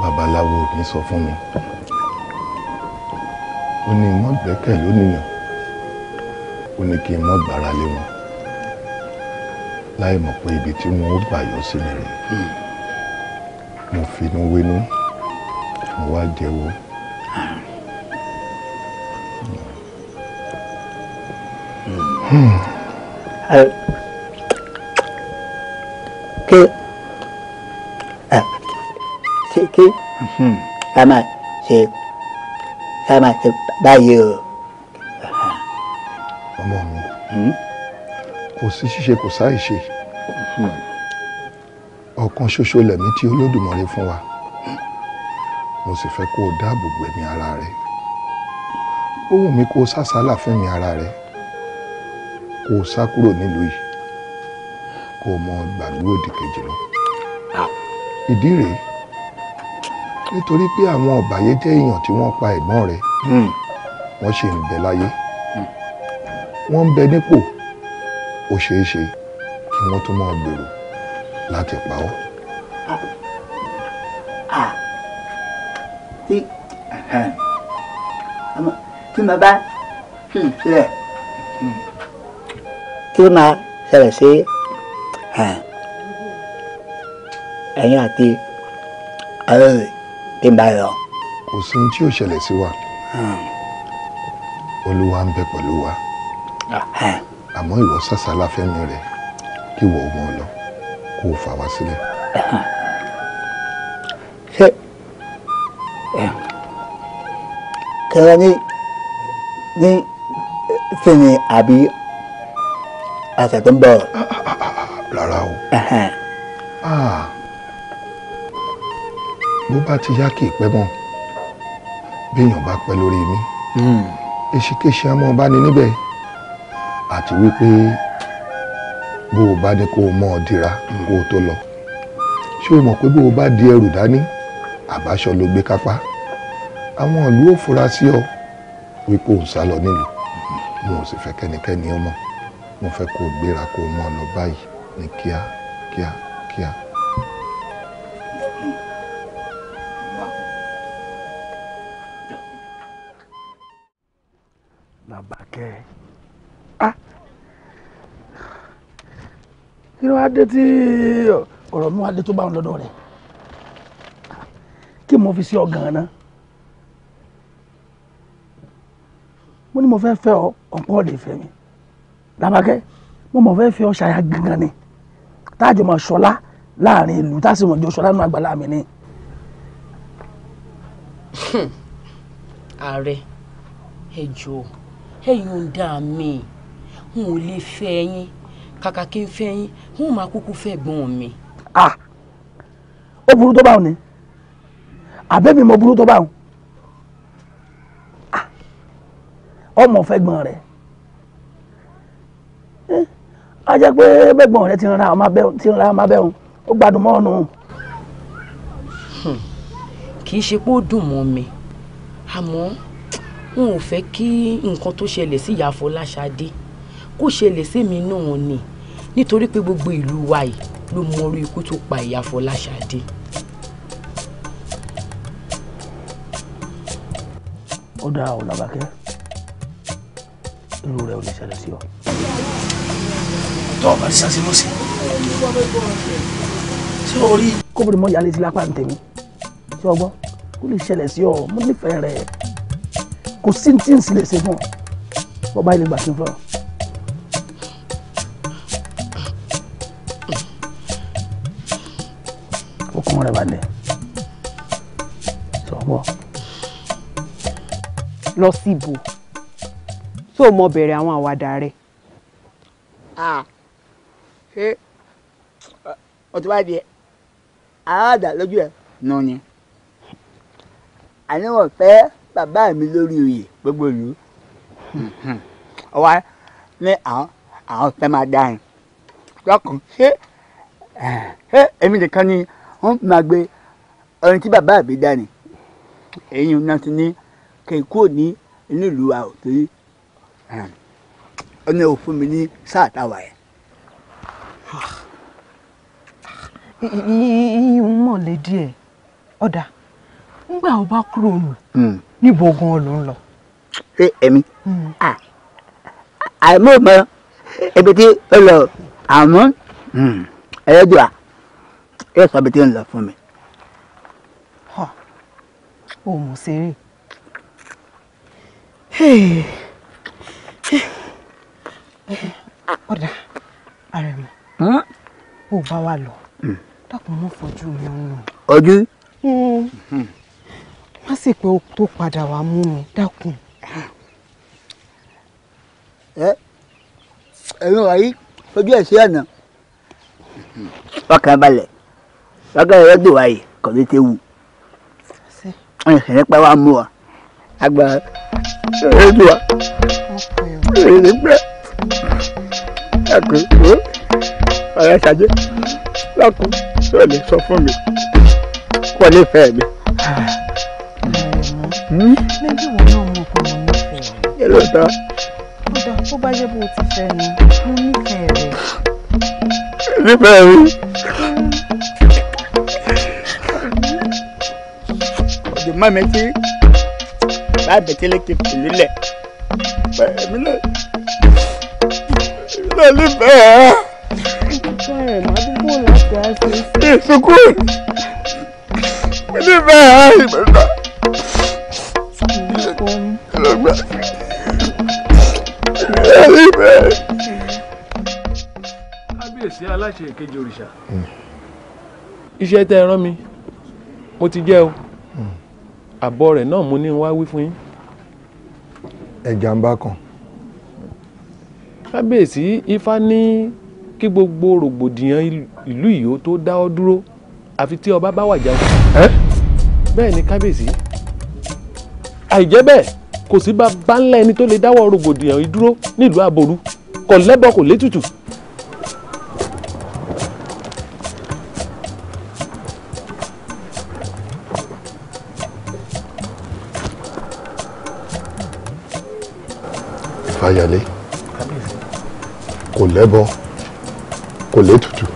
babaláwo mi sọ fún mi ó ní mọ́ gbẹ́kẹ̀lé oníyàn ó ní kí n mọ́ gbára lé wọn láì mọ̀ pé ibi tí wọ́n ó gbà yọ sí mi rẹ̀ hmm. mo finú wínú mo wá jẹ́wọ́. Hmm. hmm ke ke hmm. ká máa ṣe ká máa ṣe báyìí o. ọmọ mi hmm? kò sí ṣíṣe kò sáì ṣe hmm. ọ̀kan ṣoṣo lẹ̀mí tí Olódùmarè fún wa mo sì fẹ́ kó o dáàbò bo ẹ̀mí ara rẹ ó wù mí kó o sásàálà fún ẹ̀mí ara rẹ kó o sá kúrò nílùú kó o mọ gbàgbé òdì kejì lọ. Ah. ìdí rèé nítorí pé àwọn ọ̀bàyéjẹ́ èèyàn tí wọ́n pa ẹ̀gbọ́n rẹ̀ hmm. wọ́n ṣì ń bẹ láyé hmm. wọ́n ń bẹ nípò ó ṣeé ṣe kí wọ́n tún máa gbèrò láti pa ọ́. Ah. Ah. tí mo bá sì ṣe ẹ̀ kí ó máa ṣẹlẹ̀ sí ẹ̀yin àti alẹ́ tí ń bá lọ. kò sí ohun tí yóò ṣẹlẹ̀ sí wa olúwa ń bẹ pẹ̀lú wa àmọ́ ìwọ sàsálà fẹ́mi rẹ̀ kí ìwọ ọmọ lọ kó o fà wá sílẹ̀. kẹrẹ ní ní sinmi àbí àṣà tó ń bọ̀. Ah, ah, lára o. Ah. bó bá ti yá kì í pẹ́ mọ́ béèyàn bá pẹ́ lórí mi èsìkéṣe ọmọ ọba ni níbẹ̀ àti wípé bó o bá ní kó o mọ ọ dira kó o tó lọ ṣé o mọ̀ pé bó o bá di ẹrù dání àbáṣọ ló gbé kápá àwọn ìlú ò fura sí ọ wípé ò ń sá lọ nílùú mo ò sì fẹ́ kẹ́nikẹ́ni ọmọ mo fẹ́ kó o gbéra kó o mọ ọ lọ báyìí ní kíá kíá kíá. làbàkẹ́ ah! kí ló wá dé tí ọ̀rọ̀ mi wá dé tó bá wọn lọ́dọ̀ rẹ̀ kí mo fi sí ọ gan-an mo ní mo fẹ́ fẹ́ ọ ọ̀pọ̀ ọ̀dẹ̀ fẹ́ mi làbàkẹ́ mo mọ̀ fẹ́ fẹ́ ọ ṣàyà gangan ni táàjọ máa ṣọlá láàrin ìlú tásìmọ̀ jọ ṣọlá nínú àgbàlá mi ni. [LAUGHS] ààrẹ ẹ jọ̀ọ́ ẹ yọ̀ǹda mi n ò lè fẹ́ yín kàkà kí n fẹ́ yín n ò máa kúkú fẹ́ gbọ́n mi. ah ó burú tó báwọn ni àbẹ́mi mo burú tó báwọn ọmọ fẹ́ gbọ́n rẹ̀ a jẹ́ pé bẹ́gbọ̀n rẹ ti ń ra ọmọ abẹ́hùn ti ń ra ọmọ abẹ́hùn ó gbádùn mọ́ ọ̀nù. Hmm. kì í ṣe pé ó dùn mọ́ mi àmọ́ n ò fẹ́ kí nǹkan tó ṣẹlẹ̀ sí ìyá Fọláṣadé kó ṣẹlẹ̀ sẹ́mi náà ni nítorí pé gbogbo ìlú wa yìí ló mọ orí ikú tó pa ìyá Fọláṣadé. ó dáa ò irú rẹ̀ ò lè ṣẹlẹ̀ sí ọ tó ọba ti ṣàṣe lọ́sẹ̀. ṣé o rí. kóbìnrin mọ ìyáálé ti lápá ntẹ̀mí ṣé ọgbọ́n kó lè ṣẹlẹ̀ sí ọ mo nífẹ̀ẹ́ rẹ̀ kò sí tí n sì lè ṣe fún ọ bọ́ba ilé gbà sí fún ọ. ọkùnrin rẹ̀ balẹ̀ sọ̀wọ́. lọ sí ibò tó mọ bẹ̀rẹ̀ àwọn àwàdà rẹ̀ ṣé ọtí wá di ẹ aráàdà lójú ẹ nù ni àní wọn fẹ́ bàbá mi lórí oyè gbogbo ìlú ọwọ hmm, hmm. ní àwọn àwọn fẹ́ máa dá yẹn lọkàn ṣé èmi nìkan ni wọn fi máa gbé ọrin tí bàbá mi dá ni èyí náà ti ní kí n kúrò ní inú ìlú wa ò torí ọ ní òfin mi ní sáà táwa yẹn ìyún mọ̀ lé díẹ̀ ọ̀dà ńgbà ó kúrò nù hmm. níbo gan ló ń lọ. ṣé ẹ̀mí hmm. àìmọ̀ mọ tí ó lọ àmọ́ hmm, ẹ̀yẹ́dùà ẹ̀ sọ ibi tí ń lọ fún mi. o mọ̀ sẹ́rè ọ̀dà àrẹ̀mọ̀ ó bá wa lọ hmm. dákun mọ́ fojú mi ọ̀nà. ọjọ́ wọ́n hmm. sì pé tó padà wá mú mi dákun. ẹ ẹ̀yin wàyí fojú ẹ̀ sí ọ̀nà ọkàn balẹ̀ lọ́gọ́rẹ̀ rẹ̀ gbòwá yìí kò ní ti wù ẹ̀ nípa wa mú wa àgbà rẹ̀ gbòwá rẹ̀ nípa ẹ̀kọ́ ọ̀rẹ́ ṣàjẹ́ lọ́kùn tó lè sọ fún mi kò nífẹ̀ẹ́ mi. méjì hmm? wo náà mọ̀ pé mo nífẹ̀ẹ́ rẹ̀. kí ló tọ́. kódà tó bá jẹ́ bó o ti fẹ́ mi mo nífẹ̀ẹ́ rẹ̀. nífẹ̀ẹ́ mi. ọ̀dùn mọ́ mi tí bá bẹ̀tẹ́lẹ̀ ti pẹ̀lú lẹ̀ pẹ̀lú lẹ̀ lọ́ọ́ nífẹ̀ẹ́ ẹ̀ máa dúpọ̀ láti àṣẹ. ìsìnkú mi ní bẹ́ẹ̀ á ìbẹ̀rẹ̀ lọ́gbà ẹ̀rí bẹ́ẹ̀. kábíyèsí aláṣẹ ìkejì òrìṣà hmm. iṣẹ́ tẹ́ ẹ rán mi mo ti jẹ́ o hmm. àbọ̀ rẹ̀ náà mo ní wá wí fún yín. ẹ̀jàmbá kan. kábíyèsí ifá ní kí gbogbo rògbòdìyàn ìlú yìí ó tó dáwọ́ dúró àfi tí ọba bá wàjà kú. bẹ́ẹ̀ ni kábíyèsí àìjẹ́ bẹ́ẹ̀ kò sí bàbá ńlá ẹni tó lè dáwọ́ rògbòdìyàn yìí dúró nílùú àbòrú kò lẹ́bọ kò létùtù. fàyàlé kò lẹ́bọ kò létùtù.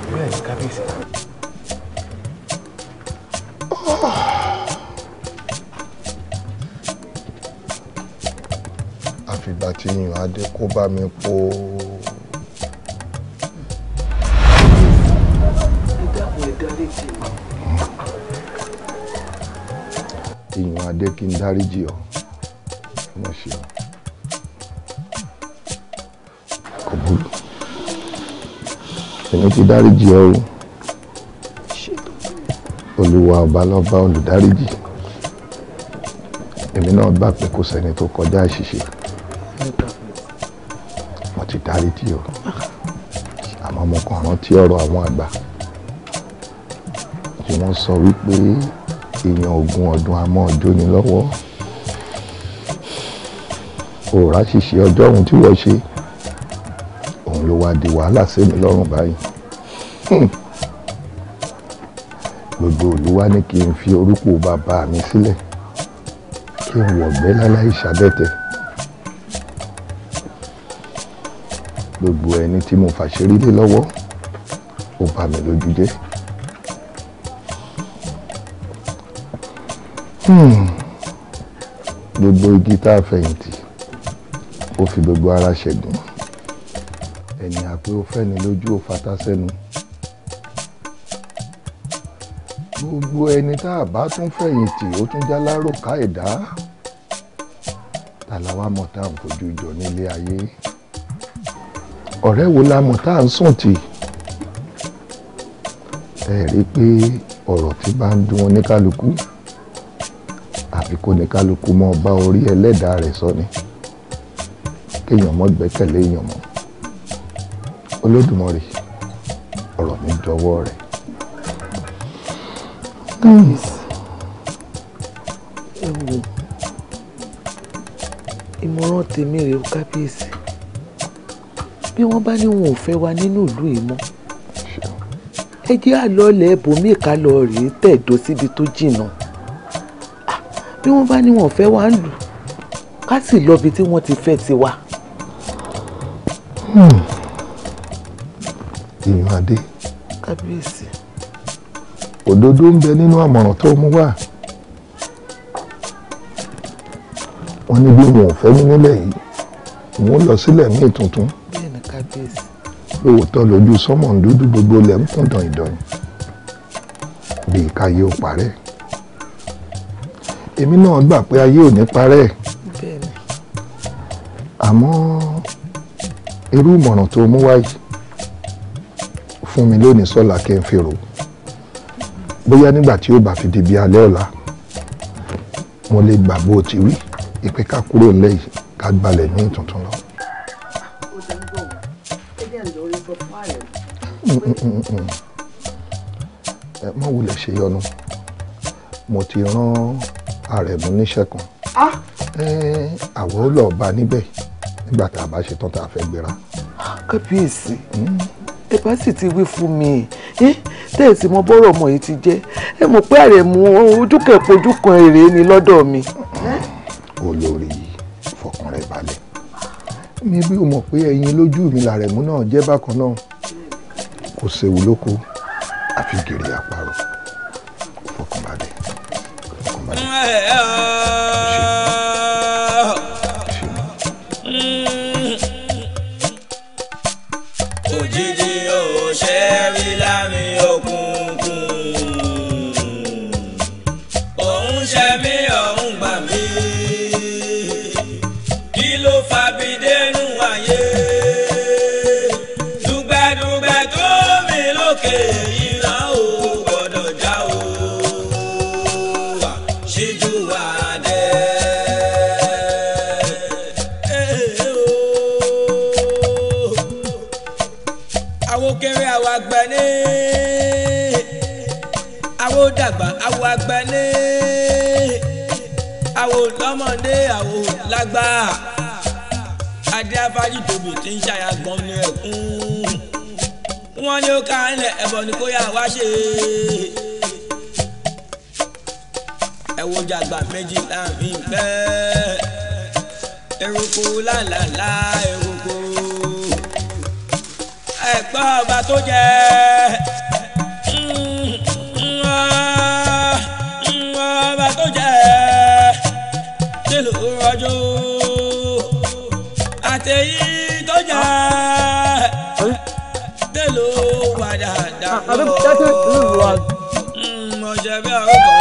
àfìgbà tí yan adé kó bá mi po. ìyàn adé kí n dáríjì ọ. fi dáríjì ẹ o olúwa ọba lọ́ba olùdáríjì èmi náà gbà pé kò sẹ́ni tó kọjá àṣìṣe mo ti dáríjì o àmọ́ mo kàn rántí ọ̀rọ̀ àwọn àgbà tí wọ́n sọ wípé èèyàn ogún ọdún amọ́ ọjọ́ ni lọ́wọ́ òòrá ṣìṣe ọjọ́ ohun tí wọ́n ṣe òun ló wá di wàhálà sí mi lọ́rùn báyìí gbogbo olúwa ní kí n fi orúkọ bàbá mi sílẹ̀ kí n wọ̀gbẹ́ láláì ṣàbẹ̀tẹ̀ gbogbo ẹni tí mo fàṣírí lé lọ́wọ́ ó bà mí lójú jẹ́. Hmm. gbogbo igi tá a fẹ̀yìntì ó fi gbogbo ara ṣẹ̀gùn ẹni àpé ó fẹ́ni lójú ó fata sẹ́nu. gbogbo ẹni tá a bá tún fẹ̀yìntì ó tún já láròká ẹ̀dá ta la wá mọ̀ tá à ń fojú jọ nílé ayé ọ̀rẹ́ wo la mọ̀ tá à ń sùn tì ẹ rí i pé ọ̀rọ̀ tí bá ń dún oníkálukú àfi kó oníkálukú mọ́ bá orí ẹlẹ́dàá rẹ̀ sọ ni kéèyàn mọ́ gbẹ́kẹ̀lé èèyàn mọ́ Olódùmarè ọ̀rọ̀ mi jọ̀wọ́ rẹ̀ kábíyèsí ẹ wò ìmọ̀ràn tèmi rèé kábíyèsí bí wọ́n bá ní wọn ò fẹ́ wa nínú ìlú yìí mọ́ ẹ jẹ́ àlọ́ọ̀lẹ̀ ẹ̀bùnmí ká lọ rèé tẹ̀dó síbi tó jìnnà bí wọ́n bá ní wọn ò fẹ́ wa ń lù ká sì lọ́bi tí wọ́n ti fẹ́ tiwa. Hmm. ìyún adé. kábíyèsí òdodo ń bẹ nínú àmọ̀ràn tó mú wá wọ́n ní bí wọn ò fẹ́ mí nílẹ̀ yìí wọ́n lọ sílẹ̀ ní ìtuntun lóòótọ́ lójú sọ́mọ̀ ń dúdú gbogbo lẹ̀ ń kún dàn ìdọ̀yìn bí káyé ó parẹ́ èmi náà gbà pé ayé ò ní parẹ́ àmọ́ irú ìmọ̀ràn tó mú wáyé fún mi lónìí sọ́la kí n fi rò ó bóyá nígbà tí ó bá fi di bí alẹ́ ọ̀la mo lè gbà bó ti wí ìpè ká kúrò ńlẹ̀ yìí ká gbalẹ̀ ní tuntun lọ. ẹ mọ wulẹ̀ ṣe yọnu mo ti rán àrẹ̀mú níṣẹ́ kan ah! àwọn ó lọ bá nígbà tá a bá ṣe tán tá a fẹ́ gbéra. Ah, kábíyèsí hmm? ẹ bá sì ti wí fún mi eh, tẹ́ẹ̀sì mọ bọ́rọ̀ ọmọ yìí ti jẹ́ ẹ mọ̀ pé àrẹ̀mú ojúkẹ̀pojú kan èrè ni lọ́dọ̀ mi. olórí fọkàn rẹ balẹ̀ mi bí o mọ̀ pé ẹyin lójú mi làrẹ̀mú náà jẹ́ bákan náà kò séwu lóko àfi gèrè àparò fọkàn balẹ̀ fọkàn ọmọdé àwò lágbá adé afájú tóbi tí ń ṣàyà gan ní ẹkún wọn ni ó ká ilẹ̀ ẹ̀bọ̀ ni kó yà wá ṣe ẹ wo jàgbà méjì láàrin bẹ́ẹ̀ eruku lálàlá eruku ẹ̀pọ̀ ọba tó jẹ́ ẹ̀. àbí tẹ́tí ìlú wa. Hmm, mo jẹ bí àwọn kan.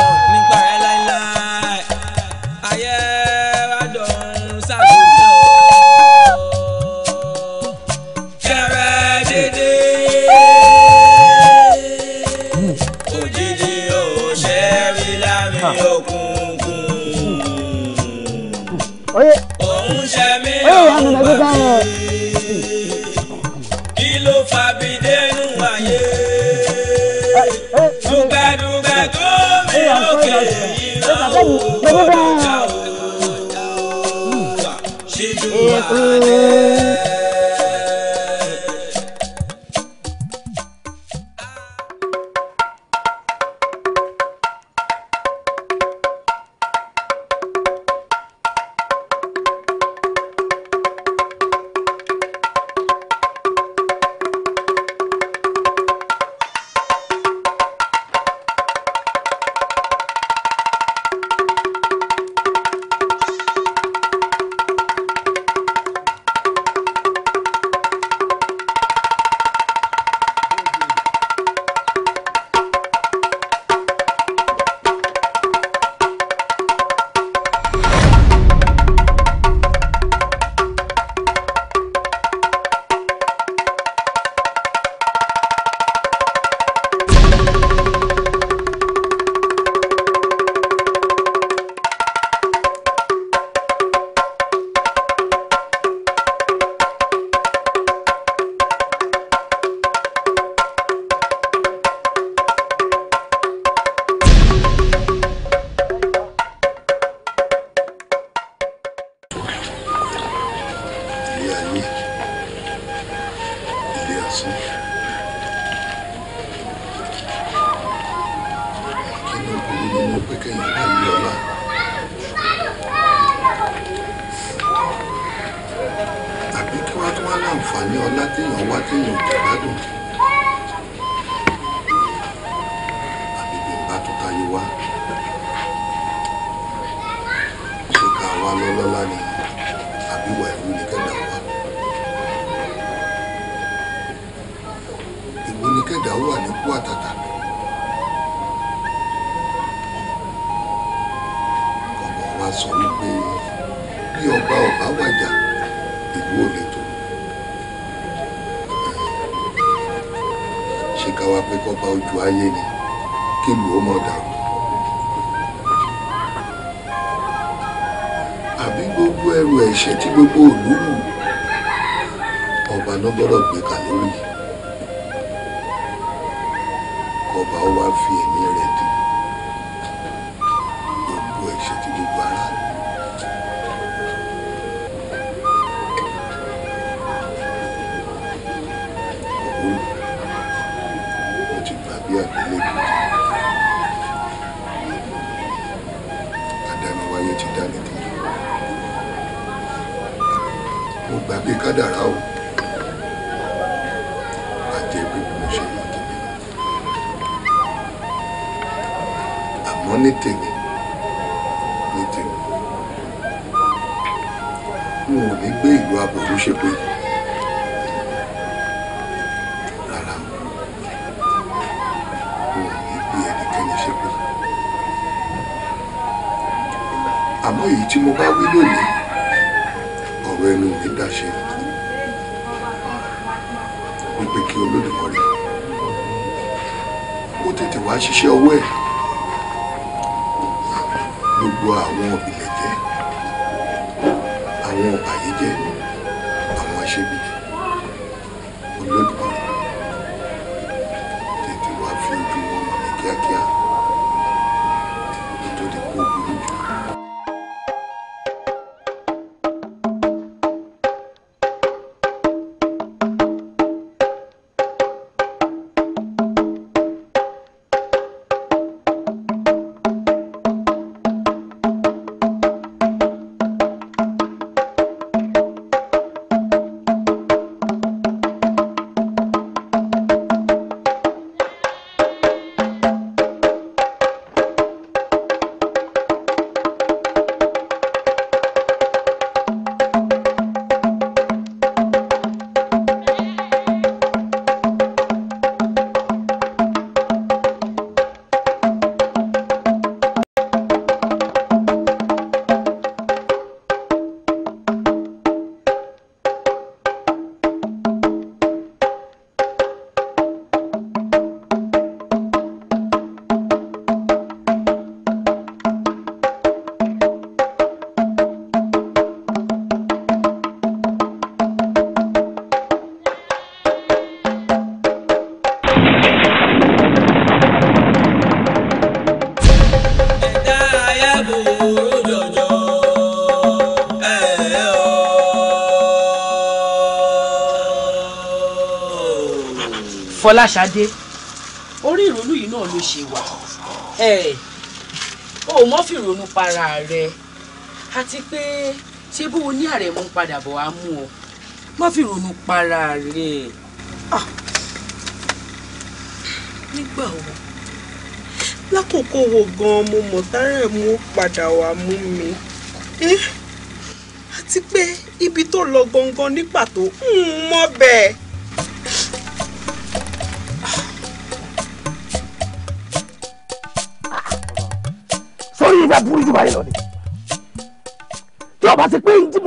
Oh. pé kẹ́yìn bá mi ọ̀la. àbí kí wá tó wá láǹfààní ọlá téèyàn wá téèyàn jẹ gbádùn. àbí bí n bá tó táyé wá. ṣé ká wá lọ́lọ́lá ni àbí wà ìlú ni ni kẹ́dà bá ọba wàjà ìlú ò lè tó ṣé ká wá pé kọ́ba ojú ayé ni kí ìlú ó mọ̀ dàrú àbí gbogbo ẹrù ẹ̀ṣẹ̀ tí gbogbo òlú rù ọba náà gbọ́dọ̀ gbé kalórí kọ́ba ó wá fi ẹ̀mí rẹ̀ dì ọláṣadé orí ìrònú yìí náà ló ṣe wà o ò mọ́ fi ìrònú para rẹ àti pé ṣé bó o ní àrẹ̀mú padà bọ̀ wá mú ọ mọ́ fi ìrònú para rẹ. Ah. nígbà wo lákòókò wo gan-an mo mọ̀ tárẹ̀mú padà wá mú mi eh? àti pé ibi tó lọ gangan ní pàtó ń hmm, mọ́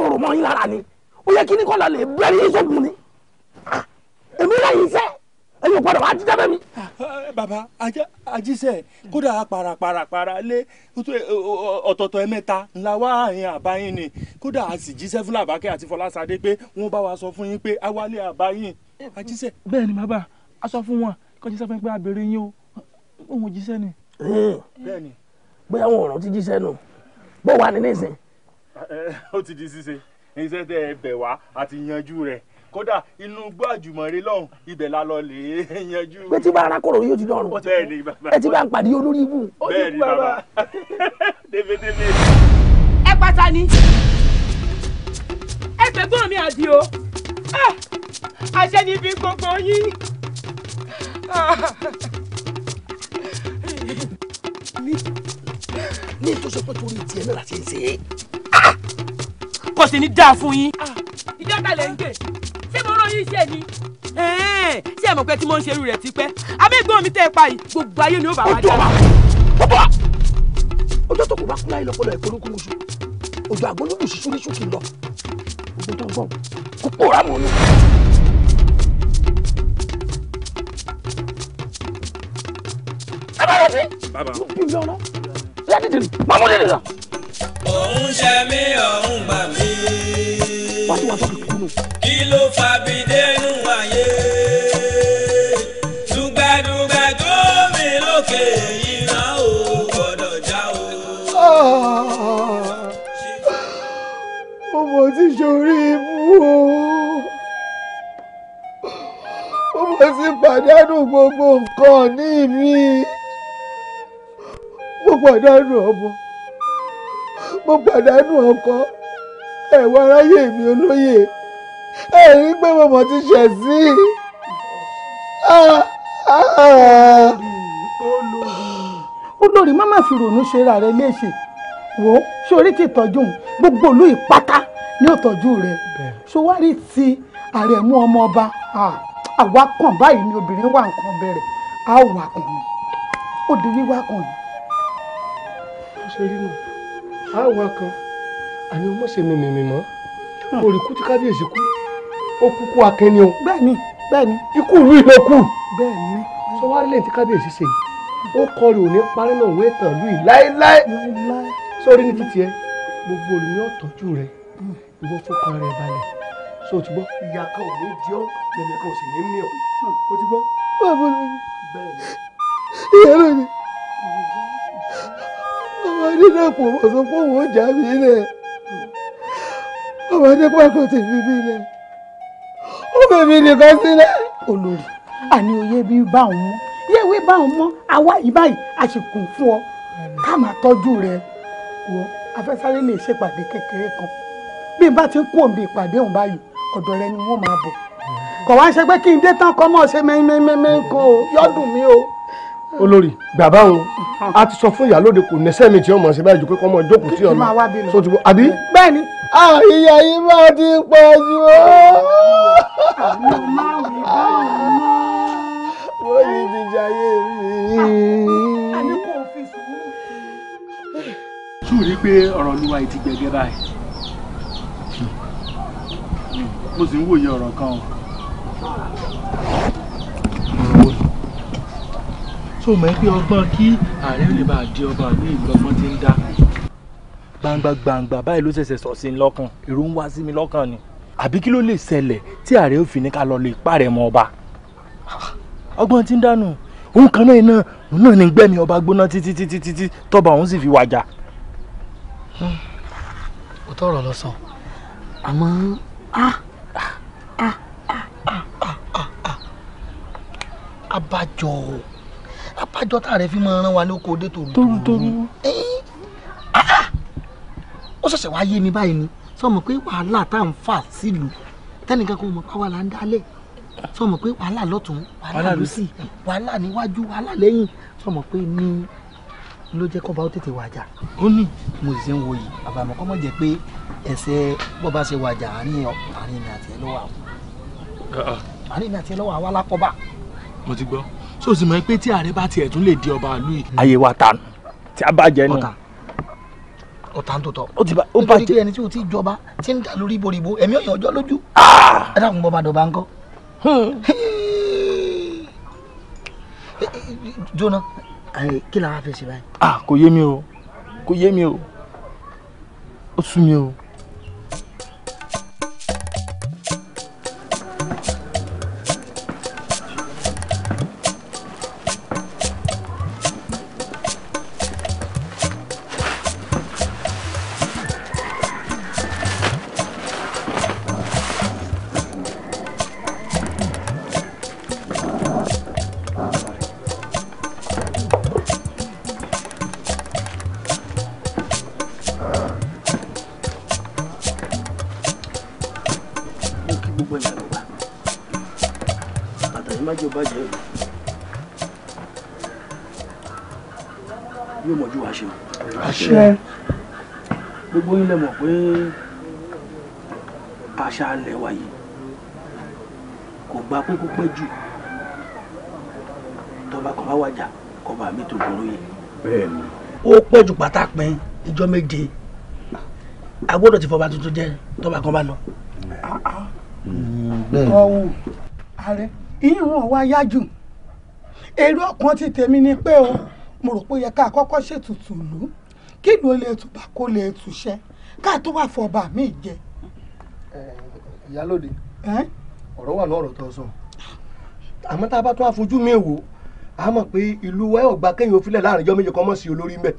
kòkòrò mọ́ yín lára ni ó yẹ kí ní kọ́lá lè bẹ́ẹ̀ ní sógun ni èmi láyé iṣẹ́ ẹ̀yin ò gbọ́dọ̀ wá jíjẹ́ bẹ́ẹ̀ mi. Ah, bàbá ajíṣẹ́ kódà parapara lé ọ̀tọ̀ọ̀tọ̀ ẹ̀mẹ́ta ńlá wá àárín àbáyín ni kódà a sì jíṣẹ́ fún làbákẹ́ àti fọlásadé pé wọ́n bá wa sọ fún yín pé a àbáyín ajíṣẹ́. bẹ́ẹ̀ ni bàbá a sọ fún wọn kọ́ jíṣẹ́ fún pé a yín o òun jíṣẹ́ ni. Eh, bẹ́ẹ̀ ni bóyá wọn ò rántí jíṣẹ́ nù bó wà ní nísìnyí [LAUGHS] ó ti di ṣíṣe iṣẹ́ tẹ ẹ bẹ̀ wá àti yanjú rẹ̀ kódà inú igbó àjùmọ̀rẹ́ lọ́hùn ibẹ̀ la lọ lè [LAUGHS] yanjú. pé tí bá ara kọ̀rọ̀ yóò ti dọ̀rùn ẹ ti bá ń pàdé olórí ibù. bẹ́ẹ̀ ni bàbá débédébé. [LAUGHS] ẹ pátá ni ẹ gbẹ̀gbọ́n mi àbí o ah, àṣẹ níbi gbogbo yín. Ah. ní ní tó ṣe pé torí tiẹ̀ náà la ṣe ń ṣe é kò sì ní dáa fún yín. Ah, ìjọba lè ń gbè ṣé mo rán yín iṣẹ́ ni. ṣé ẹ mọ̀ pé tí mo ń ṣerú rẹ̀ ti pẹ́ abẹ́gbọ́n mi tẹ́ ẹ pa yìí gbogbo ayé ni ó bá wà dá. ọjọ́ tó kù bá kúnlá ilẹ̀ ọpọlọ ẹ̀kọ́ lókun oṣù òjò àgbọ̀lódù ṣíṣú ní ṣùkì lọ ogun tó ń bọ̀ kó pòórá mọ́ ni. bàbá rẹ̀ bí bí ọ̀nà lẹ́yìn tèmi máa mú lè òun ṣe mí òun gbà mí. kí ló fa bídẹ́nu ayé. dùgbàdùgbà tó mi lókè iná ò gbọ́dọ̀ já o. ọmọ tí sori ibú o ọmọ tí pàdánù gbogbo nǹkan ní mi mo pàdánù ọmọ mo pàdánù ọkọ ẹ̀wọ̀n aráyé mi olóyè ẹ̀rí pé mo mọ̀ ti ṣẹ̀ sí i. olórí má má fi rònú ṣe ra rẹ léṣe wò sórí ti tọ́jú gbogbo olú ìpátá ní òtọ́jú rẹ ṣòwárí ti àrẹ̀mú ọmọ ọba àwa kàn báyìí ni obìnrin wà nǹkan bẹ̀rẹ̀ á wà kàn ní ó wíwá kàn ní àwa kan àní ọmọ ṣe mímìmì mọ́ òrìkú tí kábíyèsí kú ó kú kú akẹni o. bẹ́ẹ̀ni bẹ́ẹ̀ni. ikú ìlú ìlú kù. bẹ́ẹ̀ni. sọ wá rí lẹ́yìn tí kábíyèsí ṣe yìí ó kọrin òní parí náà òun ètò ìlú yìí láéláé sórí ní títí ẹ gbogbo olùmí ọ̀tọ́jú rẹ ìwọ fọkàn rẹ balẹ̀ so o ti gbọ́. ìyá kan ò ní jẹ́ ọ́ lẹ́nu kan ò sì ní mí ọ́ o ti gbọ́. báwo ni ìyá rẹ ni ọdúnàpọ̀ mọ̀ sọ pé òun ò já mi lẹ̀ ọmọdé pàkó ti fi mí lẹ̀ ó fẹ́ mi nìkan sílẹ̀. olórí àní oyè bí bá òun mọ yẹwé bá òun mọ àwa yìí báyìí a sì kún fún ọ ká máa tọ́jú rẹ wọ afẹ́sáré lè ṣèpàdé kékeré kan bí n bá ti ń kú òǹbí ìpàdé òun báyìí ọ̀dọ̀ rẹ ni wọ́n máa bọ̀ kọ̀ wá ṣe pé kí n dé tán kọ́ mọ́ ṣe mẹ́rin yọ́dún mi o olórí bàbá wọn a ti sọ fún ìyálóde kò nẹsẹ mi tí ọmọ ṣe báyìí ju pé kọ́ ọmọ jókòó tí ọ̀nà tó ti bọ́ àbí. bẹ́ẹ̀ni. ìyá yìí máa ti pọ̀ jù ọ́. mo ní jíjà yé mi. ṣùgbọ́n pé ọ̀rọ̀ olúwa yìí ti gbẹ̀gẹ́ báyìí hmm. Hmm. mo sì ń wòye ọ̀rọ̀ kan o tó mọ̀ pé ọgbọ́n kí ààrẹ lè bá di ọba àbí ìgbọ́gbọ́n ti ń dá. gbangba gbangba báyìí ló ṣẹ̀ṣẹ̀ sọ sí i lọ́kàn èrò ń wá sí mi lọ́kàn ni àbí kí ló lè ṣẹlẹ̀ tí ààrẹ ò fi ní ká lọ lè pààrẹ̀ mọ́ ọba. ọgbọ́n ti ń dànù òun kan náà iná òun náà ní gbẹ́mi ọba gbóná títí títí títí tọ́ba òun sì fi wájà. ó tọrọ lọ sàn àmọ́ abájọ. Ah, ah, ah, ah, ah, ah, ah. abájọ abájọ tá a rẹ fi máa rán wa lóko dé tòru tòru ah, ah. ó ṣẹ̀ṣẹ̀ wá yé mi báyìí ni sọmọ pé wàhálà tá à ń fà sílùú tẹnìkan kò mọ̀ pé wà là ń dálẹ̀ sọmọ pé wàhálà lọ́tún wàhálà lọ́sì wàhálà níwájú wàhálà lẹ́yìn sọmọ pé ní ló jẹ́ kọ́ba ó tètè wàjà ó ní mo sì ṣe ń wo yìí àbàmọ́ kọ́ mọ̀ jẹ́ pé ẹsẹ̀ bọ́ba ṣe wàjà àárín àárín mi àti ẹ lọ́wọ́ àwọn ah, àárín mi àti ẹ lọ́wọ́ àwọn alákọ̀ọ́bà. mo ti gbọ́ so sì mọ̀ pé tí ààrẹ bá tiẹ̀ tún lè di ọba ìlú yìí. ayé wa ta tí a bàjẹ́ nù. ọ̀tá ọ̀tá ń tòótọ́. ó ti bá ó bàjẹ́. nítorí pé ẹni tí o ti jọba ti ń dà lórí iboribo ẹ̀mí ọ̀yàn ọjọ́ lójú. Ah! ẹ dàkún bọ́ bá dọ̀bà ńkọ́. Hmm. jóná kí la wá fèsì báyìí. Ah, kò yé mi o kò yé mi o ó sú mi o. àṣà alẹ̀ wa yìí kò gba pé kó pẹ́ jù tọba kan bá wàjà kọba mi tó dúró yìí. bẹ́ẹ̀ni. ó pẹ́ jù pátá pín ìjọ méje a gbọ́dọ̀ ti fọba tuntun jẹ́ tọba kan bá lọ. ọ̀hún ààrẹ ìyẹn wá yá jù èrò ọkàn ti tèmi ni pé o mo rò pé ó yẹ ká kọ́kọ́ ṣètùtù lù kí ìlú ó lè tùbà kó lè tùṣẹ́ ká tó wà fọba mi jẹ Eh, ìyálòde eh? ọ̀rọ̀ wà lọ́rọ̀ tó sọ àmọ́ tá a bá tún àfojú mi wò á mọ̀ pé ìlú wa ẹ̀ ọ̀gbà kẹ́yìn òfilẹ̀ láàrin ọjọ́ méje kan mọ̀ sí olórí mẹ́.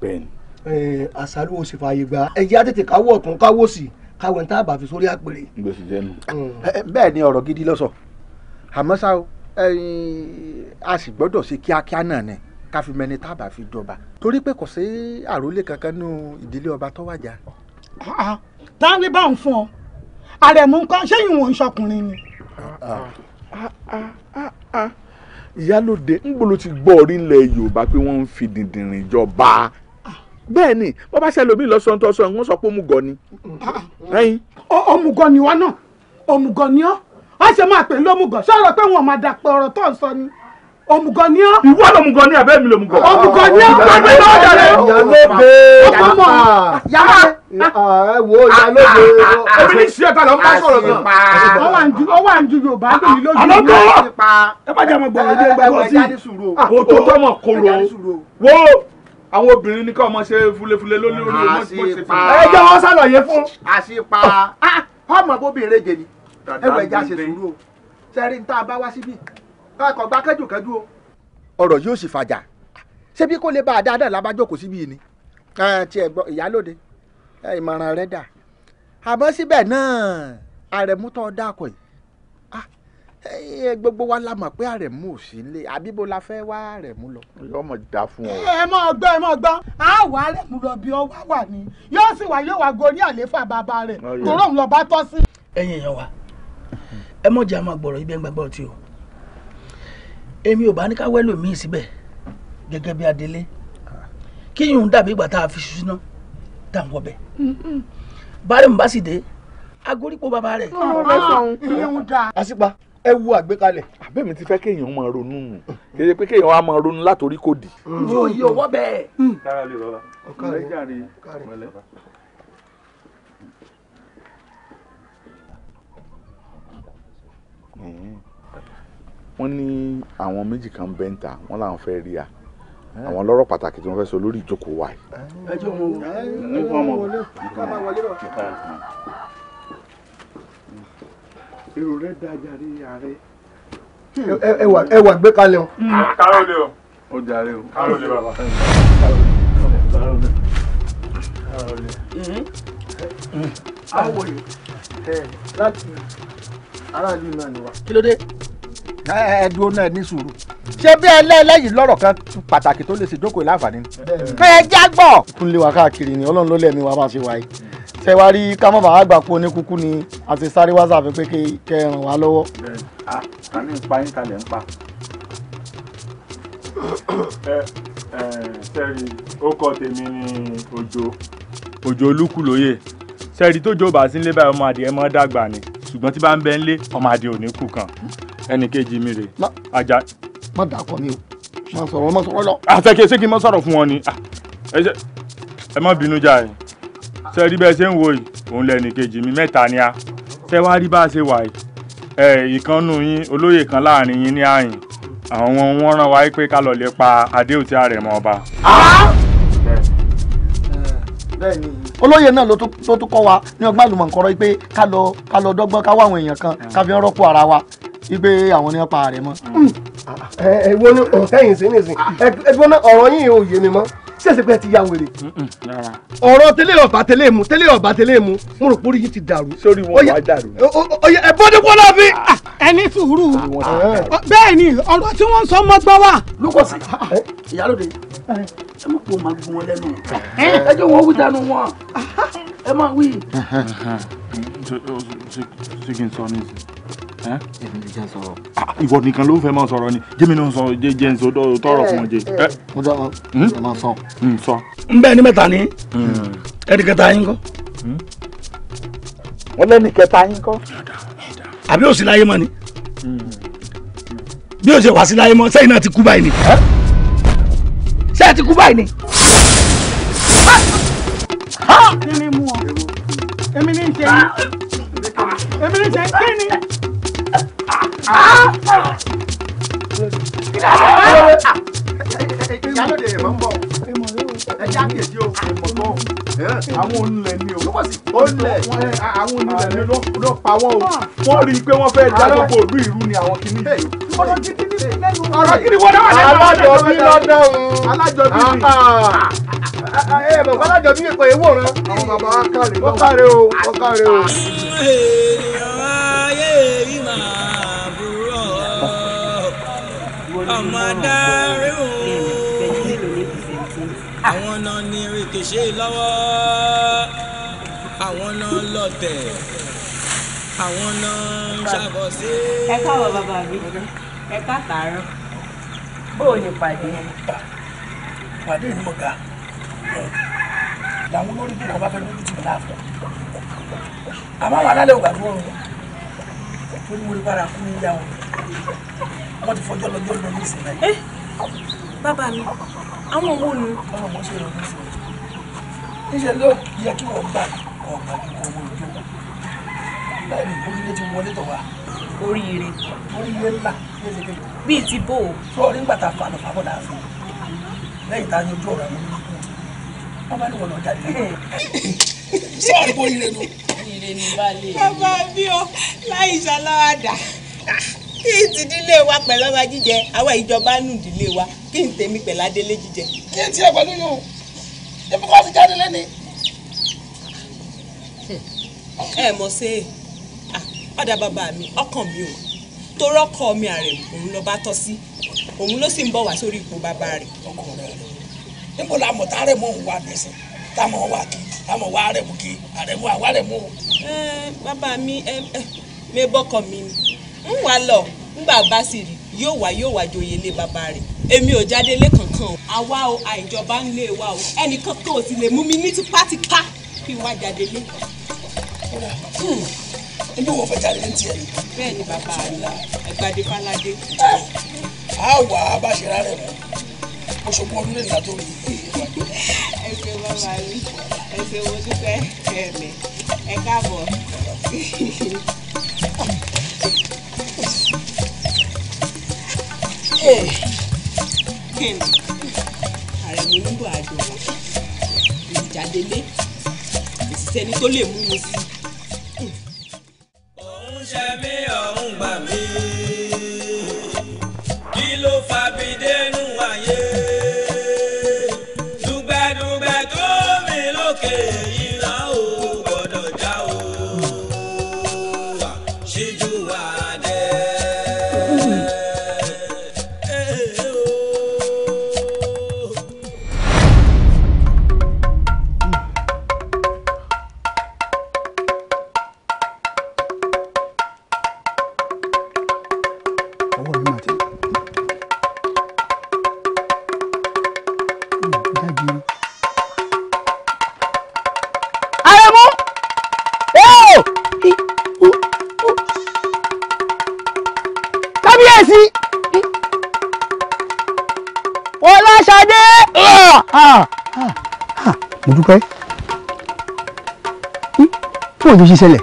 bẹ́ẹ̀ni. Eh, àṣàlù ò sì fààyè gbà ẹ̀yẹ́ á tètè káwọ́ ọ̀tún káwọ́ sí káwọ́ ní tá a bá fi sórí àpèrè. gbèsè jẹnu. Mm. bẹ́ẹ̀ ni ọ̀rọ̀ gidi ló sọ àmọ́ ṣá o a sì gbọ́dọ̀ ṣe kíákíá náà ni ká fi mẹni tá a bá fi jọba torí pé kò sí àròlé kankan nínú ìdílé ọba tó wàjà. Ah, ah, tá a lè bá fún ọ àrẹ̀mú nǹkan ṣéyìn wọn ṣọkùnrin ni. ìyálòde ńgbòlo ti gbọ́ orí ilẹ̀ yorùbá pé wọ́n ń fi dìndìnrín jọba bẹ́ẹ̀ ni wọ́n bá ṣẹlẹ̀ omi lọ́sọ̀ tó sọ wọ́n sọ pé òmùgọ̀ ni. òmùgọ̀ ni wa náà òmùgọ̀ ni ọ́ wọ́n ṣe máa pè lómùgọ̀ ṣọ́ọ̀rọ̀ pé wọn máa dàpọ̀ ọ̀rọ̀ tó ń sọ ni òmùgọ̀ ni ọ́. ìwọ lòmùgọ̀ ni àbẹ́ mi lòmùgọ̀. òmùgọ̀ ni ọ́ pẹ̀lú ọ̀dà rẹ̀. yálóbe yálóbe wo yálóbe. ebi ah, ah, ah. ní ìṣe ẹ̀ta lọ ń bá sọ̀rọ̀ gan. ọwọ́ àǹjú ọwọ́ àǹjú yorùbá tó ní lójú. àlọ́ kọ́ ẹ má jẹ́ ọmọ gbọ̀ngàn ilé gbàgbọ́ sí i. òtò tó mọ̀ kóró wo àwọn obìnrin ní ká ọmọ ṣe fúlefúle lórí orí ọmọ ṣe fún. ẹ jẹ́ wọ́n ṣàlàyé fún. àṣìpa ọmọ bóbìnrin rẹ̀ jẹ̀ ni ẹgbẹ̀já ṣe sùúrù o ṣẹ́rí ní tá a bá wá síbí káàkọ́ gba kẹ́jùkẹ́jù o. ọ̀rọ̀ yóò sì fàjà ṣé bí kò lè bá a dáadáa lábàjọ́ kò síbi yìí ni tí ẹ gbọ́ ìyálòde ìmọ̀ràn rẹ dà àmọ́ síbẹ̀ náà àrẹ̀mú tó dákọ̀ yìí ah, gbogbo wa la mọ̀ pé àrẹ̀mú ò sí lé àbí bo la fẹ́ wá àrẹ̀mú lọ. yóò mọ̀ dá fún ọ. ẹ mọ gbọ́ ẹ mọ gbọ́ a wà àrẹ̀mú lọ bí ọ wá wà ní yóò sì wà yóò wá gorí àléfà bàbá rẹ̀ tòró òun lọ bá tọ́ sí. ẹ̀yin èèyàn ẹ mọ̀ jẹ́ àmọ́ gbọ̀rọ̀ ibẹ̀ ń gbàgbọ́ ọtí o èmi ò bá ní ká wẹ́lò míì síbẹ̀ gẹ́gẹ́ bí adelé kí yìnyín dàbí ìgbà tá a fi ṣúná dà ń wọbẹ̀ bárẹ̀ mi bá sì dé agorípo bàbá rẹ̀. ìyẹn da. àṣìpa ẹ wo àgbékalẹ̀. àbẹ́mi ti fẹ́ kéèyàn máa ronú nù pé kéèyàn á máa ronú látòrí kò dì. yóò yí owó bẹ́ẹ̀. Mm. kára lè rọra ọ̀kàrẹ̀ ọ̀kàrẹ̀ mọ́lẹ̀. Mm-hmm wọ́n ní àwọn méjì kan bẹ́ńtà wọ́n làwọn fẹ́ rí a àwọn lọ́rọ̀ pàtàkì tí wọ́n fẹ́ sọ lórí ìjókòó wa èrò rẹ dájà rí ààrẹ. ẹ wà gbé kalẹ̀ o. Hmm. Ah, káró lè o. ó jàre o. káró lè bàbá. káró lè. káró ni láti ni wa. kí ẹ dúró náà ní sùúrù ṣé bí ẹlẹ́lẹ́yìn lọ́rọ̀ kan pàtàkì tó lè ṣe jókòó láǹfààní ẹ já gbọ́. kúnlé wa káàkiri ni ọlọ́run ló lẹ́mí wa bá ṣe wáyé ṣe wá rí ká má bàa gbà kú oníkúkú ni a ti sáré wá sàfin pé kẹ ẹ ràn wá lọ́wọ́. a kà ní ipa yín kalẹ̀ ń pa. ẹ ẹ sẹ́ẹ̀rì ó kọ́ tèmi ní ọjọ́ ọjọ́ olúkú lóye sẹ́ẹ̀rì tó jọba sí ń lé báyìí ọmọ adìẹ mọ́ dàgbà ni ṣùgbọ́n tí bá ń bẹ ń lé ọmọ adìẹ ò kan ẹnì kejì mi rè ajá. má dàkọ mi o má sọ̀rọ̀ má sọ̀rọ̀ lọ. àtẹ̀kẹ́ ṣé kí n má sọ̀rọ̀ fún wọn ni ẹ má bínú já ẹ ṣe rí bẹ́ẹ̀ ṣe ń wo yìí òun lẹ́nì kejì mi mẹ́ta ni a ṣe wá rí bá a ṣe wà yìí ẹ ìkànnù yín olóyè kan láàrin yín ní àyìn àwọn wọn rán wa pé ká lọ lè pa adéòtí àrẹ̀mọ ọba. olóyè náà ló tún kọ́ wa ní ọgbọ́n àlùmọ̀ǹkọ́rọ́ pé ká lọ dọ́gbọ́n ká wá àwọn èèyàn kan ká fi ń rọ́pò ara wa ipe àwọn ni wọn pa rẹ mọ. ẹ ẹ wo ni ọ̀kẹ́yìn sí ní ìsìn ẹ gbọ́n ọ̀rọ̀ yìí ò yé mi mọ́ ṣèṣe pé ti ya wèrè. ọ̀rọ̀ tẹ́lẹ̀ ọ̀bà tẹ́lẹ̀ mu tẹ́lẹ̀ ọ̀bà tẹ́lẹ̀ mu mo rò pórí yìí ti dàrú. sórí wọn wá dàrú. ọyẹ ẹ bọ́dé wọ́n náà fi. Ah, ẹni sùúrù ah. bẹ́ẹ̀ ni ọ̀rọ̀ tí wọ́n ń sọ mọ́gbọ́ wà. lókòsì ah, ìyálòde eh. ẹ mọ̀ pé o máa gun wọn lẹ́nu eh. ẹ jẹ́ wọn wí dànù wọn ẹ máa wí. [LAUGHS] ṣé kí n sọ ní ìsìn èmi lè jẹ́ ń sọ̀rọ̀. ìwọ nìkan ló ń fẹ́ máa sọ̀rọ̀ ni jẹ́mi ló ń sọ jẹ́ ń sọ tọrọ fún ọ jẹ. Eh, eh, mo jọ hmm? máa sọ. Hmm, sọ. n bẹ́ẹ̀ ni mẹ́ta ni hmm. ẹni kẹta yín kọ́. wọ́n lẹ́ni kẹta yín kọ́. àbí òsì láyé mọ́ ni bí o ṣe wá sí láyé mọ́ sẹ́yìn náà ti kú báyìí ni. ṣé ti kú báyìí ni. kí ni mú ọ èmi ní í ṣe yín èmi ní í ṣe kí ni ìyálòdè rẹ̀ máa ń bọ̀ ẹja kejì o ọgbọ́n àwọn olùlẹ̀ ni o olùlẹ̀ àwọn olùlẹ̀ ni ló pa wọ́n o wọ́n rí i pé wọ́n fẹ́ dájọ́ bò ìlú ìlú ni àwọn kìíní yìí. ọ̀rọ̀ gidi ni lẹ́nu ọ̀rọ̀ gidi wọ́n dáwọ́ lẹ́nu alájọbí lọ́dọ̀ o alájọbí ni ẹ bàbá alájọbí kò é wòran àwọn bàbá kárẹ̀ o kárẹ̀ o kárẹ̀ o. ọmọ adarí o àwọn náà ní rìkèṣe lọ́wọ́ àwọn náà lọ́tẹ̀ àwọn náà ń ṣàbọ̀ sí. ẹ káàbọ̀ bàbá mi ẹ káàtàárọ̀ bó o ní pàdé. pàdé ìlú ọ̀gá làwọn olórí bí wọn bá fẹ́ lójú tìmọ̀ láàfọ̀ àmọ́ àwọn alálẹ̀ ògbà tó wọ̀ wọ́n tó ní mo rí bára kú níyàwó wọ́n ti fọjọ́ lọ́jọ́ lọ ní ìsìn náà. Eh, bàbá mi àwọn owó nu. wọ́n mọ̀ ṣe ìrọ̀lẹ́ sí i. níṣẹ́ ló yẹ kí wọ́n gbà ọ̀gbà kí wọ́n wọ ojú ọ̀gbà. ti wọlé tọ̀ wá. oríire. oríire ńlá ní ẹsẹ̀ kejì. bíi ti bò ó. sọ̀rọ̀ nígbà tá a fa àlọ́ fàbọ̀ dà fún un. lẹ́yìn tá a yanjú ọ̀rọ̀ àwọn olùkọ́ wọ́n bá ní wọ́n lọ jáde. sọ́ọ̀rì bó ire nu. ire ni balẹ̀. bàbá mi ò láì ṣàlàyé kí n ti dílé wa pẹ̀lú ọba jíjẹ àwa ìjọba nù dílé wa kí n tèmi pẹ̀lú adélé jíjẹ. kí n tiẹ̀ pẹ̀lú yòó ebi kọ́ ti jáde lẹ́ni. ẹ mọ̀ ṣe é ọ̀dà bàbá mi ọkàn mi ò torọ́ ọkọ mi àrẹ̀ òun lọ́ba tọ́ sí òun ló sì ń bọ̀ wá sórí ipò bàbá rẹ̀. ọkọ rẹ níbo la mọ̀ tá rẹ̀ mọ̀ òun wà bẹ̀sẹ̀ tá mọ̀ wà kí tá mọ̀ wà rẹ̀ mú kí àrẹ̀ mú àwa rẹ̀ mú. bàbá mi ẹ ẹ mi bọ́kọ mi ni ń wà lọ ńgbà bá sì rí yóò wá yóò wá joyè ilé bàbá rẹ̀ èmi ò jáde ilé kankan o àwa o àìjọba ń lé wa o ẹnìkan kan ò sì lè mú mi ní tipátipá kí n wá jáde ilé. ẹbí hmm. wo fẹ́ jáde ní tiẹ̀ ni. bẹ́ẹ̀ ni bàbá àlà ẹgbàdé fàlàdé. a wà á bá ṣe rárẹ̀ mọ́ mo ṣe mọ́ ọdún lẹ́yìn látó rí ẹ ṣe bàbá mi ẹ ṣe mo dúpẹ́ ẹ̀mí ẹ káàbọ̀. Eh. àrẹ̀mú ń bọ̀ àjọ ìjàdélé òṣìṣẹ́ ni tó lè mú mi sí. òun ṣe mí ọ̀hún gbà mí. fún òjòjì ṣẹlẹ̀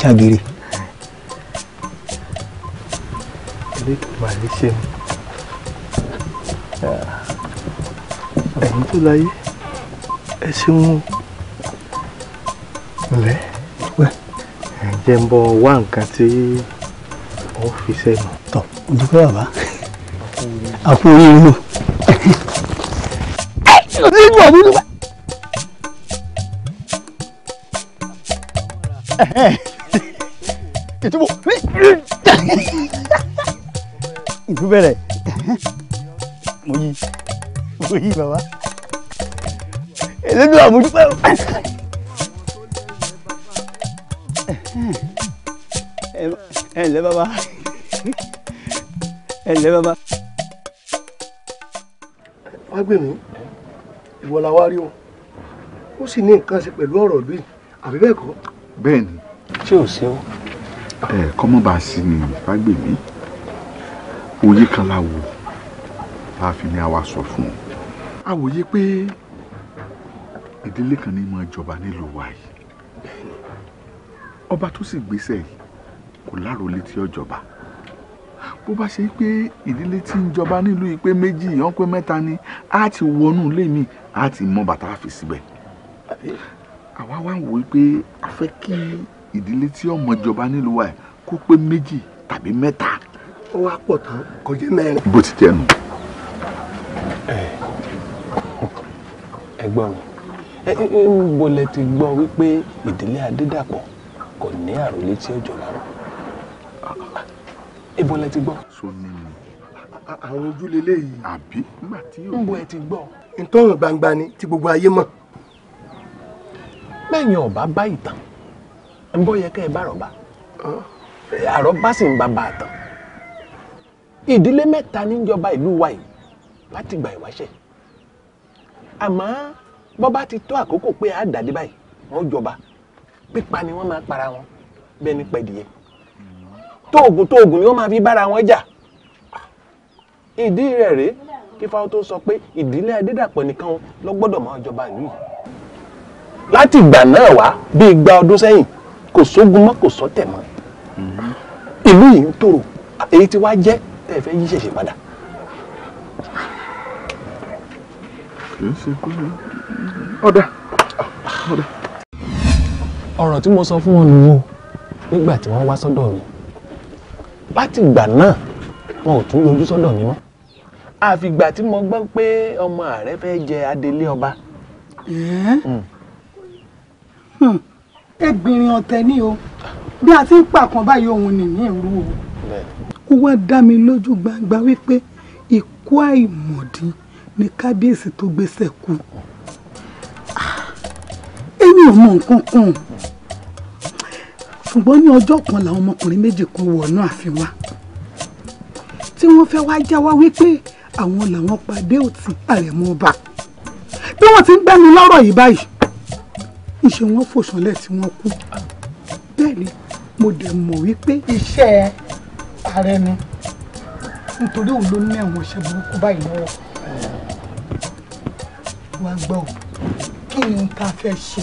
jàgèrè. ẹ̀yin tó láyé ẹ ṣeun lẹ́ jẹ́ ń bọ wá nǹkan tí ó fi sẹ́nu. tọ́ ojú pé bàbá àpò orí inú. bẹ̀rẹ̀ mo yí mo yí bàbá elédùn àmójúpẹ́ o. ẹ ǹlẹ́ bàbá ẹ ǹlẹ́ bàbá. wá gbè mí ìwọ la wá rí o ó sì ní nǹkan ṣe pẹ̀lú ọ̀rọ̀ ìlú yìí àbí bẹ́ẹ̀ kọ́. bẹ́ẹ̀ ni. ṣé ò ṣe o. ẹ kọ́mọ́bà sí ni fágbèmí kan la wò tá a fi ní àwa sọ fún un a wòye pé ìdílé kan ní mọ ìjọba nílùú wa yìí ọba tó sì gbéṣẹ yìí kò láròlé tí ọjọba bó bá ṣe pé ìdílé tí ń jọba nílùú yìí pé méjì yàn pé mẹ́ta ni a ti wọnú ilé mi a ti mọ bàtà fi síbẹ̀ àwa wá wò ó pé a fẹ́ kí ìdílé tí ọmọ ìjọba nílùú wa yìí kó pé méjì tàbí mẹ́ta ó wá pọ̀ tán kò jẹ́ mẹ́rin. bó ti jẹ́ nù. ẹ̀gbọ́n mi mo lè ti gbọ́ wípé ìdílé adédàpọ̀ kò ní àròlé tí ó jọra rọ ibo lẹ ti gbọ́. sọnù ni. àwọn ojúlé léyìí. àbí nígbà tí yóò. nbọ ẹ ti gbọ́. ntọ́hún gbangba ni tí gbogbo ayé mọ̀. bẹ́ẹ̀yàn ọ̀bá bá ìtàn nbọ yẹ kẹ́ ẹ bá rọ̀ bá àrọ̀ bá sì ń bá bá àtàn ìdílé mẹ́ta níjọba ìlú wa yìí láti gbà ìwáṣẹ̀ àmọ́ bọ́ ti tó àkókò pé a dàdé báyìí wọ́n jọba pípa ni wọ́n máa para wọn bẹ́ẹ̀ ni pẹ̀dìyẹ tóògùn tóògùn ni wọ́n máa fi bára wọn jà ìdí rẹ̀ rèé kí fáwọn tó sọ pé ìdílé adédàpọ̀ nìkan ló gbọ́dọ̀ máa jọba ìlú yìí láti ìgbà náà wá bíi igba ọdún sẹ́yìn kò sógun mọ́ kò sọ́tẹ̀ mọ́ ìlú yìí ń tòrò èyí tí wá jẹ́ tẹ́ ẹ fẹ́ yí ṣèṣe padà. kì í ṣe pé ọ̀dà ọ̀dà. ọ̀rọ̀ tí mo sọ fún wọn nìyí o nígbà tí wọ́n wá sọ́dọ̀ mi láti ìgbà náà wọn ò tún yọjú sọ́dọ̀ mi mọ́ àfìgbà tí mo gbọ́ pé ọmọ ààrẹ fẹ́ jẹ adelé ọba. Hmm. Hmm. ẹgbìnrin ọ̀tẹ̀ ni o bí a ti ń pàkan báyìí òun nìyí ìrú o ó wá dá mi lójú gbangba wípé ikú àìmọ̀dí ni kábíyèsí tó gbéṣẹ kú èmi ò mọ nǹkan kan ṣùgbọ́n ní ọjọ́ kan làwọn ọmọkùnrin méjì kan wọ̀ọ́nú ààfin wa tí wọ́n fẹ́ wá já wa wípé àwọn làwọn pàdé òtí àrẹ̀mọ ọba bí wọ́n ti ń gbẹ́nu lọ́rọ̀ yìí báyìí ìṣe wọn fòṣánlẹ̀ tí wọ́n kú bẹ́ẹ̀ ni mo dẹ̀ mọ̀ wípé. iṣẹ́ ààrẹ ni nítorí òun ló ní ẹ̀wọ̀n ṣe burúkú báyìí lọ́wọ́ wá gbọ́ kí ni ohun tá a fẹ́ ṣe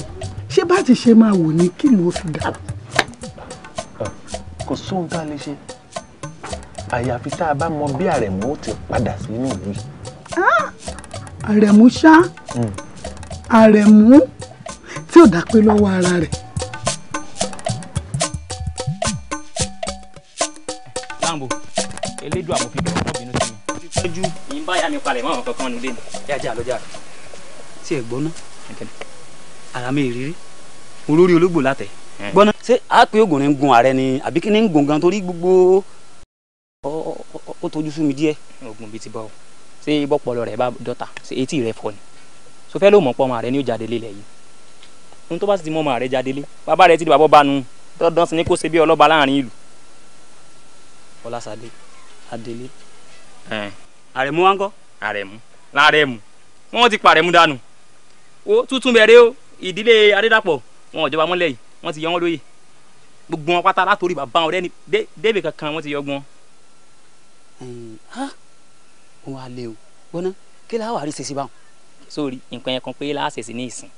ṣé bá ti ṣe máa wò ní kí ló fi dára. kò sóhun tá a lè ṣe àyàfi tá a bá mọ bí àrẹ̀mú ti padà sínú ìlú yìí. Ah! àrẹ̀mú ṣá hmm. àrẹ̀mú tí ò dápé lọ́wọ́ ara rẹ̀. elédùn àmọ́ fi bẹ̀rẹ̀ ọkọ̀ bínú sí mi. tọ́jú ìyín báyà mi palẹ̀ mọ́ àwọn kankan nílé ni. jájà lọ́jà tí ẹ gbọ́ná ara mi ìrírí olórí ológbò látẹ̀ gbọ́ná ṣé àpè ògùn ni ń gun ààrẹ ni àbí kí ni ń gun gan torí gbogbo ó tójú sú mi díẹ̀. oògùn bíi ti bọ́ ọ ṣé bọ́pọlọ rẹ̀ bá dọ́ta ṣé etí rẹ̀ fọ́ ni so fẹ́ ló mọ̀ pọ́ ọmọ rẹ̀ ní ó jáde lélẹ̀ yìí ohun tó bá sì ti mọ ọmọ rẹ̀ jáde lé bàbá Adélé. àrẹ̀mú wa ń kọ́. àrẹ̀mú lárẹ̀mú wọ́n ti pa àrẹ̀mú dànù ó tuntun bẹ̀rẹ̀ o ìdílé Adédàpọ̀ wọn ò jọba mọ́lẹ̀ yìí wọ́n ti yọ wọ́n lóyè gbogbo wọn pátá látòrí bàbá wọn rẹ́ni débè kankan wọ́n ti yọ gbọ́n. wọn á o gbọ́ná kí láwàá rí ṣèṣì báwọn. sórí nǹkan yẹn kan pé láṣẹ̀ṣì ní ìsìn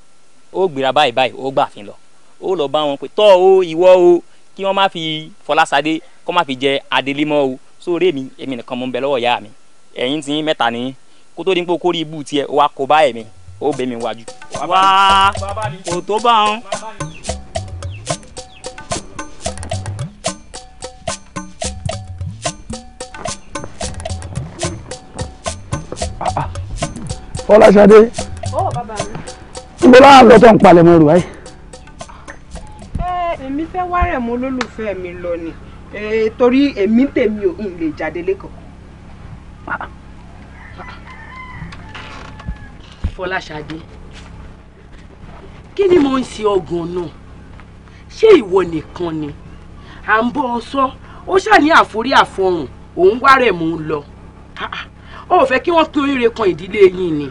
ó gbéra báyìí báyìí ó gbà fi lọ ó lọ bá wọn pé tọ́ o ìwọ o kí wọ́n má fi Fọláṣadé kó má fi jẹ Adélé o sóòrè mi èmi nìkan mo ń bẹ lọ́wọ́ ìyá mi ẹ̀yin tí mẹ́ta nìyí kó tó di pé kórìí ibù tiẹ̀ wá kó bá ẹ̀mí ó bẹ̀ mí wájú. wá kò tó bá wọn. Fọláṣadé níbo láwọn lọ́tọ̀ ń palẹ̀mọ́ rẹ̀ wáyé. ẹ èmi fẹ́ wá rẹ̀ mọ́ olólùfẹ́ mi lọ ni torí èmi ń tèmi ò ń lè jáde lẹ́kọ̀ọ́. Fọláṣadé kí ni mo ń ṣe ọgàn náà ṣé ìwọ nìkan ni à ń bọ́ ọ sọ ó ṣàní àforí àfọhùn òun wá rẹ̀ mò ń lọ ó fẹ́ kí wọ́n pín oríire kan ìdílé yín ni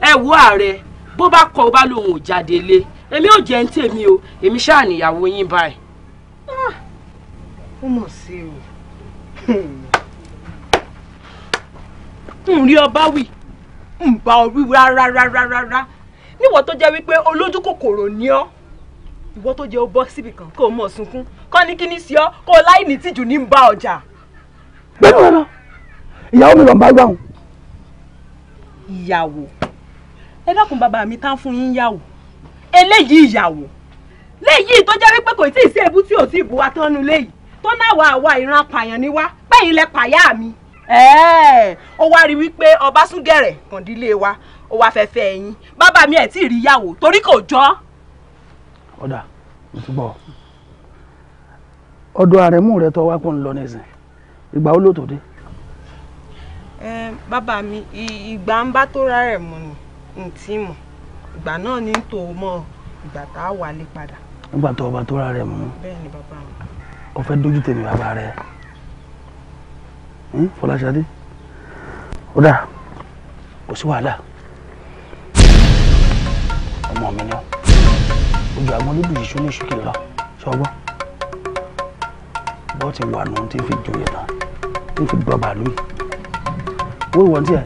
ẹ wo ààrẹ bó bá kọ ọ bá lòun ò jáde lé èmi ò jẹ́ ń tèmi o èmi ṣáà níyàwó yín báyìí. Ah, Como assim? Um, hmm. o. n um ọba ra ra ra ra ra ra. níwọ tó jẹ́ wípé olójú kòkòrò ni ọ́ ìwọ tó jẹ́ ó bọ́ síbì kan kó o mọ̀ sunkún kọ́ ní kíní sí ọ kó o láì ní tìjú ní ń bá ọjà. gbẹ́dọ̀ rẹ̀ lọ ìyàwó mi lọ́n bá gbà wọn. ìyàwó ẹ dákun bàbá mi tán fún yín yàwó eléyìí ìyàwó léyìí tó jẹ́ wípé kò tí ì sí ebú tí ò tí ì tó náwó àwa ìran apààyàn ni wá bẹ́ẹ̀ ilẹ̀ pàyà mi. ó wá rí wípé ọbásúngẹ̀rẹ̀ kàndílé wa ó wá fẹ́ẹ́ fẹ́ ẹ̀yin bàbá mi ẹ̀ tí ì rí yàwó torí kò jọ. ọ̀dà mo ti ọdọ àrẹ̀mú rẹ tọ́ wá pọ̀ ń lọ nẹ̀sìn ìgbà ó lò dé. bàbá mi ìgbà ń bá tó rárẹ̀ mu ni n tí mọ̀ ìgbà náà ní tòun mọ́ ìgbà tá a wálé padà. nígbà tó o tó rárẹ̀ mu. bẹ́ẹ̀ bàbá mi kò fẹ́ dójú tèmi bàbá rẹ hm, Fọláṣadé ó dà kò sí wàhálà ọmọ mi lọ ojú àgbọn ló dùn ìṣó ní ìṣókè lọ ṣọgbọ́n bọ́ọ̀tì wà nù tí ń fi joyè tán tí ń fi dọ́ba lóyè ó wọ̀ díẹ̀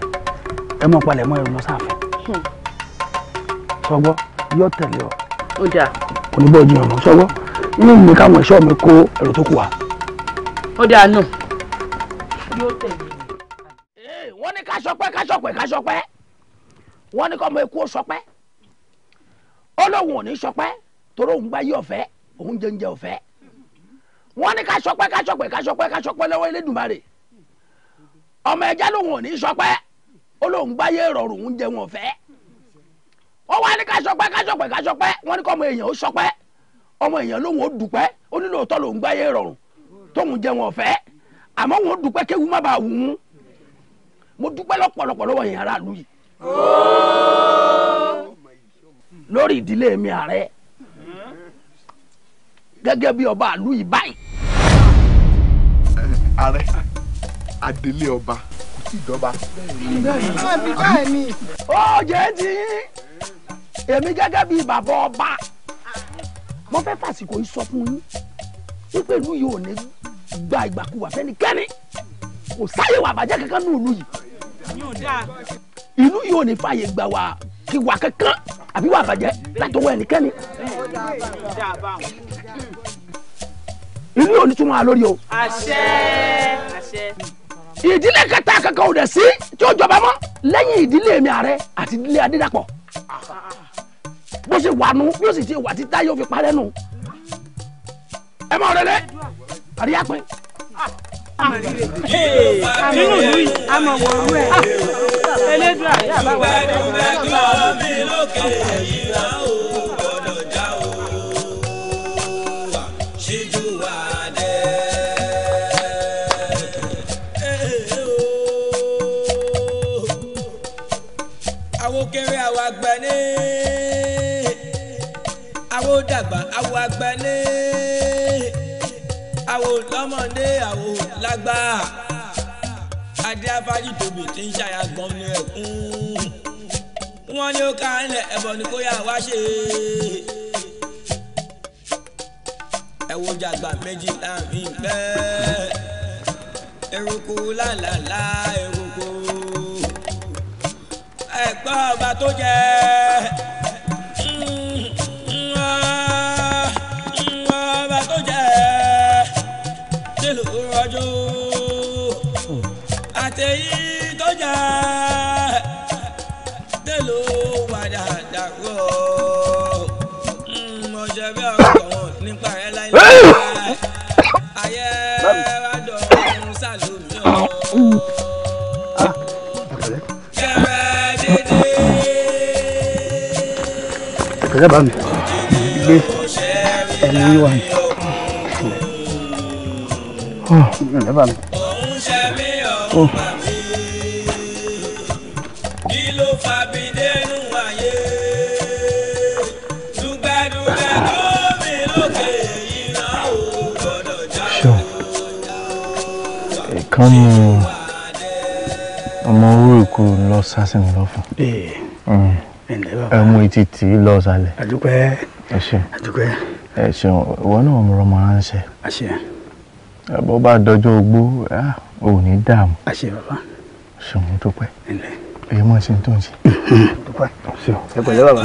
ẹ mọ̀ palẹ̀ mọ́ ẹrù lọ sáfẹ́ hmm. ṣọgbọ́n yóò tẹ̀lé ọ. ó dà. oníbọ̀ jiyàn lọ ṣọgbọ́n ní ìní káwọn ẹ̀ṣọ́ mi kó ẹ̀rọ tó kù wá. ó dáa náà yóò tẹ̀lé. Eh, wọ́n ní ká sọpẹ́ ká sọpẹ́ ká sọpẹ́ wọ́n ní kọ́mọ ikú sọpẹ́ olóhùn ò ní sọpẹ́ torí òun gbáyé ọ̀fẹ́ òun jẹ́njẹ́ ọ̀fẹ́ wọ́n ní ká sọpẹ́ ká sọpẹ́ ká sọpẹ́ ká sọpẹ́ lọ́wọ́ Elédùmarè ọmọ ẹja lóhùn ò ní sọpẹ́ olóhùn gbáyé rọrùn òun jẹun ọ̀fẹ́ wọ́n wá ní ká sọpẹ́ ká sọpẹ́ ká sọpẹ́ wọ́n ní kọ́mọ èèyàn ó sọpẹ́ ọmọ èèyàn lóhùn ó dùpẹ́ ó ní lóòótọ́ lòún gbáyé rọrùn tóhùn jẹun ọ̀fẹ́ àmọ́ òun ó dùpẹ́ kéwu má bàa wù ú mo dúpẹ́ lọ́pọ̀lọpọ̀ lọ́wọ́ èèyàn aráàlú yìí lórí ìdílé mi ààrẹ gẹ́gẹ́ bí ọba àlú yìí báyìí. ààrẹ adelé ọba kò tí ì ó jẹ́ ti èmi gẹ́gẹ́ bí bàbá ọba mo fẹ́ fàsìkò yìí sọ fún yín wípé ìlú yìí ò ní gba ìgbàkuwà fẹ́nikẹ́ni kò sáyè wà bàjẹ́ kankan ní ìlú yìí ìlú yìí ò ní fàyè gbà wà kíwà kankan àbí wà bàjẹ́ látọwọ́ ẹnikẹ́ni ìlú yìí ò ní túmọ̀ àlórí o. àṣẹ. ìdílé kẹta kankan ò dẹ̀ sí tí ó jọba mọ́ lẹ́yìn ìdílé mi ààrẹ àti ìdílé adédàpọ̀ bó ṣe wà nù bí sì ṣe wà títà yóò fi parẹ́ nù. ẹ mọ rẹ lẹ àrí àpẹ. nínú ìlú yìí a mọ̀ wọ̀ ọ́rú ẹ̀. elédùn mi lókè ìlà òun. tó dàgbà àwọ̀ àgbálẹ̀ àwọ̀ lọ́mọdé àwọ̀ lágbà adé afájú tóbi tí ń ṣàyà gbọ́n ní ẹ̀kún wọ́n ní ó ká ilẹ̀ ẹ̀bọ̀ ni kó yà wá ṣe ẹ̀wọ̀n jàgbà méjì láàmì bẹ́ẹ̀ eruku lálàlá eruku ẹ̀gbọ́n ọba tó jẹ́ ẹ̀. lẹ́rú àtẹ̀yí tọ́jà tẹ̀ló padà dàgbọ́ ọjọ́ hmm, bí ọkọ̀ nípa ẹ̀ láyé ayé wa dọ̀rùn sàlùmí ọ̀. Kaya ba mi? Big, and we won kan mu ọmọ owó èkó lọ sásìn lọfún ẹmu etí tì í lọ sálẹ̀. àdúpẹ́ àdúpẹ́ ẹ ṣeun ìwọ náà mo rọmọ ránṣẹ́. àṣẹ bó bá dọjọ́ ogbó ò ní dààmú. àṣẹ bàbá. ṣùgbọ́n tó pẹ́ èyí mọ̀ sí tó ń ṣe. tó pẹ́ ṣe é pẹ̀lú bàbá.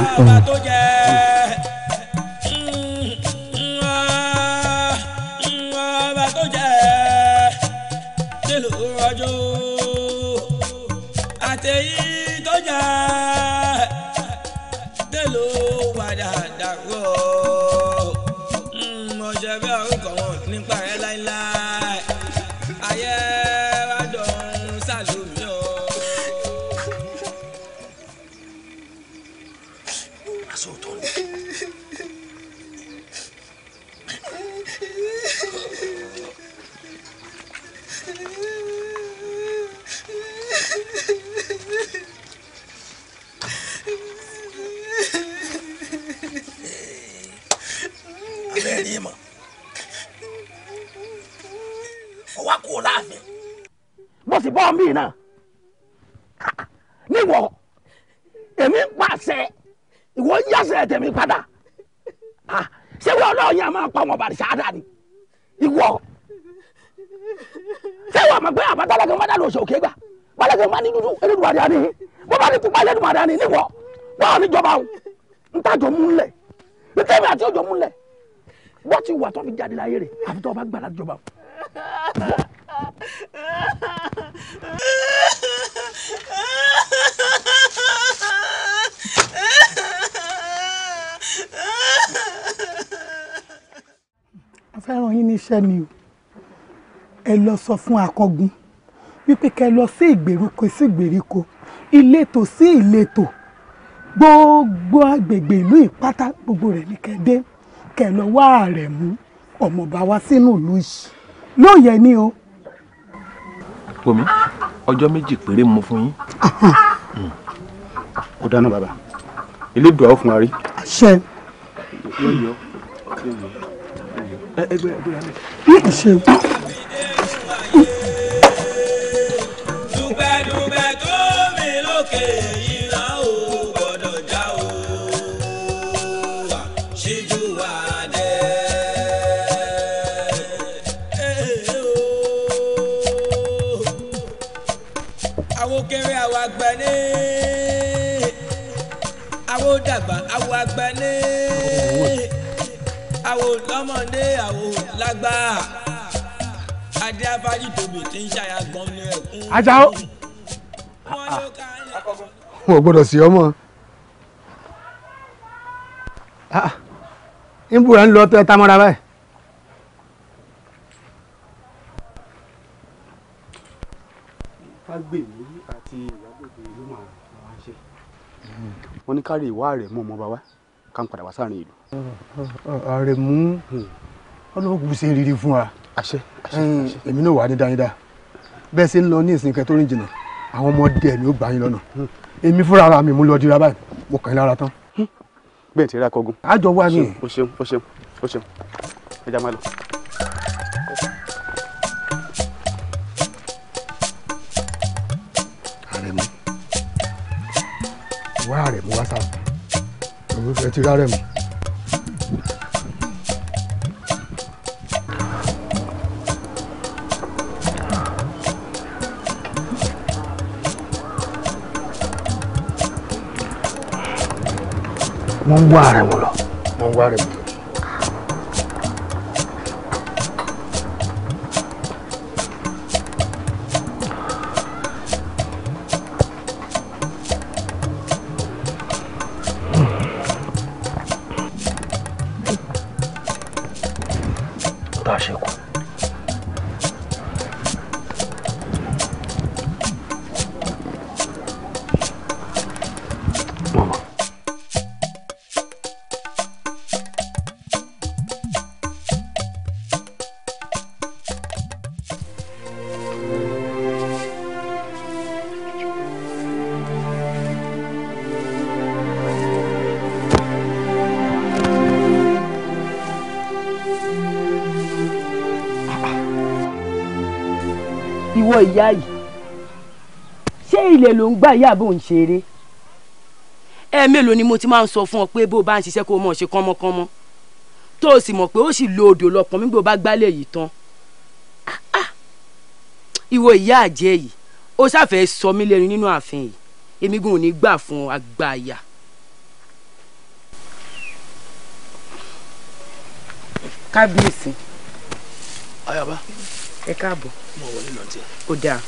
ni níwọ̀ wọ́n níjọba o n tàjọ mú lẹ̀ ní tẹ́mi àti òjò mú lẹ̀ wọ́n ti wà tó fi jáde láyé rẹ̀ àfi tó bá gbà láti jọba o. a fẹ́ràn yín níṣẹ́ ni o ẹ lọ sọ fún akọgun wípé kẹ́ lọ sí ìgbèríko sí ìgbèríko ìletò sí ìletò gbogbo agbègbè ìlú ìpátá gbogbo rẹ̀ ní kẹ́dé kẹ̀lọ́ wá rẹ̀ mú ọmọọba wá sínú ìlú yìí lóòyẹ ni o. omi ọjọ́ méjì péré mo fún yín. Hmm. ó dáná bàbá elédùá ó fún wa rí. àṣẹ. ẹ ẹ gbé ẹ gbé ẹ. ṣe. lọ́mọdé àwò lágbá adé afájì tóbi tí ń ṣàyà gan ní ẹkún. Àjàó wọn gbọ́dọ̀ sí ọmọ ah, ah. nbùrà ń lọ tẹ tamara báyìí. fagbemi àti ìyàgbọ́dọ̀ ìlú màá wọ́n ní kárí ìwá rẹ̀ mọ́ ọmọ bàbá ká ń padà wá sáàrin ìlú àrẹ̀mú ọlọ́wọ́ kò ṣe rere fún wa èmi náà wà á ní dáadáa bẹ́ẹ̀ ṣe ń lọ ní ìsìnkẹ́ tó rìn jìnnà àwọn ọmọdé mi ò gbà yín lọ́nà hmm. èmi fúnra ara mi mú lọ dira báyìí mo kàn yín lára tán. Hmm. bẹ́ẹ̀ ti rí akọgun. àjọ wa ni. o ṣeun o ṣeun o ṣeun ẹ já máa lọ. àrẹ̀mú wá àrẹ̀mú wá sáà òun fẹ́ ti rí àrẹ̀mú. wọ́n ń wá àrẹ̀mú lọ. lọ́wọ́ ìyá yìí ṣé ilẹ̀ ló ń gbà ìyá bò ń ṣeré. ẹ mélòó ni mo ti máa ń sọ fún ọ pé bó o bá ń ṣiṣẹ́ kó o mọ̀ ṣe kánmọ́kánmọ́ tó o sì mọ̀ pé ó sì lo odò lọ́kàn mi gbé o bá gbálẹ̀ yìí tán. ìwọ ìyá àjẹ́ yìí ó ṣàfẹ́ sọ mí lẹ́nu nínú ààfin yìí èmi gùn ní gbà fún àgbàyà. kábíyèsí. ayaba ẹ káàbọ̀. mo wọlé lọ tiẹ. ó dáa.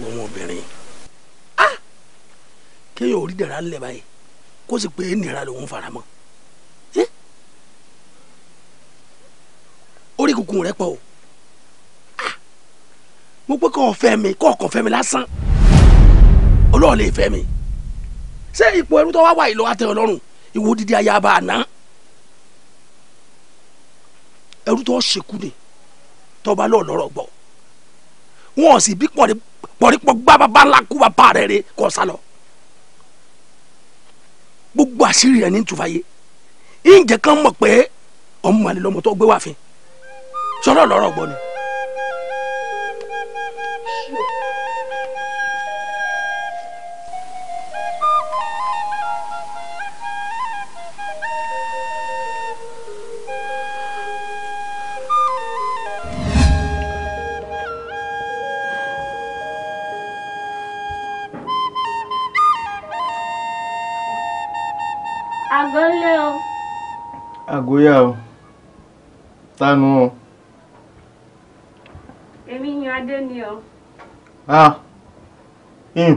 wọn obìnrin kéèyàn ò rí dàrá ńlẹ̀ báyìí kó sì pé nira lòun fara mọ́ orí kùkùn rẹ pọ̀ o mo pé kọ́ ọ fẹ́ mi kọ́ ọkàn fẹ́ mi lásán olóòlè fẹ́ mi ṣé ipò ẹrú tó wá wà ìlọ́wọ́ tẹ ọlọ́run ìwò dídí ayaba àná ẹrú tó ṣekú ni tọba lọ lọ́rọ̀ gbọ́ wọn ò sì bí pọ̀rípọ̀ gbábàbá ńlá kú bàbá rẹ̀ rẹ̀ kọ́ sálọ gbogbo àṣírí rẹ̀ ní tùfàyè ìǹjẹ́ kan mọ̀ pé ọmọ àlè lọ́mọ tó gbé wàfin sọ̀rọ̀ lọ́rọ̀ gbọ́ ni àgóyà o tanu o. èmi yan adé ni o. ah im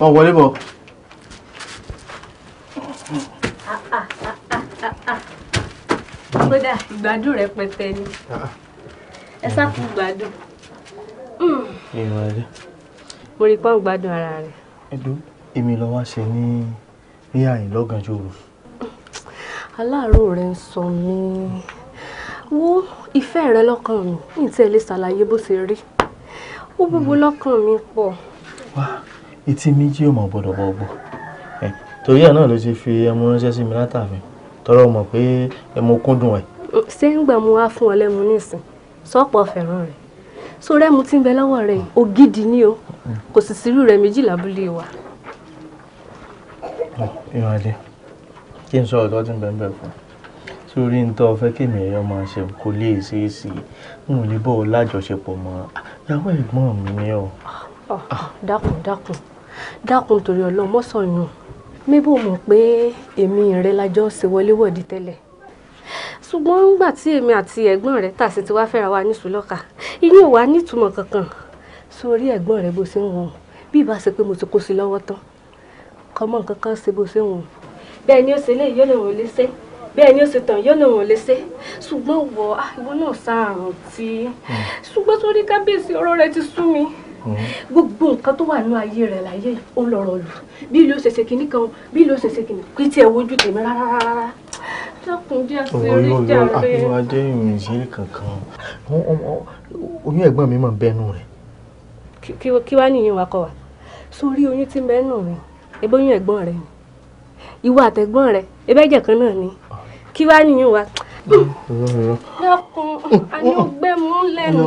wọn wọlé bọ. kódà ìgbádùn rẹ pẹtẹ ni ẹ sáfù gbádùn. ìwà hmm. rẹ. mo rí pọ́n gbádùn ara rẹ. ẹ̀dùn èmi lọ́wọ́ ṣe ní ní àyìnlọ́gànjọ́ òru aláàárọ̀ rẹ ń sọ mí wo ìfẹ́ rẹ lọ́kàn mi ní ìtẹ́ lè ṣàlàyé bó ṣe rí ó gbogbo hmm. lọ́kàn mi pọ̀. wá etí méjì ò mọ̀ gbọ́dọ̀ bọ̀ gbọ́ torí ẹ̀ náà ló ti fi ẹmu ránṣẹ́ sí mi látàfin tọrọ mọ̀ pé ẹmu kúndùn ẹ̀. ṣé ń gbà mo wá fún ọ lẹ́mu nísìn sọ́pọ̀ fẹ́ràn rẹ̀ so rẹ́mu tí ń bẹ lọ́wọ́ rẹ̀ ògidì ni o hmm. kò sì sírú rẹ̀ méjì lábúlé wa. ìrọ̀lẹ́ kí n sọ ọ̀dọ́ tí ń bẹ̀ ń bẹ̀ fún sórí ń tọ́ fẹ́ kí èmi ẹ̀yọ́ máa ṣe kó lè ṣeé ṣe n ò lè bọ́ ọ lájọṣepọ̀ mọ́ ìyàwó ẹ̀gbọ́n mi ni ọ. Ah, ah, ah, dákun dákun dákun torí ọlọmọsànyàn mébò mọ̀ pé èmi rẹ lájọ ṣe wọléwọ̀de tẹ́lẹ̀ ṣùgbọ́n nígbà tí èmi àti ẹ̀gbọ́n rẹ tà sí ti wá fẹ́ra wa ní sùlọ́ka ìyẹn ò nítumọ̀ kankan sórí ẹ̀gbọ́n rẹ bó ṣe ń wọ̀n bí ìbá ṣe pé mo ti kó sí lọ́wọ́ tán kọ́mọ nǹkan kan ṣe bó ṣe ń wọ̀n bẹ́ẹ̀ ni ó ṣe léyìí yóò lòun ò lè ṣe bẹ́ẹ̀ ni ó ṣe tàn yóò lòun ò lè ṣe ṣùgbọ́n wọ ah, ìwọ náà ṣàrùn tí hmm. ṣùgbọ́n sórí kábíyèsí ọ̀rọ̀ rẹ ti sú mi hmm. gbogbo nǹkan tó wà nínú ayé rẹ láyé ó lọ́rọ̀ lù bí ìlú ṣẹṣẹ kìíní kan bí ìlú ṣẹṣẹ kìíní kí tiẹ̀ wojú tèmi rárá rárá dákun ah, kí wàá nìyẹn wá kọ wa sórí oyún tí ń bẹ́nu ebóyún ẹ̀gbọ́n rẹ̀ ni ìwọ àtẹ̀gbọ́n rẹ̀ ẹbẹ́jẹ̀ kan náà ni kí wàá nìyẹn wa. dákun àní ọgbẹ́ mú lẹ́nu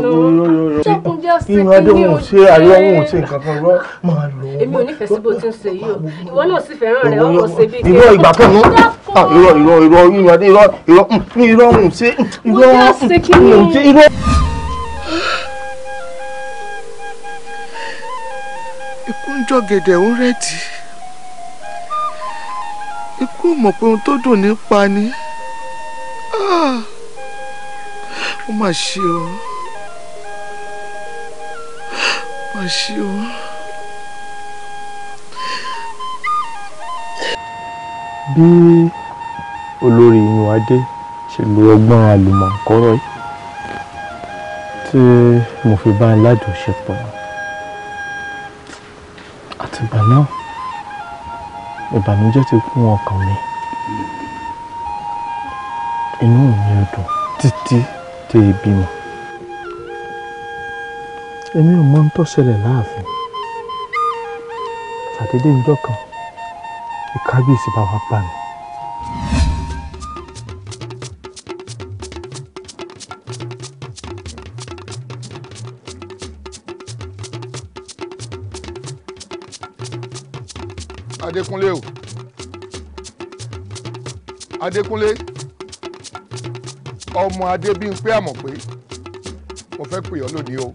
ṣẹ́kun jẹ́ ọ̀sẹ̀ kí ni o ṣe àríwá òun ò ṣe nǹkan kan rọ́ máa lọ. èmi ò nífẹ̀ẹ́ sí bó ti ń ṣe yìí o ìwọ náà sì fẹ́ràn rẹ̀ ọmọ ṣe bí. ìwọ ìgbà kan ní irọ́ irọ́ irọ́ irọ́ irọ́ irọ́ irọ́ òun ṣe irọ́ òun ṣe irọ́. ikú ń jọ gẹ̀dẹ̀ ń rẹ̀ tì í ikú mọ̀ pé ohun tó dùn nípa ni ah, ó mà ṣe o mà ṣe o. bí olórí ìyìnwádé ṣe lo ọgbọ́n àlùmọ̀ǹkọ́rọ̀ yìí tí mo fi bá ń lájọṣepọ̀ àtìgbà náà ìbànújẹ́ ti kún ọkàn mi inú mi ò dùn títí tẹ ìbímọ èmi ò mọ ohun tó láàfin ṣàdédé ìjọ kan ìkábíyèsí bá wa bá mi. Adékúnlé o Adékúnlé ọmọ Adébímpé Àmọ̀pé mo fẹ́ pè ọ́ lónìí o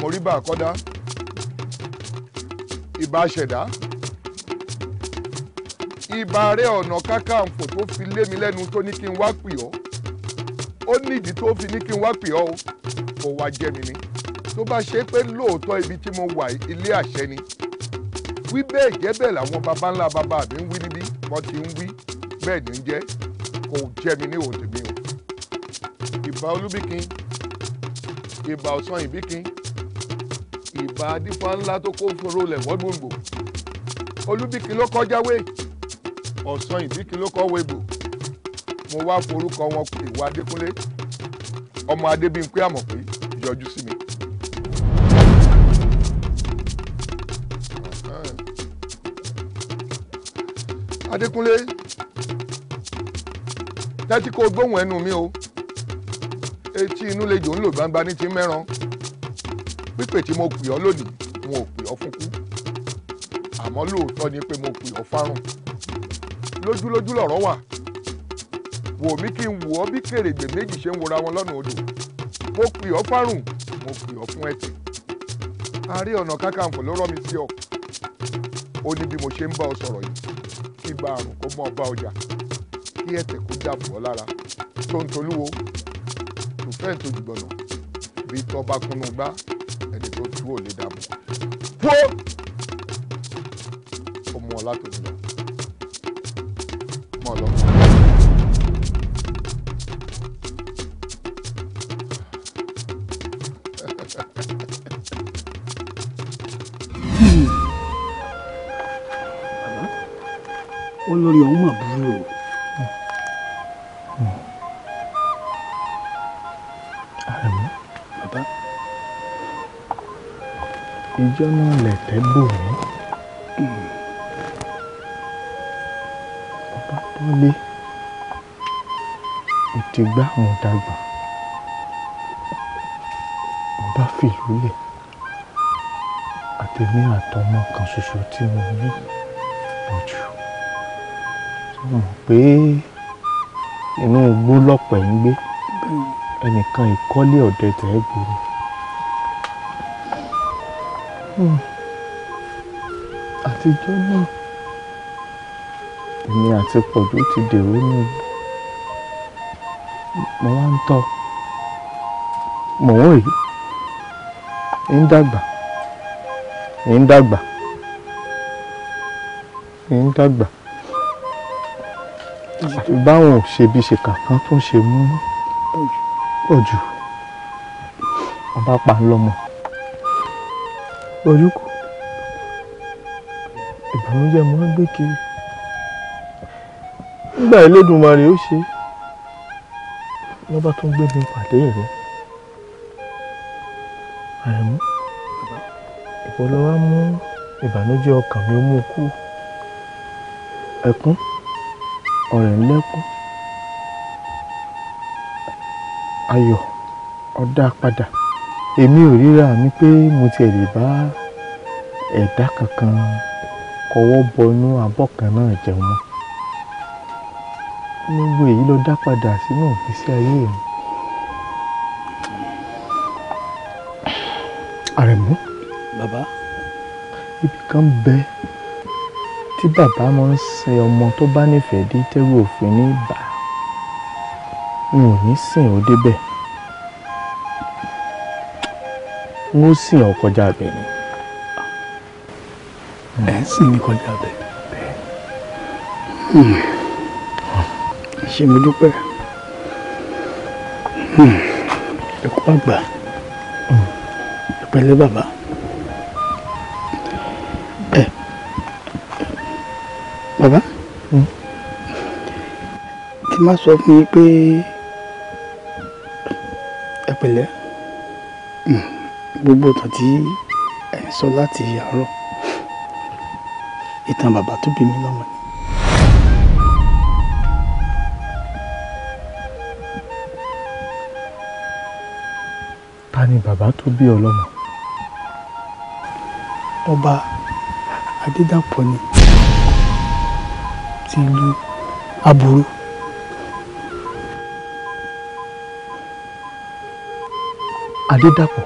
mo rí bá àkọ́dá ìbà ṣẹ̀dá ìbà rẹ̀ ọ̀nà kákàǹfò tó fi lé mi lẹ́nu tó ní kí n wá pè ọ́ ó nídìí tó fi ní kí n wá pè ọ́ o kò wá jẹ́ mi ni tó bá ṣe pé lóòótọ́ ibi tí mo wà ilé àṣẹ ni wí bẹ́ẹ̀ jẹ́ bẹ́ẹ̀ làwọn baba ńlá baba mi ń wí níbí wọ́n ti ń wí bẹ́ẹ̀ ni ń jẹ́ kò jẹ́ mi ní òde mi o. ìbà olúbíkin ìbà ọ̀sán ìbíkin ìbà adífá ńlá tó kó foro lẹ̀ wọ́gbòǹgbò olúbíkin ló kọ́ jáwé ọ̀sán ìbíkin ló kọ́ wégbò mo wá forúkọ wọn ìwà adékúnlé ọmọ adébímpé àmọ̀pé yọjú sí mi. Adékúnlé tẹ́tí kó gbóhùn ẹnu mi o etí inú lejò ń lò gbangba ní ti mẹ́ran pípè tí mo pè ọ́ lónìí wọn pè ọ́ fún kú àmọ́ lóòótọ́ ni pé mo pè ọ́ fárùn lójúlójú lọ̀rọ̀ wà wò mí kí n wò ọ́ bí kèrègbè méjì ṣe ń wora wọn lọ́nà odò mo pè ọ́ fárùn mo pè ọ́ fún ẹ̀tẹ̀ Ààrẹ Ọ̀nà Kakanfò ló rọ́ mi sí ọ ó ní bí mo ṣe ń bá ọ sọ̀rọ̀ yìí gba àrùn kó mọ́ ọba ọjà kí ẹ̀tẹ̀ kó jà bọ̀ lára tó ń tolúwo tùfẹ́ ìtòjúgbọ̀nà bí tọ́ba kúnnú gbá ẹni tó tú ò lè dààmú. wo ọmọ ọlá tó ń lọ mọ́ ọ lọ. olórí ọ̀hún mà burú o. àrẹ̀mọ́ bàbá ìjọ náà lẹ̀tẹ̀ bò mí bàbá tó lé ètè gbá àwọn dàgbà bàbá fìlú lẹ̀ àtẹ̀mí àtọmọ kan ṣoṣo tí mo ní mọ̀ pé inú igbó lọ́pọ̀ ń gbé ẹnìkan ìkọ́lé ọ̀dẹ tẹ̀ ẹ́ gbòòrò. Hmm. àtijọ́ náà èmi àti pọ̀jù ti dèrò ní mo wá ń tọ́ mò ń rí ń dàgbà ń dàgbà ń dàgbà báwọn ò ṣe bí ṣe kankan tó ń ṣe mú pọ̀ jù wọ́n bá pa lọ́mọ ojú kù ìbànújẹ́ mo ń gbé kiri nígbà Elédùmarè ó ṣe lọ́ba tó ń gbé mi pàdé ìrẹ́ àrẹ̀mú ìpolówó mú ìbànújẹ́ ọkàn mi mú kú ẹkún ọ̀rẹ́ ńlẹ́kún ayọ̀ ọ̀dà padà èmi ò ríra mi pé mo tiẹ̀ lè bá ẹ̀dá kankan kọwọ́ bọnú abọ́ kan náà jẹun mọ́ gbogbo èyí ló dá padà sínú ìgbésí ayé mi. àrẹ̀mú. bàbá. ibì kan bẹ́ẹ̀ tí bàbá máa ń sin ọmọ tó bá nífẹ̀ẹ́ dé tẹ́rù òfin ní ìbà n ò ní sìn ó débẹ̀ n ó sìn ọ kọjá abẹ ni. ẹ ń sìn ní kọjá abẹ. Hmm. ṣé mo dúpẹ́ hmm. ẹ kú àgbà hmm. ẹ pẹ̀lẹ́ bàbá. kí n má sọ fún yín pé ẹ pẹ̀lẹ́ hmm, gbogbo ìtàn tí ẹ ń sọ láti àárọ̀ ìtàn bàbá tó bí mi lọ́mọ ni. ta ni bàbá tó bí ọ lọ́mọ. ọba adédàpọ̀ ni tìlú aburú. adédàpọ̀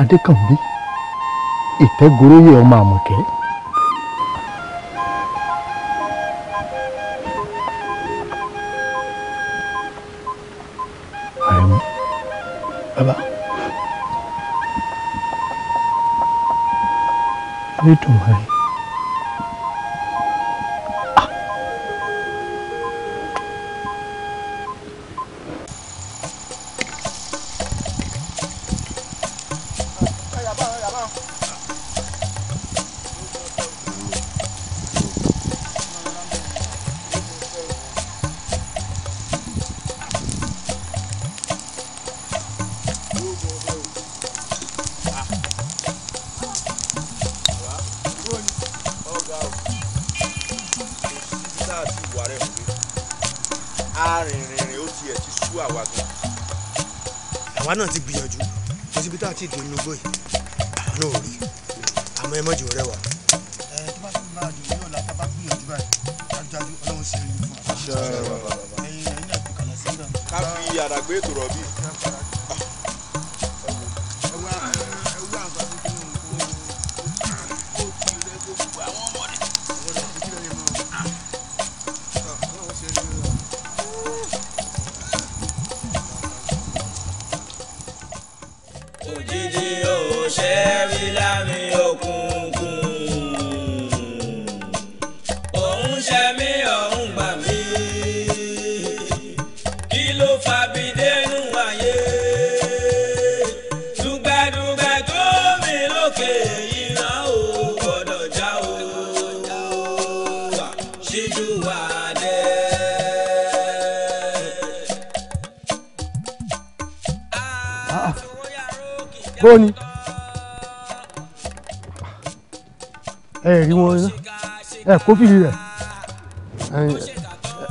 adékànbí ìtẹ́goróyè ọmọ àmọ̀kẹ́. baba adédùnmarè.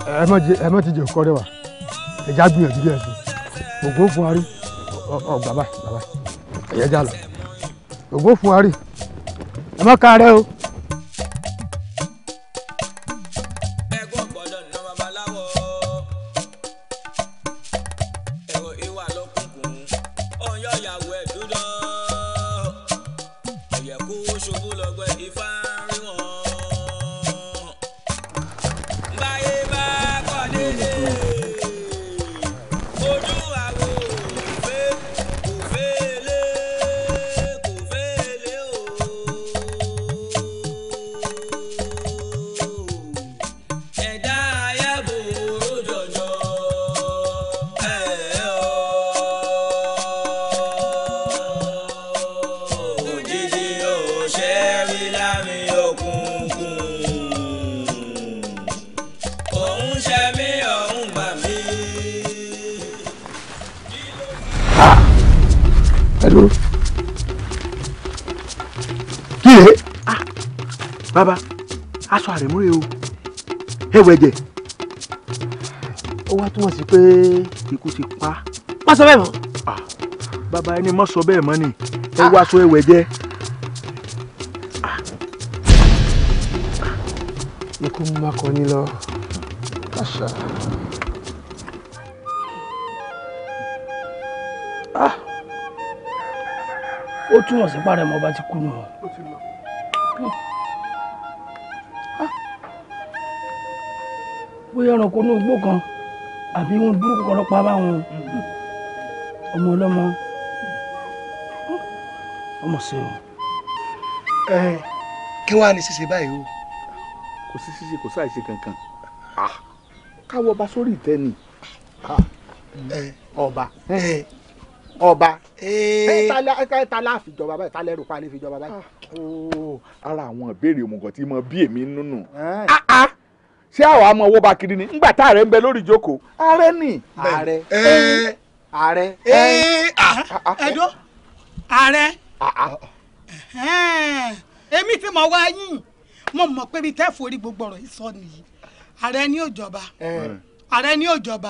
ẹ mọ ti jẹ òkọ rẹwà ẹja gbìyànjú díẹ̀ sí ògbó fún arí ọ bàbá bàbá ẹyẹ já lọ ògbó fún arí ẹ mọ ká rẹ o. bàbá ẹni mọ́ sọ bẹ́ẹ̀ mọ́ ni ẹ ah. wá aṣọ ẹwẹ̀ jẹ́. ikú mú akọni lọ àṣà. Ah. ó túmọ̀ sí pàrọ̀ ọmọ ọba ti kú nù. Ah. bóyá ẹranko ní igbó kan àbí ohun burúkú kan ló pa báwọn mm-hmm. ọmọ ọlọ́mọ ọmọ sí o. kí wàá ní ṣíṣe báyìí o. kò sí ṣíṣe kò sáà ṣe kankan ah, káwọ ọba sórí ìtẹ́ ni ah, ọba eh, ọba eh, ta la fìjọba báyìí ta lẹ́rù pa lè fìjọba báyìí. Ah. Oh, ara àwọn ìbéèrè òmùgọ̀ tí mo bí èmi nínú eh. ṣé àwọn àmọ́ owó bá kiri ni ńgbà tá ààrẹ ń bẹ lórí ìjókòó ààrẹ ni. ààrẹ ààrẹ ẹjọ́ ààrẹ. Ah, ah. èmi tí mo wá yín mo mọ̀ pé ibi tẹ́ forí gbogbo ọ̀rọ̀ yìí sọ nìyí ààrẹ ní òjọba ààrẹ ní òjọba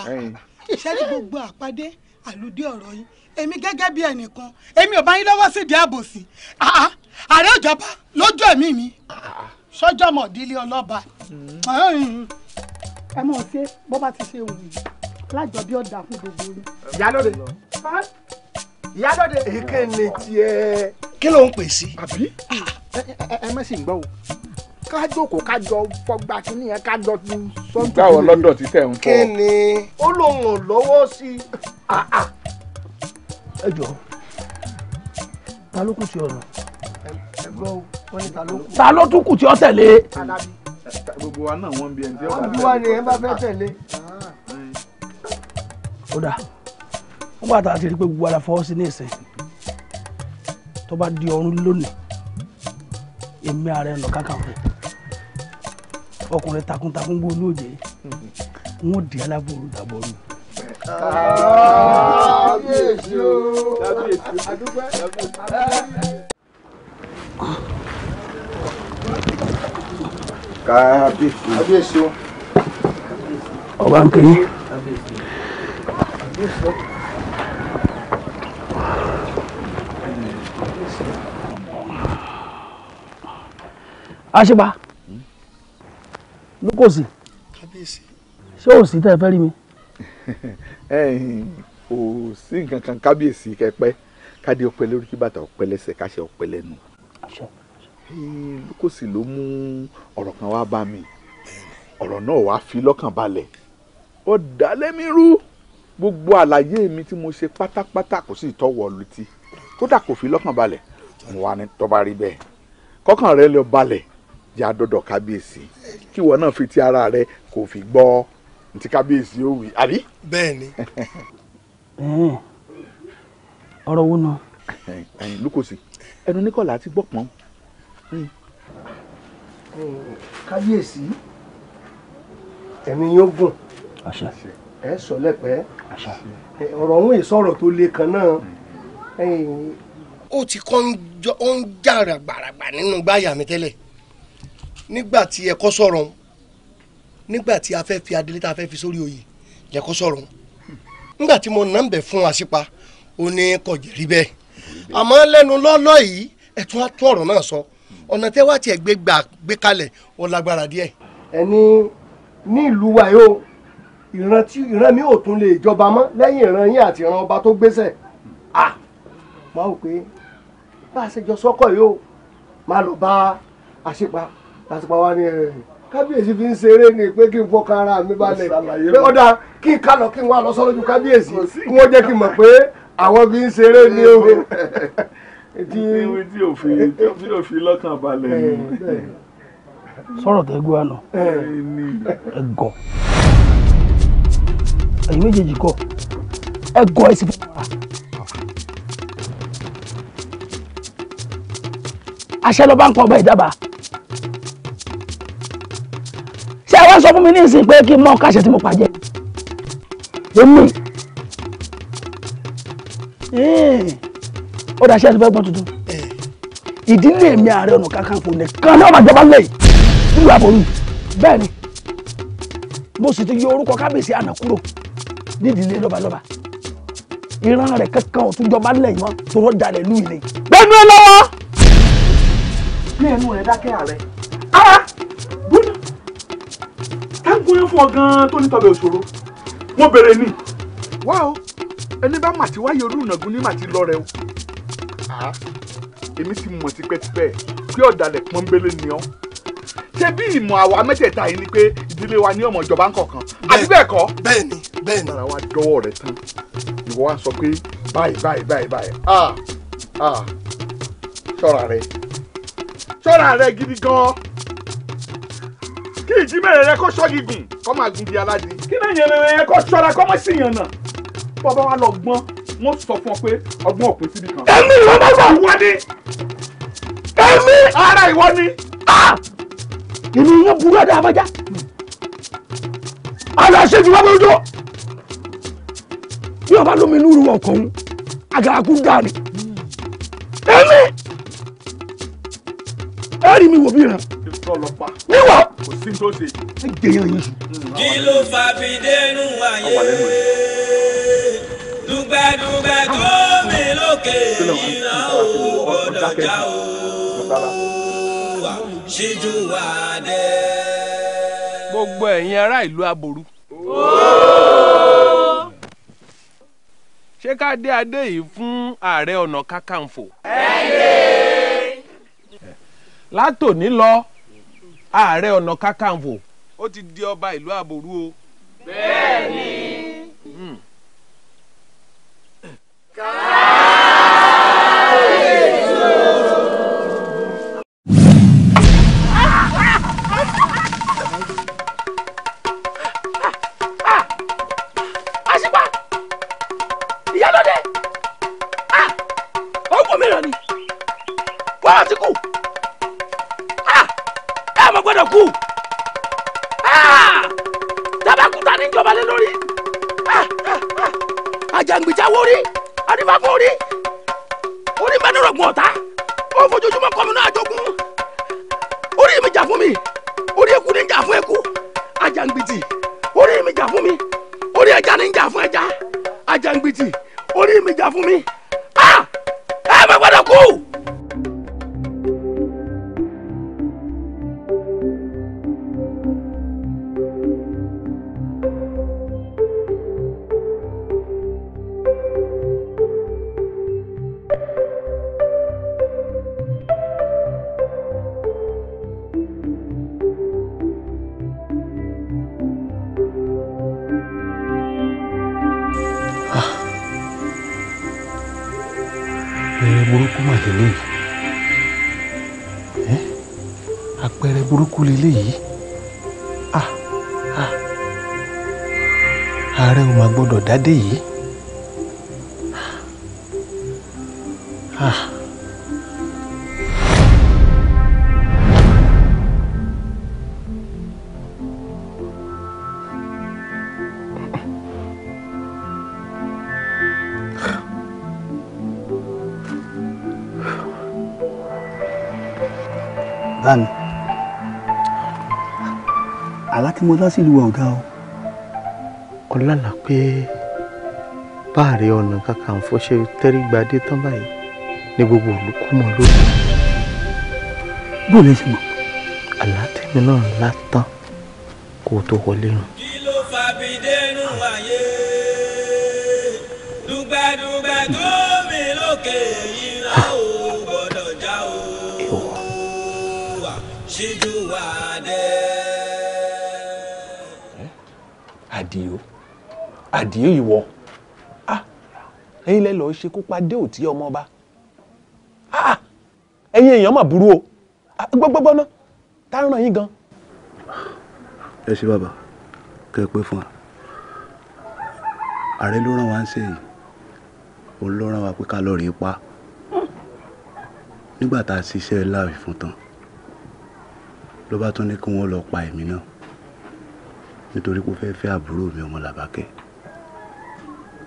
ṣẹ́ni gbogbo àpàdé àlùdí ọ̀rọ̀ yìí èmi gẹ́gẹ́ bí ẹnìkan èmi ò bá yín lọ́wọ́ sídìí àbòsí ah, ààrẹ òjọba lójú ẹ̀mí mi sọ́jọ́ mọ̀dílé ọlọ́ba hmm. ẹ mọ̀ ṣe bó bá ti ṣe wù yìí lájọ bí ọ̀dà fún gbogbo yín. ìyá lóde ìyálóde èké ni tiẹ̀. kí ló ń pè sí. àbí ẹ mẹ́sì ń gbọ́ o ká jókòó ká jọ fọgbà kínní yẹn ká jọ tún sọ́ńtò. báwo lọ́dọ̀ tí tẹ̀ ń fọ. kí ni. ó lóun ò lọ́wọ́ sí i. ẹ jọ ta ló kù sí ọ̀nà. ẹ gbọ́ o wọ́n ta ló kù. ta ló tún kù tí ọ tẹ̀lé. gbogbo wa náà wọ́n ń bí ẹni tí ó bá fẹ́ tẹ̀lé. ó dà nígbà tá a ti rí pé gbogbo ara fọwọ́ sí ní ìsìn tó bá di ọrún lónìí èmi ààrẹ ọ̀nà kakanfò ọkùnrin takuntakun gbó olóòjé n ó di alábòrò dàbọ̀ mi. kábíyèsí o àdúgbò kábíyèsí o. ọba o. àṣìpa ló kò sí ṣé ò sí tẹ́ ẹ fẹ́ rí mi. [LAUGHS] ò sí nǹkan kan kábíyèsí kẹpẹ kádé ọpẹ lórí kí bàtà ọpẹ lẹ́sẹ̀ káṣẹ ọpẹ lẹ́nu ló kò sí ló mú ọ̀rọ̀ kan wá bá mi ọ̀rọ̀ náà wàá fi lọ́kàn balẹ̀ ó dá lẹ́mí rú gbogbo àlàyé mi tí mo ṣe pátápátá kò sì tọ́wọ́ létí kódà kò fi lọ́kàn balẹ̀ mo wà ní tó rí bẹ́ẹ̀ kọ́kàn rẹ lọ balẹ̀ jẹ́ àdọ́dọ̀ kábíyèsí kí ìwọ náà fi ti ara rẹ kò fi gbọ́ ntí kábíyèsí ó wí àbí. bẹ́ẹ̀ni. ọ̀rọ̀ wo náà. lukosi ẹnu nìkọlá ti gbọ́ pọ́n. kábíyèsí ẹ̀mí yóò gùn ẹ sọ lẹ́pẹ́ ọ̀rọ̀ ọ̀hún èso ọ̀rọ̀ tó le kan náà ó ti kọ́ ń jà ràgbàràgbà nínú gbáyà mi tẹ́lẹ̀ nígbà tí ẹ̀kọ́ sọ̀rọ̀ nígbà tí a fẹ́ fi adelé tá a fẹ́ fi sórí oyè jẹ́kọ́ sọ̀rọ̀ nígbà tí mo nàǹbẹ̀ fún àṣìpa ó ní kò jẹ́ rí bẹ́ẹ̀ àmọ́ lẹ́nu lọ́lọ́ yìí ẹ tún á tún ọ̀rọ̀ náà sọ ọ̀nà tẹ́ wá tiẹ̀ gbé gbà gbé kalẹ̀ ó lágbára díẹ̀. ẹni ní ìlú wa yóò ìran tí ìran mi ò tún lè jọba mọ́ lẹ́yìn ìran yín àti ìran ọba tó gbéṣẹ̀ à máa wò pé bá a ṣe jọ sọ́kọ̀ yìí máa lọ bá àṣìpa pàṣípà wa ni ẹ kábíyèsí fi ń ṣeré ni pé kí n fọkàn ara mi balẹ̀ pé ọ̀dà kí n kálọ̀ kí n wá lọ sọ́lójú kábíyèsí kí wọ́n jẹ́ kí n mọ̀ pé àwọn fi ń ṣeré ni o. tí tí òfin tí òfin lọ́kàn balẹ̀ ni. Eh, sọ̀rọ̀ tẹ́gbẹ́ àná ẹ̀gọ́ ẹ̀yin méjèèjì kọ́ ẹ̀gọ́ ẹ̀sìn fún wa. àṣẹ ló bá ń kọ́ ọba ìdábàá ẹ wá sọ fún mi ní ìsìn pé kí n mọ káṣẹ tí mo pàjẹ èmi ó dàṣẹ́ ẹ̀sùn fẹ́gbọ́n tuntun ìdílé mi Ààrẹ Ọ̀nà Kakanfò nìkan náà máa jọba lẹ́yìn nílùú àbòrú bẹ́ẹ̀ ni mo sì ti yọ orúkọ kábíyèsí àná kúrò nídìílé lọ́balọ́ba ìran rẹ̀ kankan ò tún jọba lẹ́yìn wọn tó rọ́ dalẹ̀ lú ilé. gbẹ́nu ẹ lọ́wọ́. bí ẹnu rẹ̀ dákẹ́ ààrẹ. ara fún ọ gan-an tó nítọ́bẹ̀ òṣòro mo bèrè ni. wá o ẹni bá màtí wáyé olú ìnàgún ní màtí lọ rẹ o. èmi ti mọ̀ tipẹ́tipẹ́ pé ọ̀dàlẹ̀ pọ́nbélé ni ọ́ ṣé bí ìmọ̀ àwa mẹ́tẹ̀ẹ̀ta yìí ni pé ìdílé wa ní ọmọ ìjọba ń kọ̀ọ̀kan àbí bẹ́ẹ̀ kọ́. bẹ́ẹ̀ni bẹ́ẹ̀ni. ara wa dọ́wọ́ rẹ tán ìwọ wa sọ pé báyìí báyìí báyìí báyìí ah ah ṣọ́ra rẹ ṣọ́ra rẹ gidi gan-an kí ìjímẹ̀rẹ̀ rẹ kó sọ́gi gùn kó máa gun bí aládé kí ìjímẹ̀rẹ̀ rẹ kó ṣọ́ra kó má sì yànnà bọ́bá wa lọ gbọ́n wọ́n sọ fún ọ pé ọgbọ́n òpin síbi kan. èmi ìwọ bá wà. ìwọ ni. èmi. ara ìwọ ni. èmi yẹn burú ẹ̀dá abájá. aláṣẹ ti wá bójú. bí ọba lómi inú ru ọkàn òun àgàkú dànù. èmi. ẹ̀rí mi wò bí ràn lọ́lọ́pàá. níwà. kò sí tó ṣe. ẹ gbẹ̀yàn yín jù. kí ló fa bídẹ́nu ayé dùgbàdùgbà tó mi lókè iná ò gbọ́dọ̀ já o ṣíjú wà dé. gbogbo ẹ̀yin ará ìlú aboru. ṣé ká dé adé yìí fún ààrẹ ọ̀nà kakanfò. ẹ dé látòní lọ ààrẹ ọ̀nà kákàǹfò ó ti di ọba ìlú àbòrú o. bẹ́ẹ̀ni. kábíyèsí hmm. o. àṣìpá ìyálóde ah! ó wọ mí lọ ni wọ́n ti kú ò gbọ́dọ̀ kú ah! tabakuta ní ìjọba lé lórí ah, ah, àjàngbìjà wo rí adífáfó rí orí mẹ́nìrọ̀gbọ̀n ọ̀tá ó fojoojúmọ́ kọ́mi náà jogun orí mi jà fún mi orí eku ní jà fún eku àjàngbìtì orí mi jà fún mi orí ẹja ní jà fún ẹja àjàngbìtì orí mi jà fún mi ẹ má gbọ́dọ̀ kú. burúkú leléyìí ah, ah. ààrẹ ò mà gbọ́dọ̀ dádé yìí. tí mo dá sí ìlú wa ọ̀gá o. ọlọ́lá pé báàrẹ ọ̀nà kakanfò ṣe tẹ́rígbadé tán báyìí ní gbogbo ìlú kú mọ́ lórí. bó o ṣe mọ̀. àlá tèmi náà látàn kó o tó wọlé rùn. àdìẹ ìwọ ah, ẹ̀yin lẹ lọọ ṣekú pa dé òtí ọmọọba ah, ah, ẹ̀yin èèyàn mà burú o gbọgbọgbọ ná tá a ràn yín gan. ẹ ṣe bàbá kẹ́ ẹ pẹ́ fún wa ààrẹ ló rán wa ń ṣe yìí òun ló rán wa pé ká lọ rèé pa nígbà tá a ṣiṣẹ́ láàbì fún tán ló bá tún ní kí wọ́n lọ pa èmi náà nítorí pé ó fẹ́ẹ́ fẹ́ àbúrò mi ọmọ làbákẹ́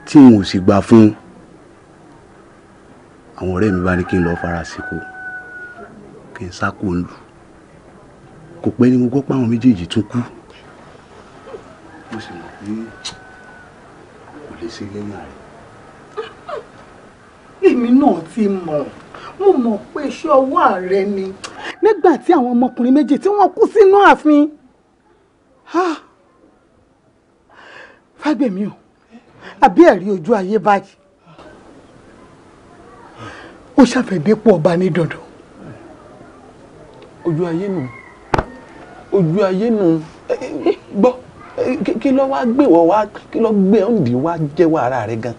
tí n ò sì gbà fún àwọn ọ̀rẹ́ mi bá ní kí n lọ fara síkò kí n sá kó lù kò pẹ́ ni mo gbọ́ pé àwọn méjèèjì tún kú mo sì mọ̀ pé kò lè ṣe lẹ́yìn rẹ̀. èmi náà ti mọ̀ mo mọ̀ pé iṣẹ́ ọwọ́ ààrẹ ni nígbà tí àwọn ọmọkùnrin méjì tí wọ́n kú sínú ààfin fágbèmí o àbí ẹ̀rí ojú ayé báyìí ó ṣàfẹ́dépò ọba ní dandan. ojú ayé nù ojú ayé nù gbọ́ kí ló wá gbé wọ́ wá kí ló gbé òǹdí wá jẹ́wọ́ ara rẹ̀ gan.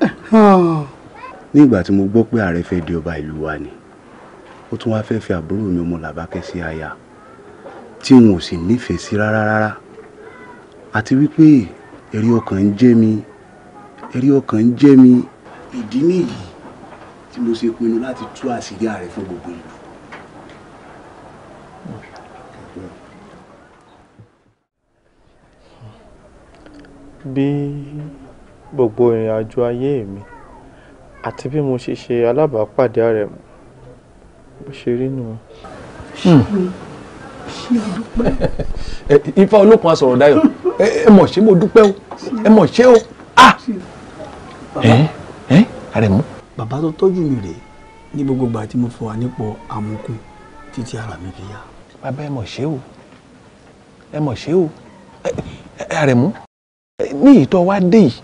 nígbà tí mo gbọ́ pé ààrẹ fẹ́ di ọba ìlú wa ni ó tún wá fẹ́ fi àbúrò mi ọmọ làbákẹ́ sí aya tí n ò sì nífẹ̀ẹ́ sí rárá rárá àti wípé ẹ̀rí ọkàn ń jẹ́ mi ẹ̀rí ọkàn ń jẹ́ mi ìdí nìyí tí mo ṣe pinnu láti tú àṣírí ààrẹ fún gbogbo ìlú. bí gbogbo ìrìn àjò ayé mi àti bí mo ṣe ṣe alábàápàdé ààrẹ mo ṣe rí nù. Hmm. [LAUGHS] ifá olókun asọ̀rọ̀ dayọ̀ [LAUGHS] ẹ mọ̀ ṣé mo dúpẹ́ o ẹ mọ̀ ṣé o ah! ẹ ẹ àrẹ̀mú. bàbá tó tọ́jú mi rèé ní gbogbo ìgbà tí mo fọ wà nípò amukun títí ara mi fi yá. bàbá ẹ mọ̀ ṣé o ẹ mọ̀ ṣé o àrẹ̀mú ní ìtọ́ wa dé yìí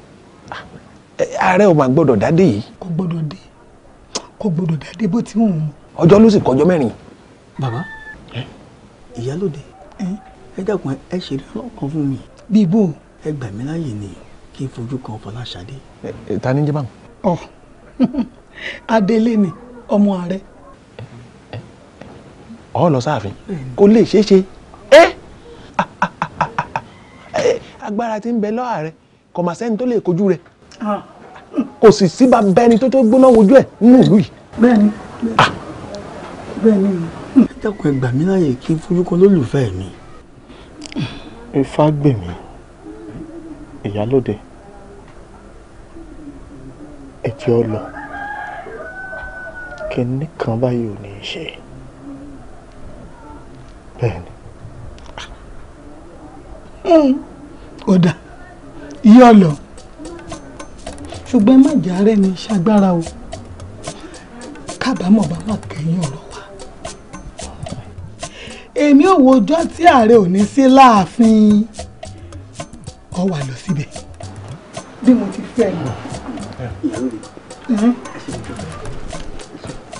ààrẹ ò máa gbọ́dọ̀ dádé yìí. kò gbọ́dọ̀ dé kò gbọ́dọ̀ dádé bó ti wùn. ọjọ́ ló sì kọjọ́ mẹ́rin. bàbá eh? ìyálòde eh? ẹ dákun ẹ ṣe lọ́kàn fún mi. bíbó ẹ gbà mí láàyè nìyí kí n fojú kan Fọláṣadé. ta ni jẹ́ báwọn. ọ oh, [LAUGHS] Adélé ni ọmọ ààrẹ. ọ lọ sáàfin kò lè ṣeé ṣe ah, ah, ah, agbára tí ń bẹ lọ́wọ́ ààrẹ kò mà sẹ́ni tó lè kojú rẹ̀ kò sì síba bẹ́ni tó tó gbóná wojú ẹ̀ nínú ìlú yìí. bẹ́ẹ̀ni bẹ́ẹ̀ni dákun ẹ gbà mí láàyè kí n fojú kan lólùfẹ́ mi. ifá gbèmí ìyálóde ẹ jẹ́ ọ lọ kínní kan báyìí ò ní í ṣe bẹ́ẹ̀ ni. ó dà yọ lọ ṣùgbọ́n má jà rẹ̀ ní ṣagbára o kábàámọ̀ bá wà kẹ́yìn ọ̀rọ̀ wa. èmi ò wo ọjọ́ tí ààrẹ ò ní sí láàfin ọ wà lọ síbẹ̀ bí mo ti fẹ́ lọ ìyàwó mi ẹ ṣe ìjọ mi.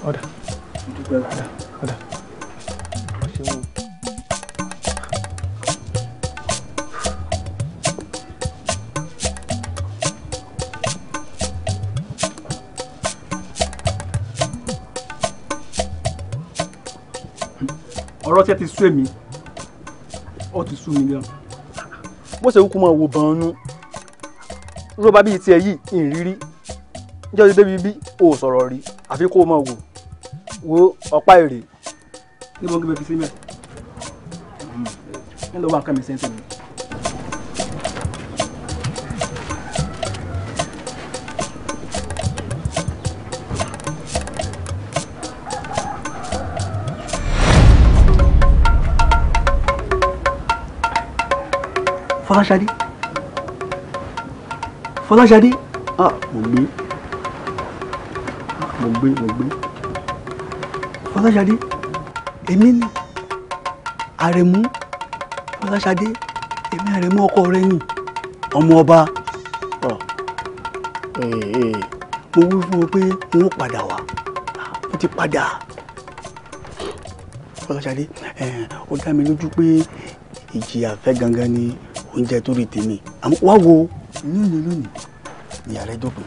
ọ̀dà ọ̀dà ọ̀dà. ọ̀rọ̀ tí ẹ ti sú èmi ó ti sú mi gan. mo ṣe kúkú máa wo bọ̀ọ̀nù rọ́bà bíi tiẹ̀ yìí ìrírí níjọ́ ti débi bí o ò sọ̀rọ̀ rí àfi kó o mọ̀ wò wo ọ̀pá èrè. níbo ń gbé fi sí mẹ́ ẹ̀ ń lọ wá nǹkan mi sẹ́ńsẹ̀ mi. Fọláṣadé Fọláṣadé ah mo gbé mo gbé mo gbé fọláṣadé èmi ni àrẹ̀mú fọláṣadé èmi àrẹ̀mú ọkọ rẹ yìn ọmọ ọba mo wí fún ọ pé n ó padà wá mo ti padà fọláṣadé ó dá mi lójú pé ìjìyà fẹ́ gangan ni oúnjẹ tó rí tèmi àmọ́ wá wo lónìí lónìí ìyá rẹ dópin.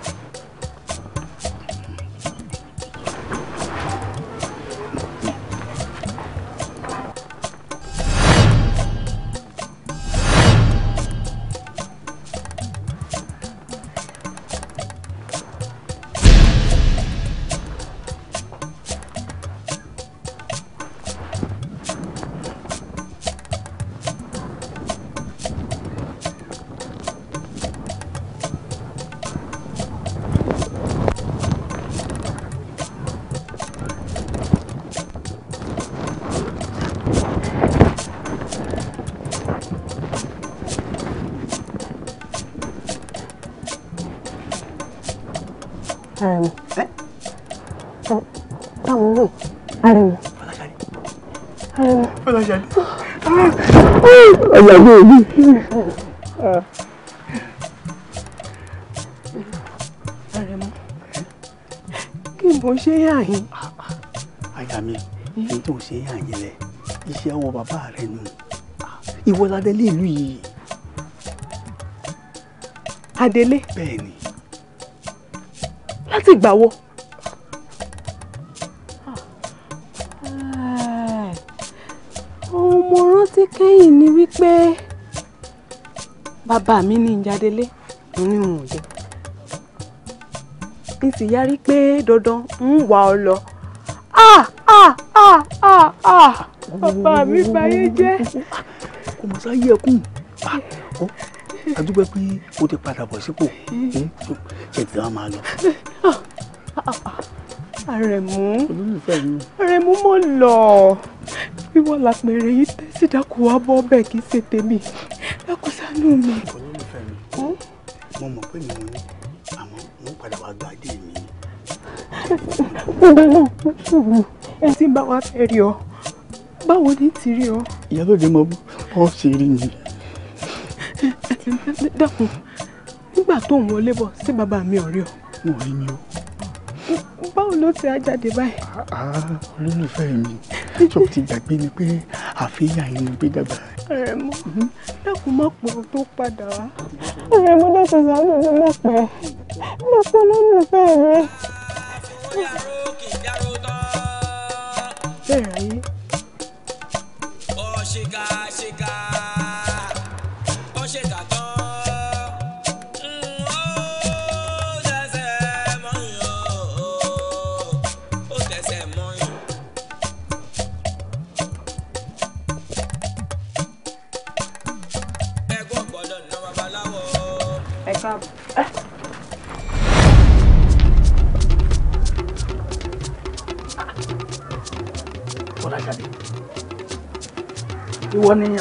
ọ̀rẹ́ mi. ọ̀rẹ́ mọ́ kí n bọ́ ṣe yà yín. àyà mi kí n tó ṣe yà yín lẹ iṣẹ́ ọwọ́ bàbá rẹ nù ìwọ ládélé ìlú yìí. adélé. bẹ́ẹ̀ láti gbà wo. bàbá mi ní ìjádélé mo ní òun ò jẹ n sì yarí pé dandan ń wà ọ lọ ah ah ah ah ah bàbá mi báyé jẹ. kò mọ̀ sáyé ẹkún àdúgbò pé o ti padà bọ̀ sípò ṣe ti wá máa lọ. àrẹ̀mú àrẹ̀mú mo lọ bí wọ́n la pèrè yìí tẹ́sí dákú wá bọ́ bẹ́ẹ̀ kí ṣe tèmi mi mọ̀. olólùfẹ́ mi mo mọ̀ pé mi mo ní àmọ́ mo ń padà wá gbàdé mi. ọ̀dọ́ náà ṣùgbọ́n ẹ ti bá wa fẹ́ rí ọ báwo ni ti rí ọ. ìyá lóde mo ọ ṣe rí mi. dákun nígbà tó ń wọlé bọ̀ sí bàbá mi ọ̀rẹ́ ọ. wọn rí mi o. báwo ló ti á jáde báyìí. olólùfẹ́ mi tó ti gbàgbé ni pé àfihàn ẹni gbé dàgbà Àrẹ̀mọ dákun má pọ̀ tó padà wá. Àrẹ̀mọ dákun sàánú mi má pẹ́. Dákun lọ́nà ìfẹ́ rẹ. Bẹ́ẹ̀ ayé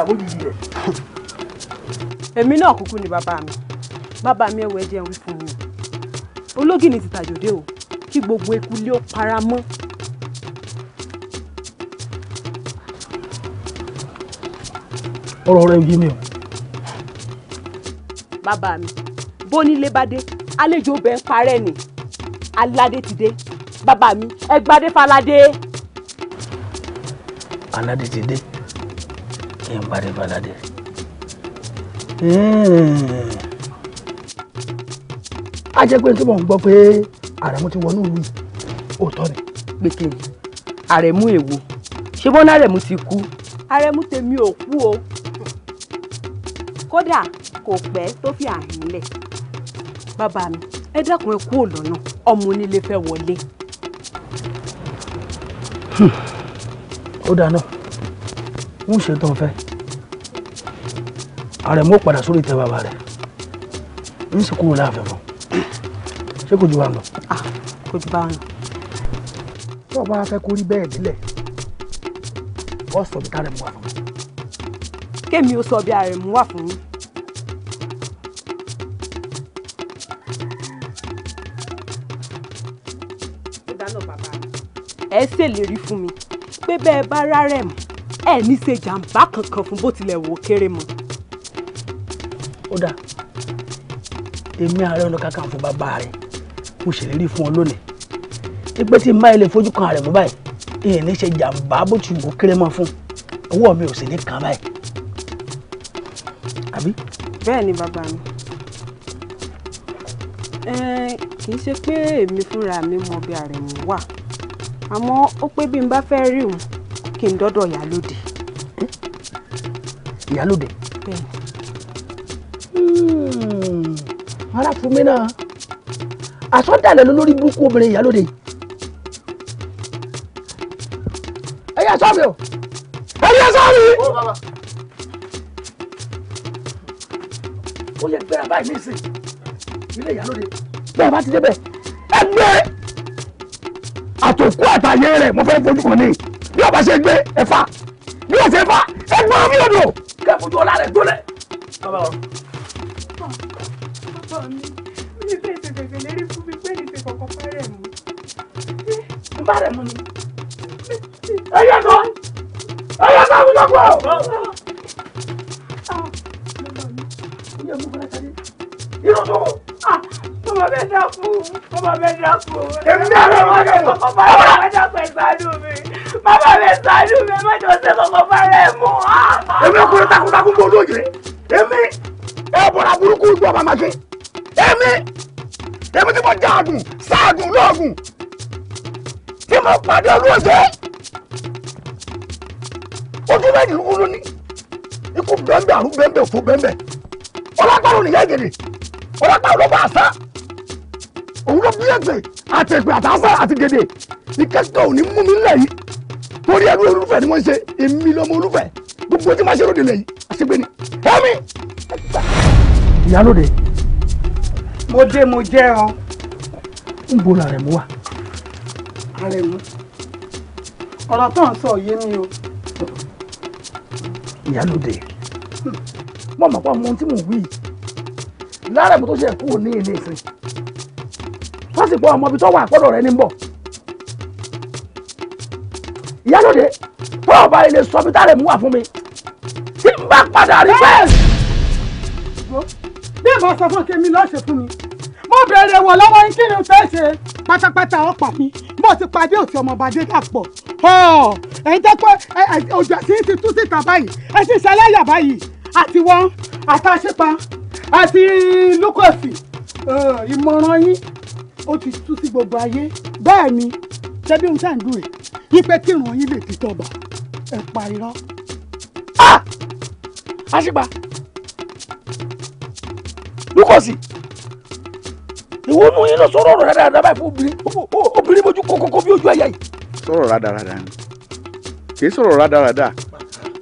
àbó yìí rẹ̀. èmi náà kúkú ni bàbá mi bàbá mi ẹ̀wọ̀ ẹ̀jẹ̀ ń wí fún mi ológìní ti tàjòdè o kí gbogbo eku lé ó para mọ́. ọ̀rọ̀ rẹ̀ yé mi o. bàbá mi bónílé bá dé àlejò bẹ́ẹ̀ parẹ́ ni aládé ti dé bàbá mi ẹ gbadé faládé. aládé ti dé ṣe ń parí balade. a jẹ́ pé tí mò ń gbọ́ pé àrẹ̀mú ti wọnú ìlú yìí òótọ́ ni. gbèsè yìí àrẹ̀mú èwo ṣé bọ́n àrẹ̀mú ti kú àrẹ̀mú tèmi ò kú o kódà kò pẹ́ tó fi àhín lẹ̀ bàbá mi ẹ dákun ẹ kú òlọ́nà ọmọ onílé fẹ́ wọlé. ó dáná. No ń ṣe tán fẹ́ àrẹ̀mú padà sórí ìtẹ́ bàbá rẹ̀ ń sì kúrò láàfin fún ṣé kò ju wa lọ. Ah, kò ju bá wa lọ. tó o bá fẹ́ kó rí bẹ́ẹ̀ nílẹ̀ ọ sọ bí àrẹ̀mú wà fún mi. kémi ó sọ bí àrẹ̀mú wà fún mi. ẹ ṣèlérí fún mi pé bẹ́ẹ̀ bá rárẹ̀ mọ́ ẹ ní ṣe jàǹbá kankan fún bó tilẹ̀ wò ó kéré mọ́. ó dà èmi ààrẹ ọ̀nà kankan fún bàbá rẹ̀ mo ṣèlérí fún ọ lónìí pípẹ́ tí máa ilé fojú kan rẹ̀ mú báyìí èèyàn ní ṣe jàǹbá bó ti wò ó kéré mọ́ fún ọwọ́ mi ò sì ní kàn báyìí àbí. bẹ́ẹ̀ ni bàbá mi kì í ṣe pé èmi fúnra mi mọ bí ààrẹ wà àmọ́ ó pé bí n bá fẹ́ rí òun kí n dọ́dọ̀ ìyálóde. Hmm. ìyálóde. Hmm. ara fún mi náà àsọdàlẹ̀ lórí burúkú obìnrin ìyálóde yìí. ẹ yà sọ́ mi o ẹ yà sọ́ mi. ó lè gbéra báyìí ní ìsìn ilé ìyálóde bẹ́ẹ̀ bá ti débẹ̀ ẹ gbé àtòkú àtàyé rẹ̀ mo fẹ́ fojú kan ní bí ọba ṣe gbé ẹ̀fà bí ọba ṣe fa ẹgbọ́n mi ò dò kẹ́ fojú ọlá rẹ̀ gbólẹ̀. bàbá mi mi fẹ́ ṣe bẹ̀bẹ̀ lérí fún mi pé ní ṣe kọ̀ọ̀kan fẹ́ rẹ̀ mú. n bá rẹ̀ mú ah, ah, mi. ẹ yẹ kọ́ ẹ yẹ kọ́ àwùjọ pọ̀. ìrọ̀lú. Bàbá mi dákú, bàbá mi dákú. Èmi náà ló wá dẹ̀ lọ. Bàbá mi dákú ẹgbàá mi. Mama, mi ṣàánú mi má jọ ṣe kọ́kọ́ fara ẹ̀ mú. èmi ọkùnrin takuntakun bò lóye èmi ẹ bọ̀dà burúkú ju ọba màkè èmi èmi tí mo jáàgùn ṣáàgùn lọ́ọ̀gùn tí mo pàdé olóòjẹ́ ojú méjì ló ló ní ikú bẹ́ńbẹ́ àrùn bẹ́ńbẹ́ òfò bẹ́ńbẹ́ ọlọ́pàá òní yẹ́gẹ̀dẹ̀ ọlọ́pàá òní bá àṣà òun ló bí ẹ̀gbẹ́ àtẹ̀gbẹ́ àtàṣà àti gèdè ìkẹ́kẹ́ òní mú mi lẹ̀ torí ẹrú olúfẹ́ ni wọ́n ṣe èmi lọ́mọ olúfẹ́ gbogbo tí máa ṣe lóde lẹ́yìn àṣegbè ni ẹ̀mí. ìyálóde. mo dé mo jẹ́ ọ. ń bo la rẹ̀ mú wa. ààrẹ mú ọ̀rọ̀ tó ń sọ yé mi o. ìyálóde. mo mọ̀ pé ọmọ ohun tí mò ń wí lára mi tó ṣe kúrò ní ilé ìsìn. fásitì ọmọ ibi tó wà àpọ̀dọ̀ rẹ ní bọ̀. lóde tó o bá lè sọ mi tá lè mú wà fún mi tí n bá padà rí bẹ́ẹ̀. bí ìbá sọ fún kemi lọ́ọ̀ṣẹ̀ fún mi mo bẹ̀rẹ̀ wọ̀ lọ́wọ́ yín kí ni o fẹ́ ṣe pátápátá ọ̀pá mi mo ti pàdé òsì ọmọbadé dàpọ̀ ẹ̀yin jẹ́ pé òjò tí ń ti tú síta báyìí ẹ ti ṣẹlẹ́yà báyìí àti wọn àtàṣípa àti lúkọ̀sì ìmọ̀ràn yín ó ti tú sí gbogbo ayé bẹ́ẹ̀ ni ṣebí ohun sáà ń dùn yìí pé kí ìrùn yín lè fi tọba ẹ pa irọ́. àṣìgbà ah! lúkọ̀sì ìwọ nù yín lọ sọ̀rọ̀ ọ̀rọ̀ rádaràdà báyìí fún obìnrin obìnrin mojú kókókó bí ojú ẹ̀yà yìí. sọ̀rọ̀ rádaràdà ni kì í sọ̀rọ̀ rádaràdà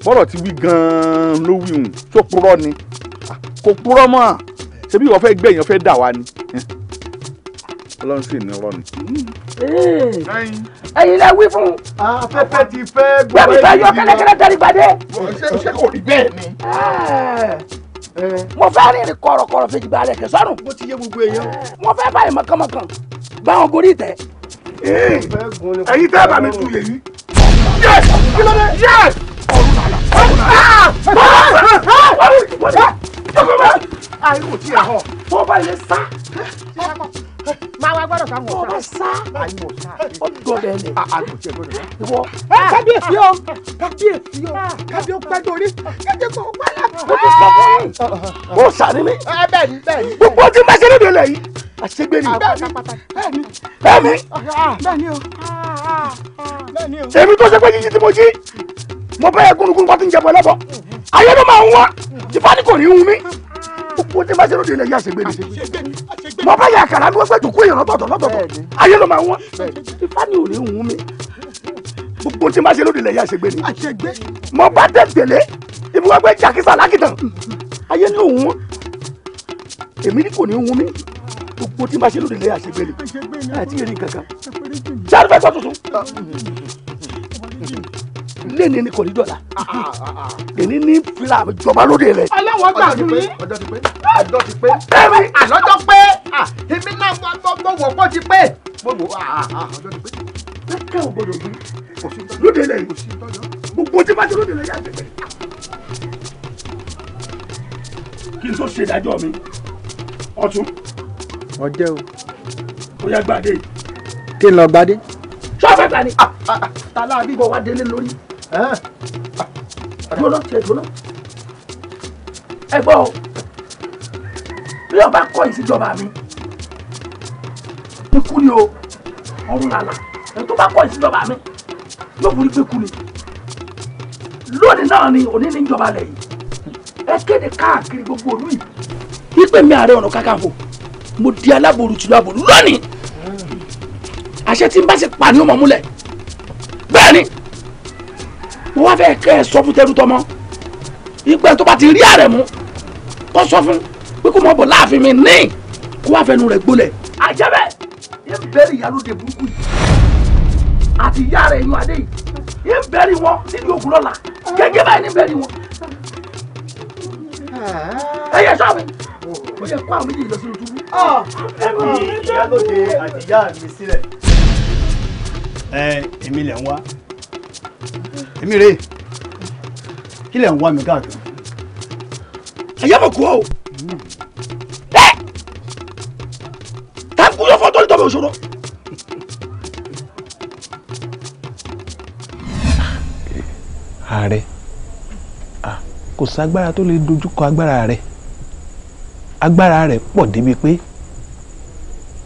bọ́rọ̀ ti wí gan-an ló wí hùn tó purọ́ ni ah, kò purọ́ mọ́ ṣebí ìwọ fẹ́ gbẹ̀yàn fẹ́ dà wá ni ọlọ́run sì ní rọ́ọ̀nù. ẹ̀yin lẹ wí fún. afẹ́fẹ́ ti fẹ́ gbọ́ ẹ̀yìn. gbẹ̀mí bá yọ kẹ́lẹ́kẹ́lẹ́ tẹ̀lé gbàdé. ṣé kò rí bẹ́ẹ̀ ni. mo fẹ́ rìnrìn kọ̀rọ̀kọ̀rọ̀ fèjì balẹ̀ kẹsàn-án. mo ti yé gbogbo èèyàn. mo fẹ́ báyìí mọ̀kànmọ̀kàn báwọn gorí ìtẹ́. ẹ̀yin tẹ́ bá mi tu lè rí. yes yes. ọ̀run àlà. àìwò tí ẹ̀ hàn. bó bá ilé sá máa wá gbọ́dọ̀ sáwọn ọ̀sán. ọba sá ó dọ̀lẹ̀ ah, ah, ni. ìwọ kábíyèsí o kábíyèsí o kábíyèsí o pẹ́ torí kábíyèsí kò pẹ́ láti. O ti sọ fún mi. ó sàní ah, ni bẹ́ẹ̀ ni. gbogbo tí máa ṣe lédè lẹ̀ yìí àṣegbè ni. bẹ́ẹ̀ ni bẹ́ẹ̀ ni. bẹ́ẹ̀ ni o. èmi tó ṣe pé jíjí tí mo jí mo bẹ́ẹ̀ gúnugún pátí ń jẹ bọ́ lẹ́bọ̀ ayé ló máa ń wá jìbá ni kò ní í hun mi gbogbo tí bá ṣe lóde ilẹ̀ yìí àṣegbè ni mo bá yà àkàrà ní wọ́n gbẹ̀dùn kú èèyàn lọ́tọ̀ọ̀tọ̀ lọ́tọ̀ọ̀tọ̀ ayé ló máa wọ́n ifá ni ò ní wù mí gbogbo tí bá ṣe lóde ilẹ̀ yìí àṣegbè ni mo bá dẹ̀ tẹ̀lé ibi wọ́n gbé jàkísà lákìtàn ayé ló wù wọ́n èmi kò ní wù mí gbogbo tí bá ṣe lóde ilẹ̀ yìí àṣegbè ni àti èrè kankan ṣáà lẹ́ni ni kò ní dọ̀la èmi ní fìlà jọba lóde rẹ. ọlọ́wọ́ gbà fún mi. ọjọ́ ti pé ọjọ́ ti pé ẹ̀mí àlọ́jọ́ ah, pé ah, èmi náà gbọ́ wọ̀ pọ̀ ti pé. mo lò ah, ọjọ́ ti pé lẹ́kẹ̀ ò gbọdọ̀ bí lóde rẹ gbogbo tí bá ti lóde rẹ yá tẹ̀lé. kí n tó ṣe ìdájọ́ mi ọtún. ọjẹ́ o. ó yá gbàdé. kí n lọ gbàdé. sọ́ọ̀fẹ́ gbàdé. tàlà àbíbọ̀ wá délé lórí àdúrà náà tiẹ̀ dúró náà ẹ gbọ́ o bí ọba kọ́ ìsìjọba mi ikú ni o ọ̀run làlà ẹ tó bá kọ́ ìsìjọba mi yóò forí pé kú ni lónìí náà ni òní ní ìjọba lẹ̀ yìí ẹ kéde káàkiri gbogbo olú yìí wípé mi Ààrẹ Ọ̀nà Kakanfò mo di aláboru tìlú àbò lónìí àṣẹ tí n bá ṣe pàní ọmọ múlẹ̀ bẹ́ẹ̀ ni mo wá fẹ́ kẹ́ ẹ sọ fún tẹ́lú tọmọ ìgbà tó bá ti rí ààrẹ mú kó sọ fún pé kó mọ bọ̀ láàfin mi ní kó wá fẹnu rẹ̀ gbolẹ̀. àjẹbẹ yín bẹ́ẹ̀rì ìyálóde burúkú yìí àti ìyá rẹ̀ inú adé yìí yín bẹ́ẹ̀rì wọn nílùú ògùn lọ́la gẹ́gẹ́ báyìí ní bẹ́ẹ̀rì wọn. ẹ yẹ sọ mi ó yẹ kó àwọn méjì lọ sínú túbú. Ah. ẹ fi ìyálóde àti ìyá mi sílẹ̀. ẹ èmi lẹ̀ ń wá èmi rèé kí lẹ̀ ń wá mi káàkiri àyẹ̀bọ̀ kú ọ́ ẹ́ táǹkù yóò fọ́ tó ní tọ́ bẹ̀ òṣòro. ààrẹ kò ságbára tó lè dojúkọ agbára rẹ agbára rẹ pọ̀ débi pé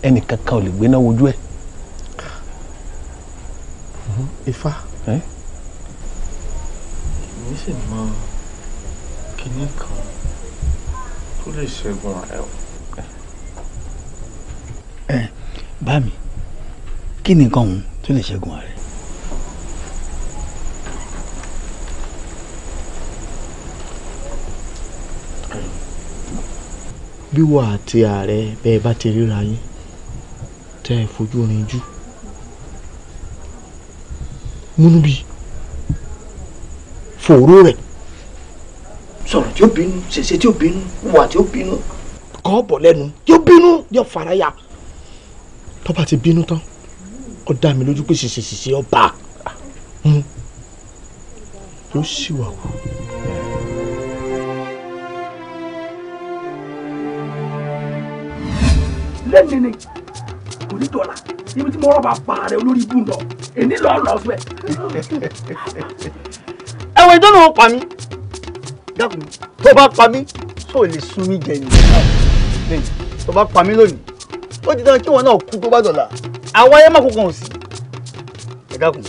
ẹnìkankan ò lè gbéná wojú ẹ. ifá. Eh? èmi sì mọ kinní kan tó lè ṣẹ́gun rẹ̀ o. ẹ bá mi kí ni nǹkan òun tó lè ṣẹ́gun bí wà àti ààrẹ bẹ́ẹ̀ bá ti ríra yín tẹ́ ẹ fojú rin jù múnú bíi fòró rẹ̀ sọ̀rọ̀ tí ó bínú ṣèṣe tí ó bínú wà tí ó bínú kọ́ bọ̀ lẹ́nu tí ó bínú yóò fara ya tó bá ti bínú tán ó dá mi lójú pé ṣèṣe ṣèṣe ọba hmm. yóò sì wà wò. lẹ́yìn ni kò ní dọ̀la ibi tí mo rọ́bà pa rẹ̀ olórí ibùdó èní lọ́ọ́ lọ́ọ́ fẹ́ àwọn ìjọ́ náà pa mí dákun tó bá pa mí tó lè sun mí jẹ nìyẹn tó bá pa mí lónìí ó ti dáná kí wọn náà kú tó bá dọ̀la àwọn ayé má kó kàn sí. ẹ dákun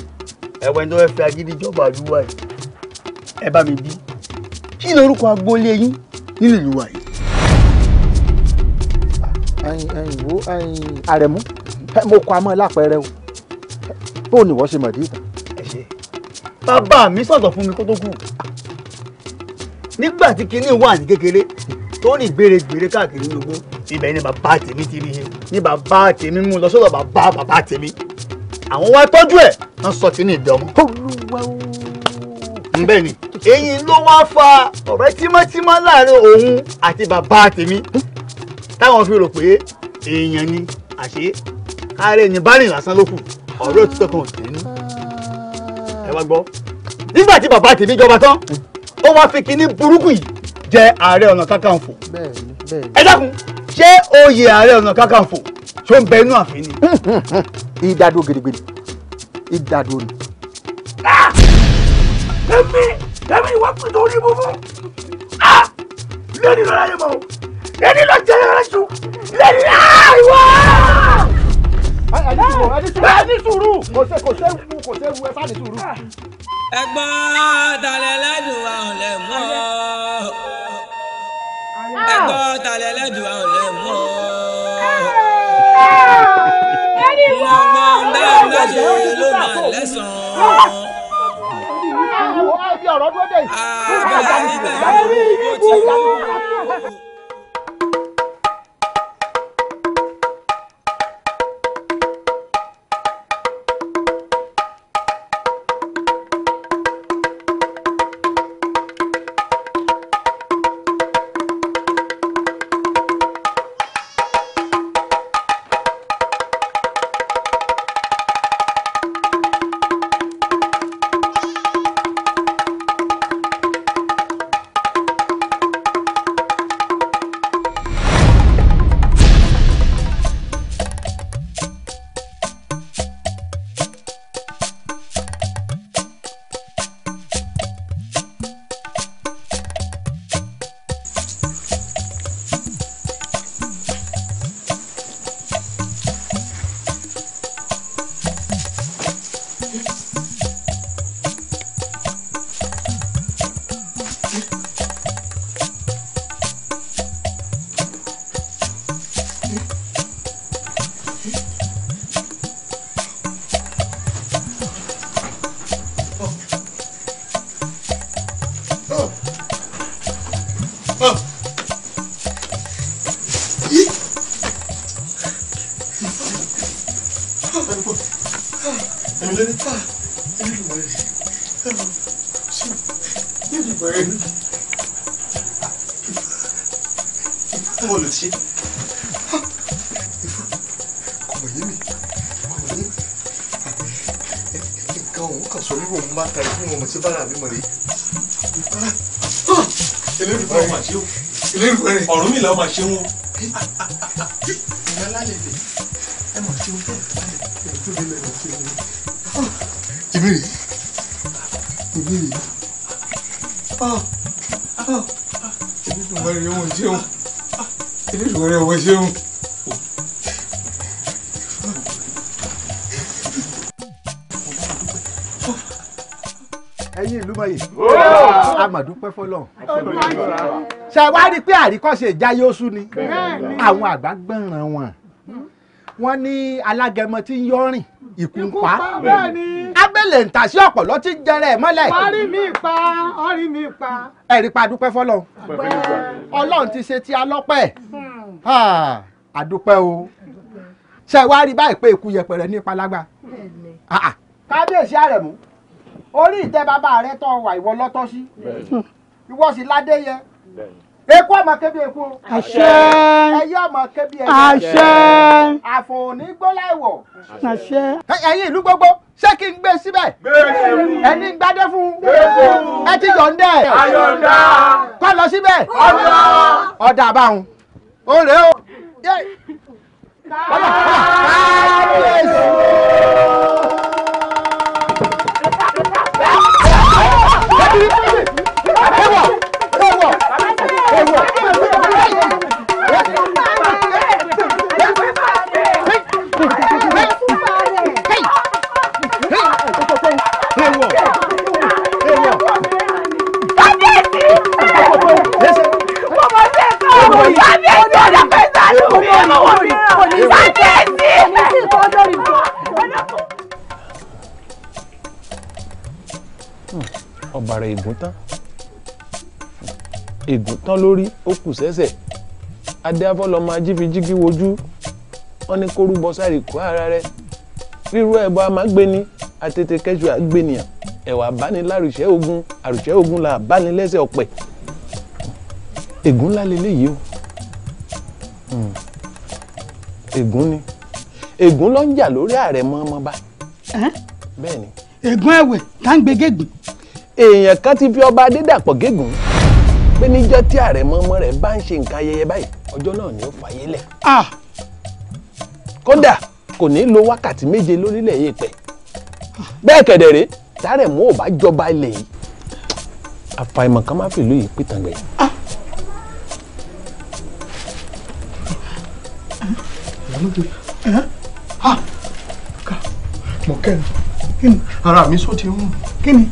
ẹwọ ẹni tó fẹ́ fi agídí jọba àdúrà yìí ẹ bá mi bí kí lorúkọ agboolé yín nínú ìlú wa yìí. ẹyin ẹyin wo ẹyin àrẹ̀mú mo kọ amọ̀ lápẹẹrẹ o bó ni wọ́n ṣe mọ̀ dé ìtàn bàbá mi sọ̀tọ̀ fún mi kó tó kù nígbà tí kinní wà ní kékeré tó ní gbèrègbèrè káàkiri lógbó ibẹ̀ ni bàbá tèmi ti rí i ní bàbá tèmi mú lọ sọ́dọ̀ bàbá bàbá tèmi àwọn wá tọ́jú ẹ̀ wọ́n sọ ti ní ìbí ọmọ. bẹ́ẹ̀ ni èyí ló wá fa ọ̀rẹ́ tímọ́tímọ́ láàrin òun àti bàbá tèmi táwọn fi rò pé èèyàn ni àṣé kárẹ́ ni bá rìn lásán ló kù ọ̀rẹ́ òtítọ́ kan ò tẹ̀ nínú ẹ wá gbọ́ nígbà tí bàbá tèmi jọba tán ó wá fi kinní burúkú yìí jẹ ààrẹ ọ̀nà kákàǹfò ẹ dákun ṣé oyè ààrẹ ọ̀nà kákàǹfò tó ń bẹ inú àfin ni. [LAUGHS] ìdádó gidigidi ìdádó ni. tẹ́mi ah! tẹ́mi ìwà pẹ̀lú orí búburú ah! lẹ́ni lọ́la yẹn mọ́ lẹ́ni lọ́jọ́ yẹn lọ́jọ́ lẹ́ni àìwá. Ah, ẹ ní sùúrù kò ṣe kò ṣe wù kò ṣe wù ẹ sáà ní sùúrù. ẹ̀gbọ́n talẹ lẹdùn wa ò mú ọ ẹ̀gbọ́n talẹ lẹdùn wa ò mú ọ. mo mọ bẹ́ẹ̀ méje ló mà lẹ́sàn-án. àbẹ̀rẹ̀ bẹ̀rẹ̀ bó ti wú. bára mi mọ̀ rí. elédùnfẹ́ rẹ̀ elédùnfẹ́ rẹ̀ ọ̀rùn mi làwọn máa ṣe wọn. ìbéèrè ìbéèrè elédùnfẹ́ rẹ̀ wọ́n ṣeun elédùnfẹ́ rẹ̀ wọ́n ṣeun. ọpẹ́ fọlọ́ ṣe wá rí i pé àríkọ́ṣe ìjáyé oṣù ni àwọn àgbà gbọ́nràn wọn wọ́n ní alágẹmọ tí ń yọrìn ìkú ń pa abẹ́lẹ̀ ń tàṣí ọ̀pọ̀lọ́ tí ń jẹrẹ ẹ̀ mọ́lẹ̀. orí mi pa orí mi pa. ẹ̀rí pa dúpẹ́ fọlọ́ ọlọ́run ti ṣe ti alọ́pẹ́ àdúpẹ́ hmm. o ṣe wá rí báyìí pé ikú yẹpẹrẹ ní ìpalágbá kábíyèsí àrẹ̀mú orí ìtẹ́ bàbá rẹ tó wà ìwọ lọ́tọ́ sí ìwọ sì ládé yẹ eku àmọ kébi eku. àṣẹ. ẹyẹ àmọ kébi ẹyẹ. àṣẹ. àfòní gbọ́lá ẹ̀wọ̀. àṣẹ. ẹ̀yin ìlú gbogbo ṣé kí n gbé síbẹ̀. ẹni gbadé fún. ẹ ti yọ̀ǹdẹ̀. ayọ̀ǹda. kọ́ lọ síbẹ̀. ọ̀dà. ọ̀dà àbáhùn. ó rèé o. on. ní ọ̀dà pẹ́sà lù mí ẹ̀mọ́ wọ̀ mí sákèsì. èmi sì kọ́ lórí ìjọ. ọ̀bàrà ègún tán ègún tán lórí ó kù sẹ́sẹ̀ adéáfọ́lọ́mọ ajífijígi wojú wọn ní kó rúbọ sáré kó ara rẹ rírú ẹbọ a máa gbé ni àtètè kẹjọ àgbènìyàn ẹwà bánilárùṣẹ ogun àrùṣẹ ogun là bánilẹsẹ ọpẹ ègún ńlá lélẹyìí o Hmm. ègún ni ègún ló ń jà lórí ààrẹ mọ́mọ́ bá. bẹ́ẹ̀ ni. ègún ẹ̀wẹ̀ tá ń gbé gégùn. èèyàn kan ti fi ọba adédàpọ̀ gégùn pé níjọ́ tí ààrẹ mọ́mọ́ rẹ̀ bá ń ṣe nǹkan ayẹyẹ báyìí ọjọ́ náà ni ó lẹ̀. kódà kò ní lo wákàtí méje lórílẹ̀ yìí bẹ́ẹ̀ tààrẹ̀ ò bá jọba ilẹ̀ kan fi ìlú yìí pìtàn gbẹ̀yìn. mo kẹ́ni kí ni ara mi sọ ti ń rùn kí ni.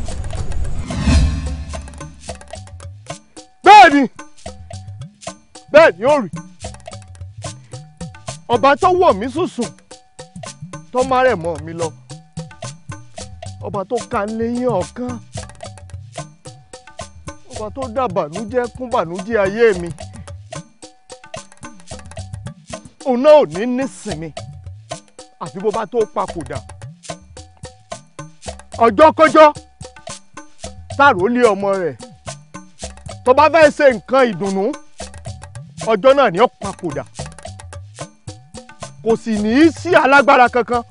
bẹ́ẹ̀ ni bẹ́ẹ̀ ni ó rí ọba tó wọ̀ mí sùsùn tó má rẹ̀ mọ́ mi lọ ọba tó ka léyìn ọ̀kan ọba tó dàbànújẹ́ kún bànújẹ́ ayé mi òun náà ò ní nísinmi àfi bó bá tó papòdà ọjọ́ kọjọ́ tàrólé ọmọ rẹ̀ tó bá fẹ́ ṣe nǹkan ìdùnnú ọjọ́ náà ni ó papòdà kò sì ní í sí alágbára kankan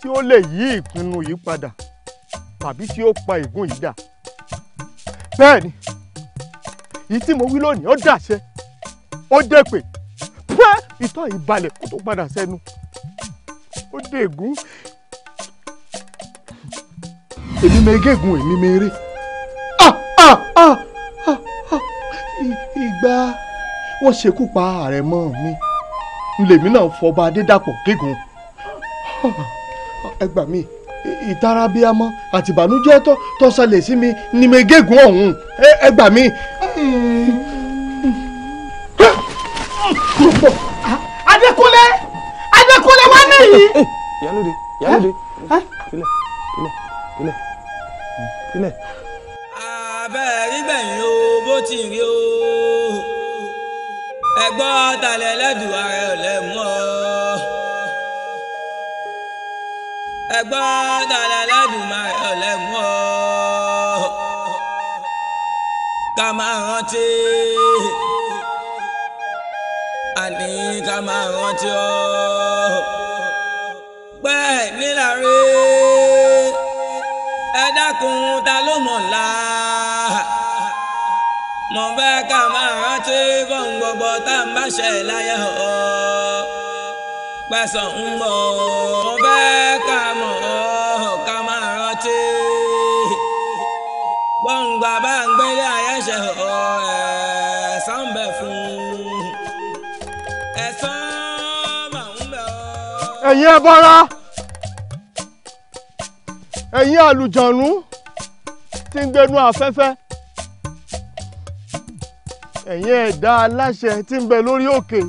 tí ó lè yí ìpinnu yìí padà tàbí tí ó pa ègún yìí dà bẹ́ẹ̀ ni èyí mo wí lónìí ó dàṣẹ ó dèpè ìtọ́ ìbalẹ̀ kó tó padà sẹ́nu ó dé ègún èmi mẹ́gẹ́gùn èmi mẹ́rẹ́ ah, ah, ah, ìgbà wọ́n ṣekú pa àrẹ̀mọ mi lèmi náà fọba adédàpọ̀ gígùn ẹ gbà mí ìtara bíi amọ àtìbànújẹ́ tó tó ṣẹlẹ̀ sí mi ni mẹ́gẹ́gùn ọ̀hún ẹ gbà mí yìí. ìyálóde ìyálóde filẹ̀ filẹ̀ filẹ̀ filẹ̀. abẹ́ rígbẹ̀yìn o bó ti rí o ẹgbọ́ talẹ̀ lẹ́dùn ara ẹ̀ lẹ́mú ọ. ẹgbọ́ talẹ̀ lẹ́dùn ara ẹ̀ lẹ́mú ọ. ká máa rántí àní ká máa rántí pẹ́ mi láre ẹ dákun ta ló mọ̀ ńlá mo fẹ́ ká máa rántí fún gbogbo tá à ń bá ṣe láyé ọ́ pẹ̀sán ń bọ̀ mo fẹ́ ká mọ̀ ọ́ ká máa rántí gbọ̀ngbà bá ń gbélé ayé ṣe ọ́ ẹ̀. ẹ̀yin ẹbọra ẹ̀yin àlùjọ̀nú tí ń gbénu afẹ́fẹ́ ẹ̀yin ẹ̀dá aláṣẹ tí ń bẹ lórí òkè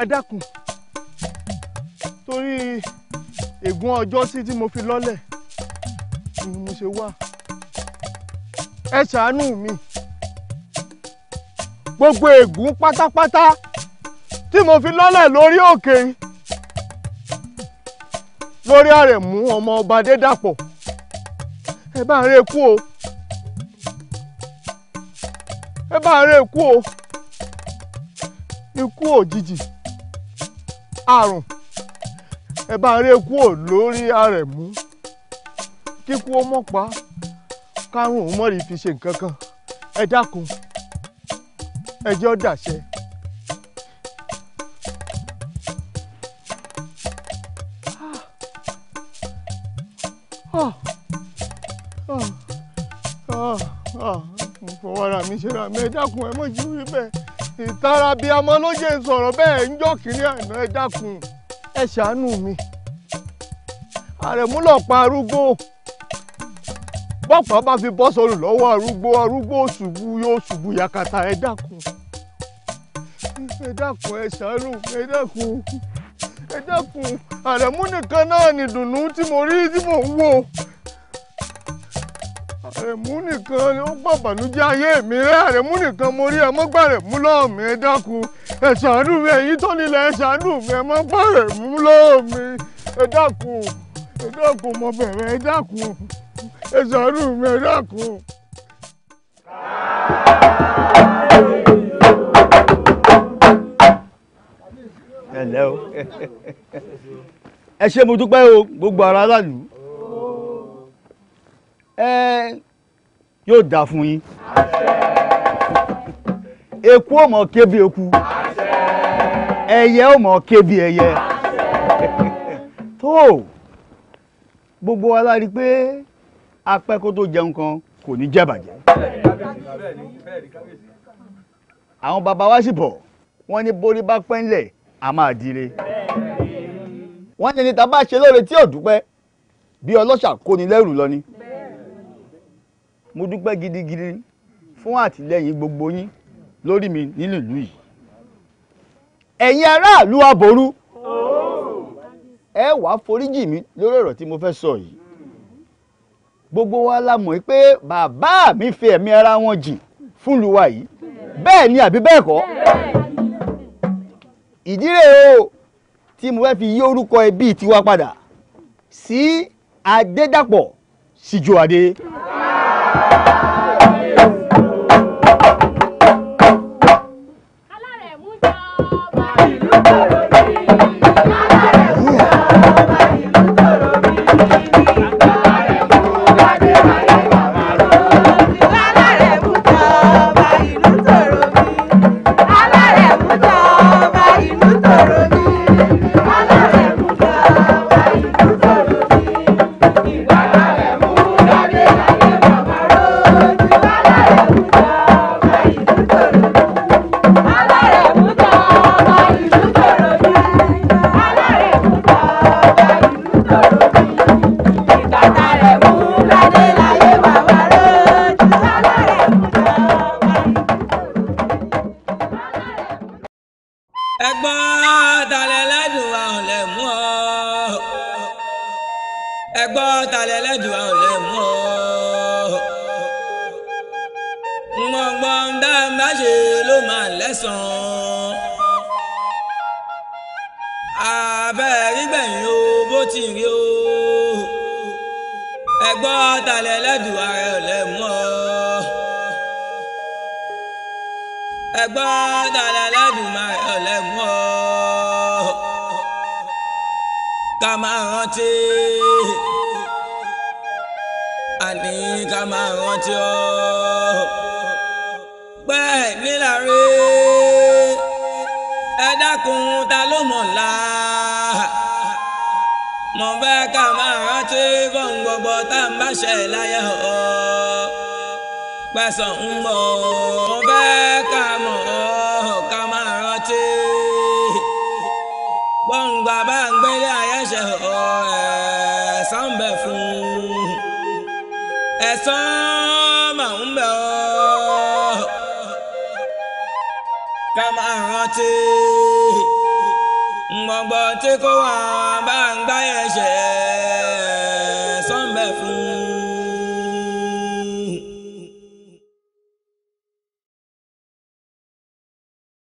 ẹ dákun torí ègún ọjọ́ sí tí mo fi lọ́lẹ̀ ni mo ṣe wá ẹ ṣàánú mi gbogbo ègún pátápátá tí mo fi lọ́lẹ̀ lórí òkè yìí lórí àrẹ̀mú ọmọ ọba Adédàpọ̀ ẹ bá ń rẹ kú o ẹ bá ń rẹ kú o ikú òjijì àrùn ẹ bá ń rẹ kú o lórí àrẹ̀mú kíkú ó mọ̀ pa kárùn-ún mọ̀rí fi ṣe nǹkan kan ẹ dákun ẹ dàṣẹ. ṣera mi ẹ dákun ẹ mọ̀ bẹ́ẹ̀ ìtara bíi amọ sọ̀rọ̀ bẹ́ẹ̀ ń jọ́ àná ṣàánú mi àrẹ̀mú lọ́ọ́ arúgbó bọ́pàá bá fi bọ́ sọnù lọ́wọ́ arúgbó arúgbó yóò yakata ẹ dákun ẹ ṣàánú ẹ dákun àrẹ̀mú nìkan náà mo ẹ̀mú nìkan ó gbọ́ bànújẹ́ ayé mi rẹ́ ẹ̀mú nìkan mo rí ẹ̀mọ́ gbà mú lọ́ọ̀ mi ẹ dákun ẹ ṣàánú mi ẹ̀yìn tó ẹ ṣàánú mi ẹ̀mọ́ gbà mú lọ́ọ̀ mi ẹ dákun ẹ dákun mo bẹ̀rẹ̀ ẹ dákun ẹ ṣàánú mi ẹ dákun. [LAUGHS] ẹ ṣe mo dúpẹ́ o gbogbo ara lálùú yóò dáa fún yín. eku ò mọ̀ ké bí eku ẹyẹ ò mọ̀ ké bí ẹyẹ. [LAUGHS] tó gbogbo wa la rí i pé apẹ́ kó tó jẹun kan kò ní jẹ́ bàjẹ́. àwọn bàbá wa sì bọ̀ wọ́n ní borí bá pẹ́ ńlẹ̀ a máa dire. wọ́n ní níta bá ṣe lóore tí ò dúpẹ́ bí ọlọ́ṣà kóni lẹ́rù lọ ni mo dúpẹ́ gidigidi fún àtìlẹ́yìn gbogbo yín lórí mi nínú ìlú yìí ẹ̀yin aráàlú aboru ẹ wàá foríjì mi lórí ọ̀rọ̀ tí mo fẹ́ sọ yìí gbogbo wa la mọ̀ pé bàbá mi fi ẹ̀mí ara wọn jìn fúnluwa yìí bẹ́ẹ̀ ni àbí bẹ́ẹ̀ kọ́ ìdílé o tí mo fẹ́ fi yí orúkọ ẹbí tiwa padà sí Adédàpọ̀ Síjòadé. Si So.